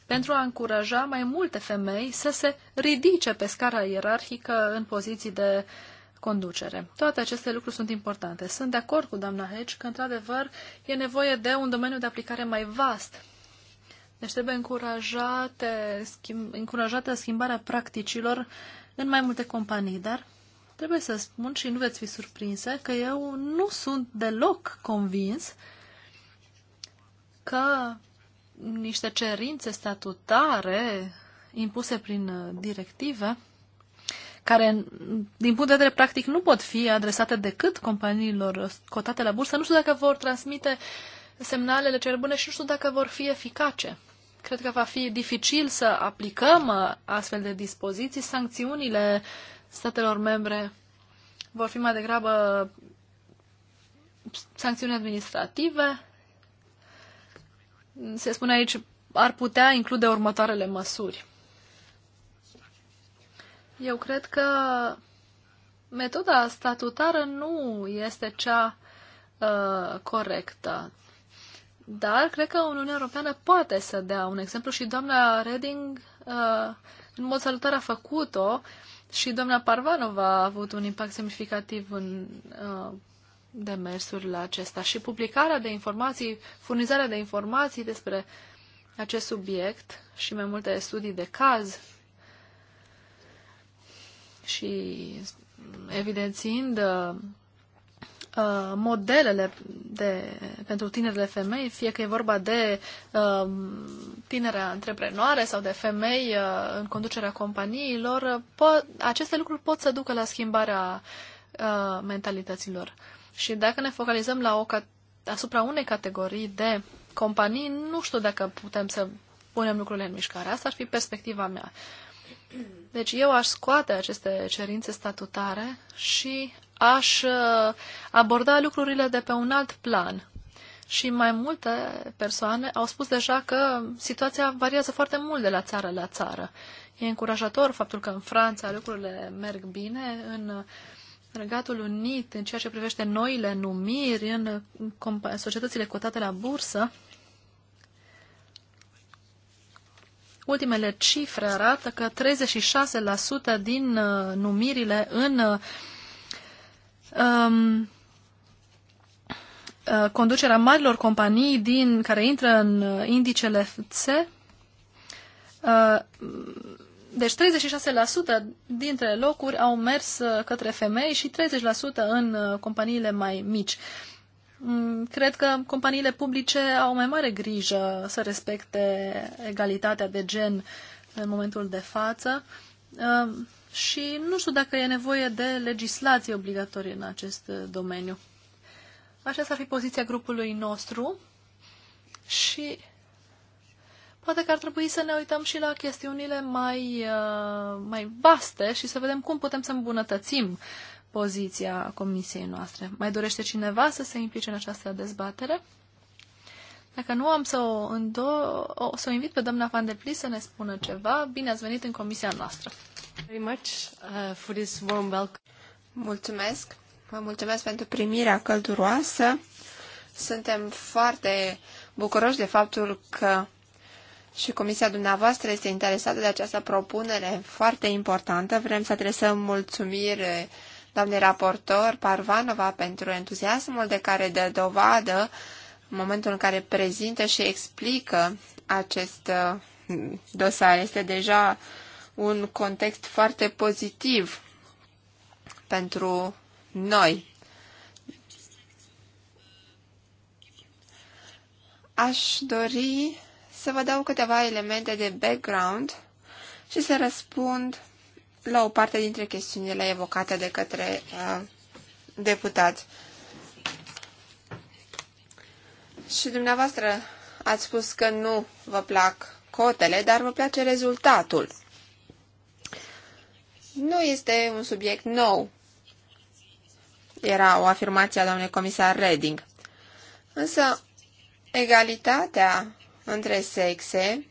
pentru a încuraja mai multe femei să se ridice pe scara ierarhică în poziții de uh, conducere. Toate aceste lucruri sunt importante. Sunt de acord cu doamna Hedge că, într-adevăr, e nevoie de un domeniu de aplicare mai vast. Deci trebuie încurajate, schimb, încurajată schimbarea practicilor în mai multe companii, dar trebuie să spun și nu veți fi surprinse că eu nu sunt deloc convins că niște cerințe statutare impuse prin directive care, din punct de vedere practic, nu pot fi adresate decât companiilor cotate la bursă, nu știu dacă vor transmite semnalele cele bune și nu știu dacă vor fi eficace. Cred că va fi dificil să aplicăm uh, astfel de dispoziții. Sancțiunile statelor membre vor fi mai degrabă sancțiuni administrative. Se spune aici, ar putea include următoarele măsuri. Eu cred că metoda statutară nu este cea uh, corectă. Dar cred că Uniunea Europeană poate să dea un exemplu și doamna Reding uh, în mod salutar a făcut-o și doamna Parvanova a avut un impact semnificativ în uh, demersurile acesta. Și publicarea de informații, furnizarea de informații despre acest subiect și mai multe studii de caz și evidențiind uh, uh, modelele de, pentru tinerile femei, fie că e vorba de uh, tinere antreprenoare sau de femei uh, în conducerea companiilor, uh, pot, aceste lucruri pot să ducă la schimbarea uh, mentalităților. Și dacă ne focalizăm la o, asupra unei categorii de companii, nu știu dacă putem să punem lucrurile în mișcare. Asta ar fi perspectiva mea. Uh, deci eu aș scoate aceste cerințe statutare și aș uh, aborda lucrurile de pe un alt plan. Și mai multe persoane au spus deja că situația variază foarte mult de la țară la țară. E încurajator faptul că în Franța lucrurile merg bine, în Regatul Unit, în ceea ce privește noile numiri, în societățile cotate la bursă, Ultimele cifre arată că 36% din uh, numirile în uh, um, uh, conducerea marilor companii din, care intră în uh, indicele FC, uh, deci 36% dintre locuri au mers către femei și 30% în companiile mai mici. Mm, cred că companiile publice au mai mare grijă să respecte egalitatea de gen în momentul de față uh, și nu știu dacă e nevoie de legislație obligatorie în acest domeniu. Așa ar fi poziția grupului nostru și poate că ar trebui să ne uităm și la chestiunile mai, uh, mai vaste și să vedem cum putem să îmbunătățim uh, poziția comisiei noastre. Mai dorește cineva să se implice în această dezbatere? Dacă nu am să o, îndo- o, să o invit pe doamna Van der Plis să ne spună ceva. Bine ați venit în comisia noastră. Very much uh, for this warm welcome. Mulțumesc. Vă mulțumesc pentru primirea călduroasă. Suntem foarte bucuroși de faptul că și comisia dumneavoastră este interesată de această propunere foarte importantă. Vrem să adresăm mulțumire doamne raportor Parvanova pentru entuziasmul de care dă dovadă în momentul în care prezintă și explică acest uh, dosar. Este deja un context foarte pozitiv pentru noi. Aș dori să vă dau câteva elemente de background și să răspund la o parte dintre chestiunile evocate de către uh, deputați. Și dumneavoastră ați spus că nu vă plac cotele, dar vă place rezultatul. Nu este un subiect nou, era o afirmație a doamnei comisar Reding. Însă, egalitatea între sexe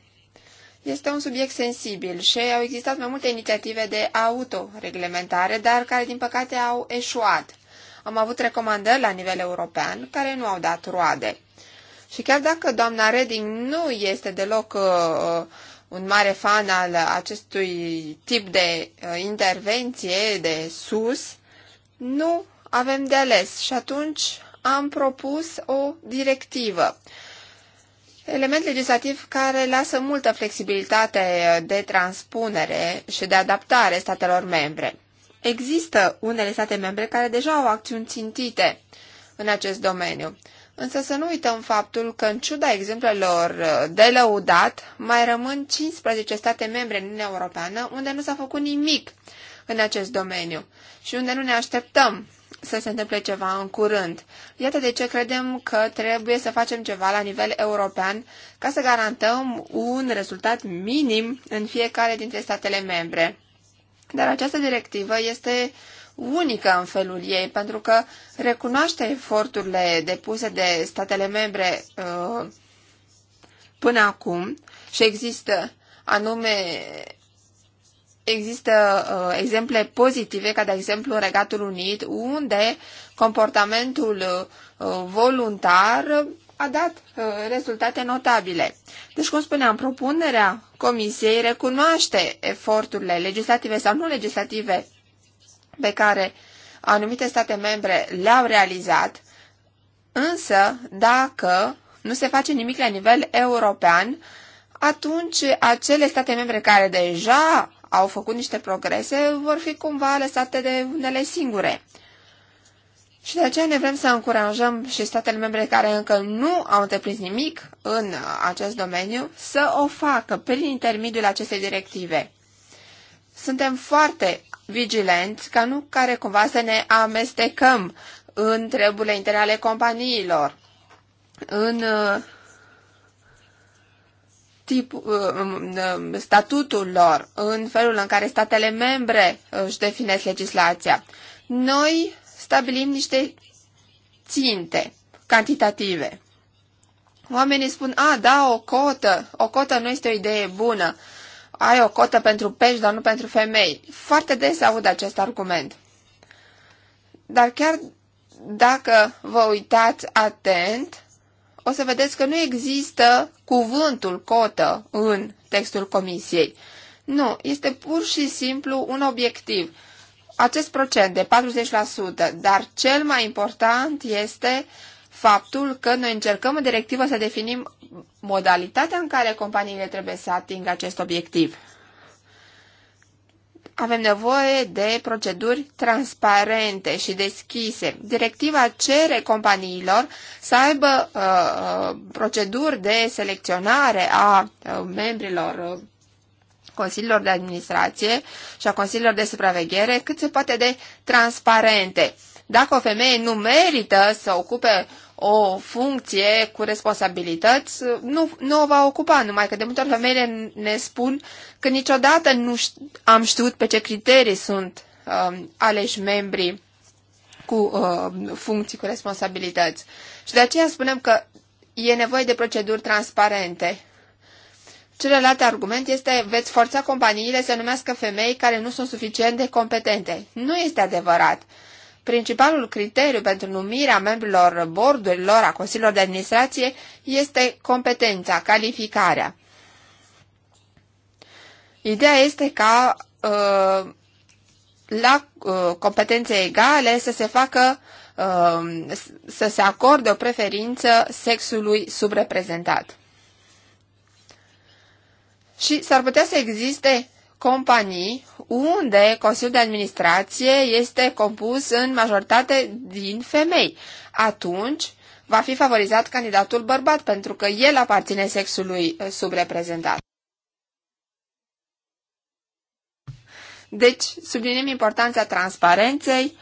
este un subiect sensibil și au existat mai multe inițiative de autoreglementare, dar care, din păcate, au eșuat. Am avut recomandări la nivel european care nu au dat roade. Și chiar dacă doamna Reding nu este deloc uh, uh un mare fan al acestui tip de uh, intervenție de sus, nu avem de ales și atunci am propus o directivă element legislativ care lasă multă flexibilitate de transpunere și de adaptare statelor membre. Există unele state membre care deja au acțiuni țintite în acest domeniu, însă să nu uităm faptul că, în ciuda exemplelor de lăudat, mai rămân 15 state membre în Uniunea Europeană unde nu s-a făcut nimic în acest domeniu și unde nu ne așteptăm să se întâmple ceva în curând. Iată de ce credem că trebuie să facem ceva la nivel european ca să garantăm un rezultat minim în fiecare dintre statele membre. Dar această directivă este unică în felul ei, pentru că recunoaște eforturile depuse de statele membre uh, până acum și există anume există uh, exemple pozitive, ca de exemplu în Regatul Unit, unde comportamentul uh, voluntar a dat uh, rezultate notabile. Deci, cum spuneam, propunerea Comisiei recunoaște eforturile legislative sau nu legislative pe care anumite state membre le-au realizat, însă dacă nu se face nimic la nivel european, atunci acele state membre care deja au făcut niște progrese vor fi cumva lăsate de unele singure. Și de aceea ne vrem să încurajăm și statele membre care încă nu au întreprins nimic în acest domeniu să o facă prin intermediul acestei directive. Suntem foarte vigilenți ca nu care cumva să ne amestecăm în treburile interne ale companiilor, în uh, tip, uh, um, uh, statutul lor, în felul în care statele membre uh, își definesc legislația. Noi stabilim niște ținte cantitative. Oamenii spun, a, da, o cotă, o cotă nu este o idee bună. Ai o cotă pentru pești, dar nu pentru femei. Foarte des aud acest argument. Dar chiar dacă vă uitați atent, o să vedeți că nu există cuvântul cotă în textul comisiei. Nu, este pur și simplu un obiectiv. Acest procent de 40%, dar cel mai important este faptul că noi încercăm în directivă să definim modalitatea în care companiile trebuie să atingă acest obiectiv avem nevoie de proceduri transparente și deschise. Directiva cere companiilor să aibă uh, uh proceduri de selecționare a uh, membrilor uh, consiliilor de administrație și a consiliilor de supraveghere cât se poate de transparente. Dacă o femeie nu merită să ocupe o funcție cu responsabilități, nu, nu o va ocupa, numai că de multe ori femeile ne spun că niciodată nu am știut pe ce criterii sunt um, aleși membrii cu uh, funcții, cu responsabilități. Și de aceea spunem că e nevoie de proceduri transparente. Celălalt argument este veți forța companiile să numească femei care nu sunt suficient de competente. Nu este adevărat. Uh, principalul criteriu pentru numirea membrilor bordurilor, a Consiliului de administrație, este competența, calificarea. Ideea este ca uh, la uh, competențe egale să se facă uh, să se acorde o preferință sexului subreprezentat. Și s-ar putea să existe companii unde Consiliul de Administrație este compus în majoritate din femei. Atunci va fi favorizat candidatul bărbat pentru că el aparține sexului ă, subreprezentat. Deci, subliniem importanța transparenței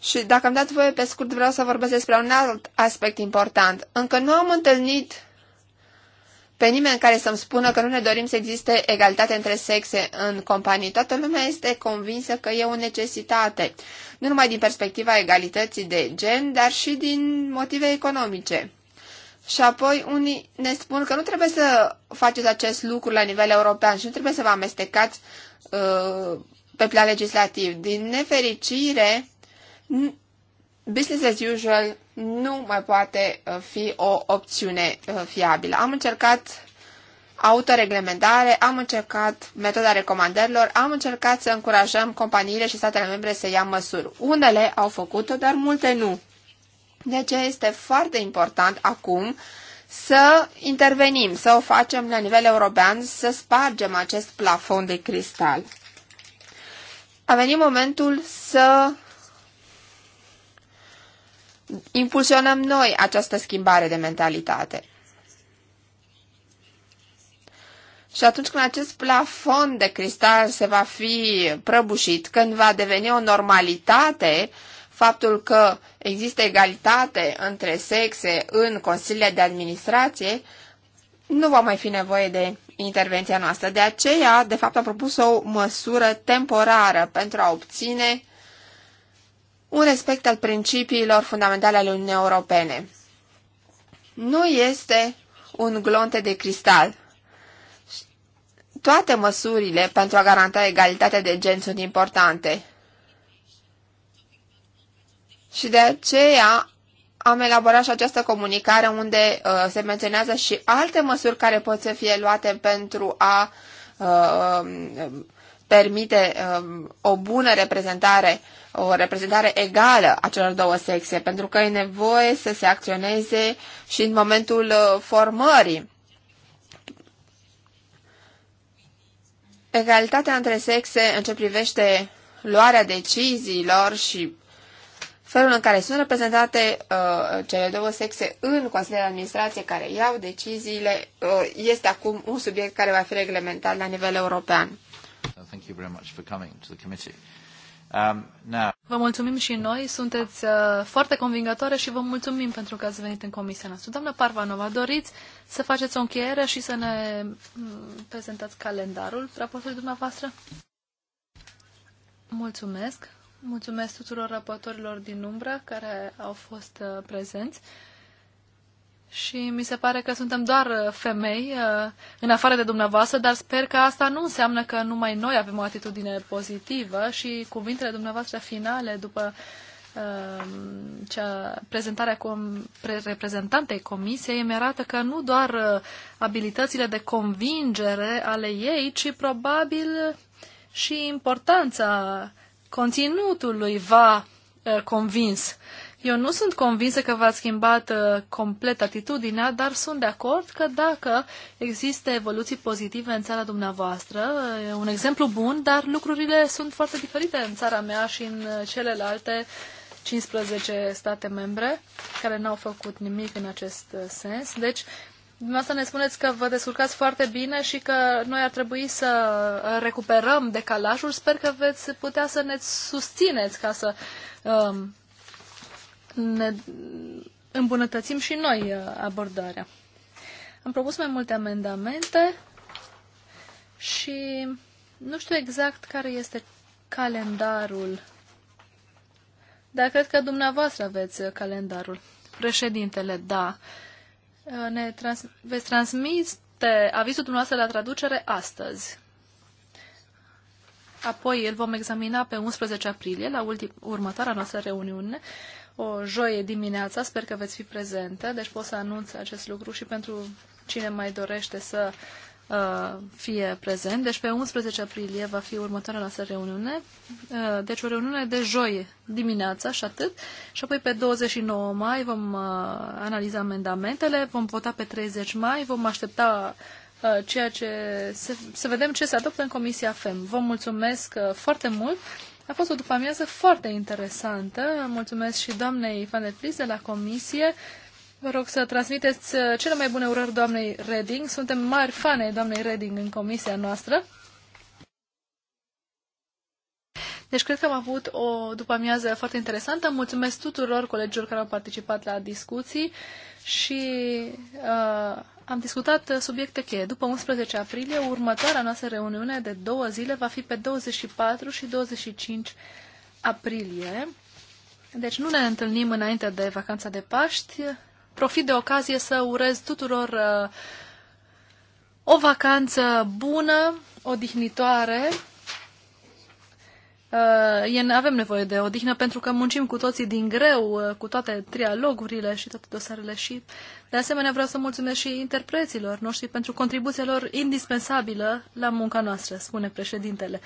și, dacă am dat voie pe scurt, vreau să vorbesc despre un alt aspect important. Încă nu am întâlnit pe nimeni care să-mi spună că nu ne dorim să existe egalitate între sexe în companii. Toată lumea este convinsă că e o necesitate, nu numai din perspectiva egalității de gen, dar și din motive economice. Și apoi unii ne spun că nu trebuie să faceți acest lucru la nivel european și nu trebuie să vă amestecați uh, pe plan legislativ. Din nefericire, business as usual nu mai poate uh, fi o opțiune uh, fiabilă. Am încercat autoreglementare, am încercat metoda recomandărilor, am încercat să încurajăm companiile și statele membre să ia măsuri. Unele au făcut-o, dar multe nu. De deci aceea este foarte important acum să intervenim, să o facem la nivel european, să spargem acest plafon de cristal. A venit momentul să impulsionăm noi această schimbare de mentalitate. Și atunci când acest plafon de cristal se va fi prăbușit, când va deveni o normalitate, faptul că există egalitate între sexe în consiliile de administrație, nu va mai fi nevoie de intervenția noastră. De aceea, de fapt, am propus o măsură temporară pentru a obține un respect al principiilor fundamentale ale Uniunii Europene. Nu este un glonte de cristal. Toate măsurile pentru a garanta egalitatea de gen sunt importante. Și de aceea am elaborat și această comunicare unde uh, se menționează și alte măsuri care pot să fie luate pentru a uh, um, permite uh, o bună reprezentare o reprezentare egală a celor două sexe, pentru că e nevoie să se acționeze și în momentul uh, formării. Egalitatea între sexe în ce privește luarea deciziilor și felul în care sunt reprezentate uh, cele două sexe în Consiliul de Administrație care iau deciziile uh, este acum un subiect care va fi reglementat la nivel european. Thank you very much for coming to the committee. Um, vă mulțumim și noi, sunteți uh, foarte convingătoare și vă mulțumim pentru că ați venit în comisia noastră. Doamna Parvanova, doriți să faceți o încheiere și să ne mm, prezentați calendarul raportului dumneavoastră? Mulțumesc. Mulțumesc tuturor raportorilor din umbră care au fost uh, prezenți și mi se pare că suntem doar uh, femei, uh, în afară de dumneavoastră, dar sper că asta nu înseamnă că numai noi avem o atitudine pozitivă și cuvintele dumneavoastră finale după um, cea, prezentarea com, pre, reprezentantei comisiei îmi arată că nu doar uh, abilitățile de convingere ale ei, ci probabil și importanța conținutului va convins eu nu sunt convinsă că v-ați schimbat uh, complet atitudinea, dar sunt de acord că dacă există evoluții pozitive în țara dumneavoastră, e un exemplu bun, dar lucrurile sunt foarte diferite în țara mea și în uh, celelalte 15 state membre care n-au făcut nimic în acest uh, sens. Deci, Dumneavoastră ne spuneți că vă descurcați foarte bine și că noi ar trebui să recuperăm decalajul. Sper că veți putea să ne susțineți ca să um, ne îmbunătățim și noi uh, abordarea. Am propus mai multe amendamente și nu știu exact care este calendarul. Dar cred că dumneavoastră aveți uh, calendarul. Președintele, da. Uh, ne trans- veți transmite avizul dumneavoastră la traducere astăzi. Apoi îl vom examina pe 11 aprilie, la următoarea noastră reuniune, o joie dimineața, sper că veți fi prezente, deci pot să anunț acest lucru și pentru cine mai dorește să uh, fie prezent. Deci pe 11 aprilie va fi următoarea noastră reuniune, uh, deci o reuniune de joi dimineața și atât, și apoi pe 29 mai vom uh, analiza amendamentele, vom vota pe 30 mai, vom aștepta uh, ceea ce să, să vedem ce se adoptă în Comisia FEM. Vă mulțumesc uh, foarte mult! A fost o după-amiază foarte interesantă. Mulțumesc și doamnei Van de Plis de la Comisie. Vă rog să transmiteți uh, cele mai bune urări doamnei Reding. Suntem mari fane doamnei Reding în comisia noastră. Deci cred că am avut o după-amiază foarte interesantă. Mulțumesc tuturor colegilor care au participat la discuții și uh, am discutat uh, subiecte cheie. După 11 aprilie, următoarea noastră reuniune de două zile va fi pe 24 și 25 aprilie. Deci nu ne întâlnim înainte de vacanța de Paști. Profit de ocazie să urez tuturor uh, o vacanță bună, odihnitoare Uh, avem nevoie de odihnă pentru că muncim cu toții din greu, uh, cu toate trialogurile și toate dosarele și de asemenea vreau să mulțumesc și interpreților noștri pentru contribuția lor indispensabilă la munca noastră, spune președintele.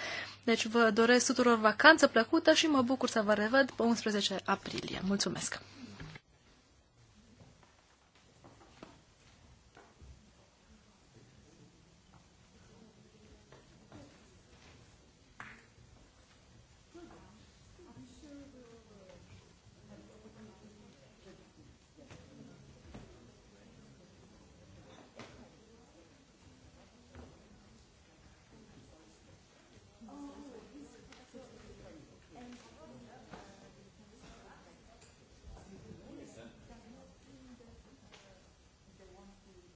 Deci vă doresc tuturor vacanță plăcută și mă bucur să vă revăd pe 11 aprilie. Mulțumesc!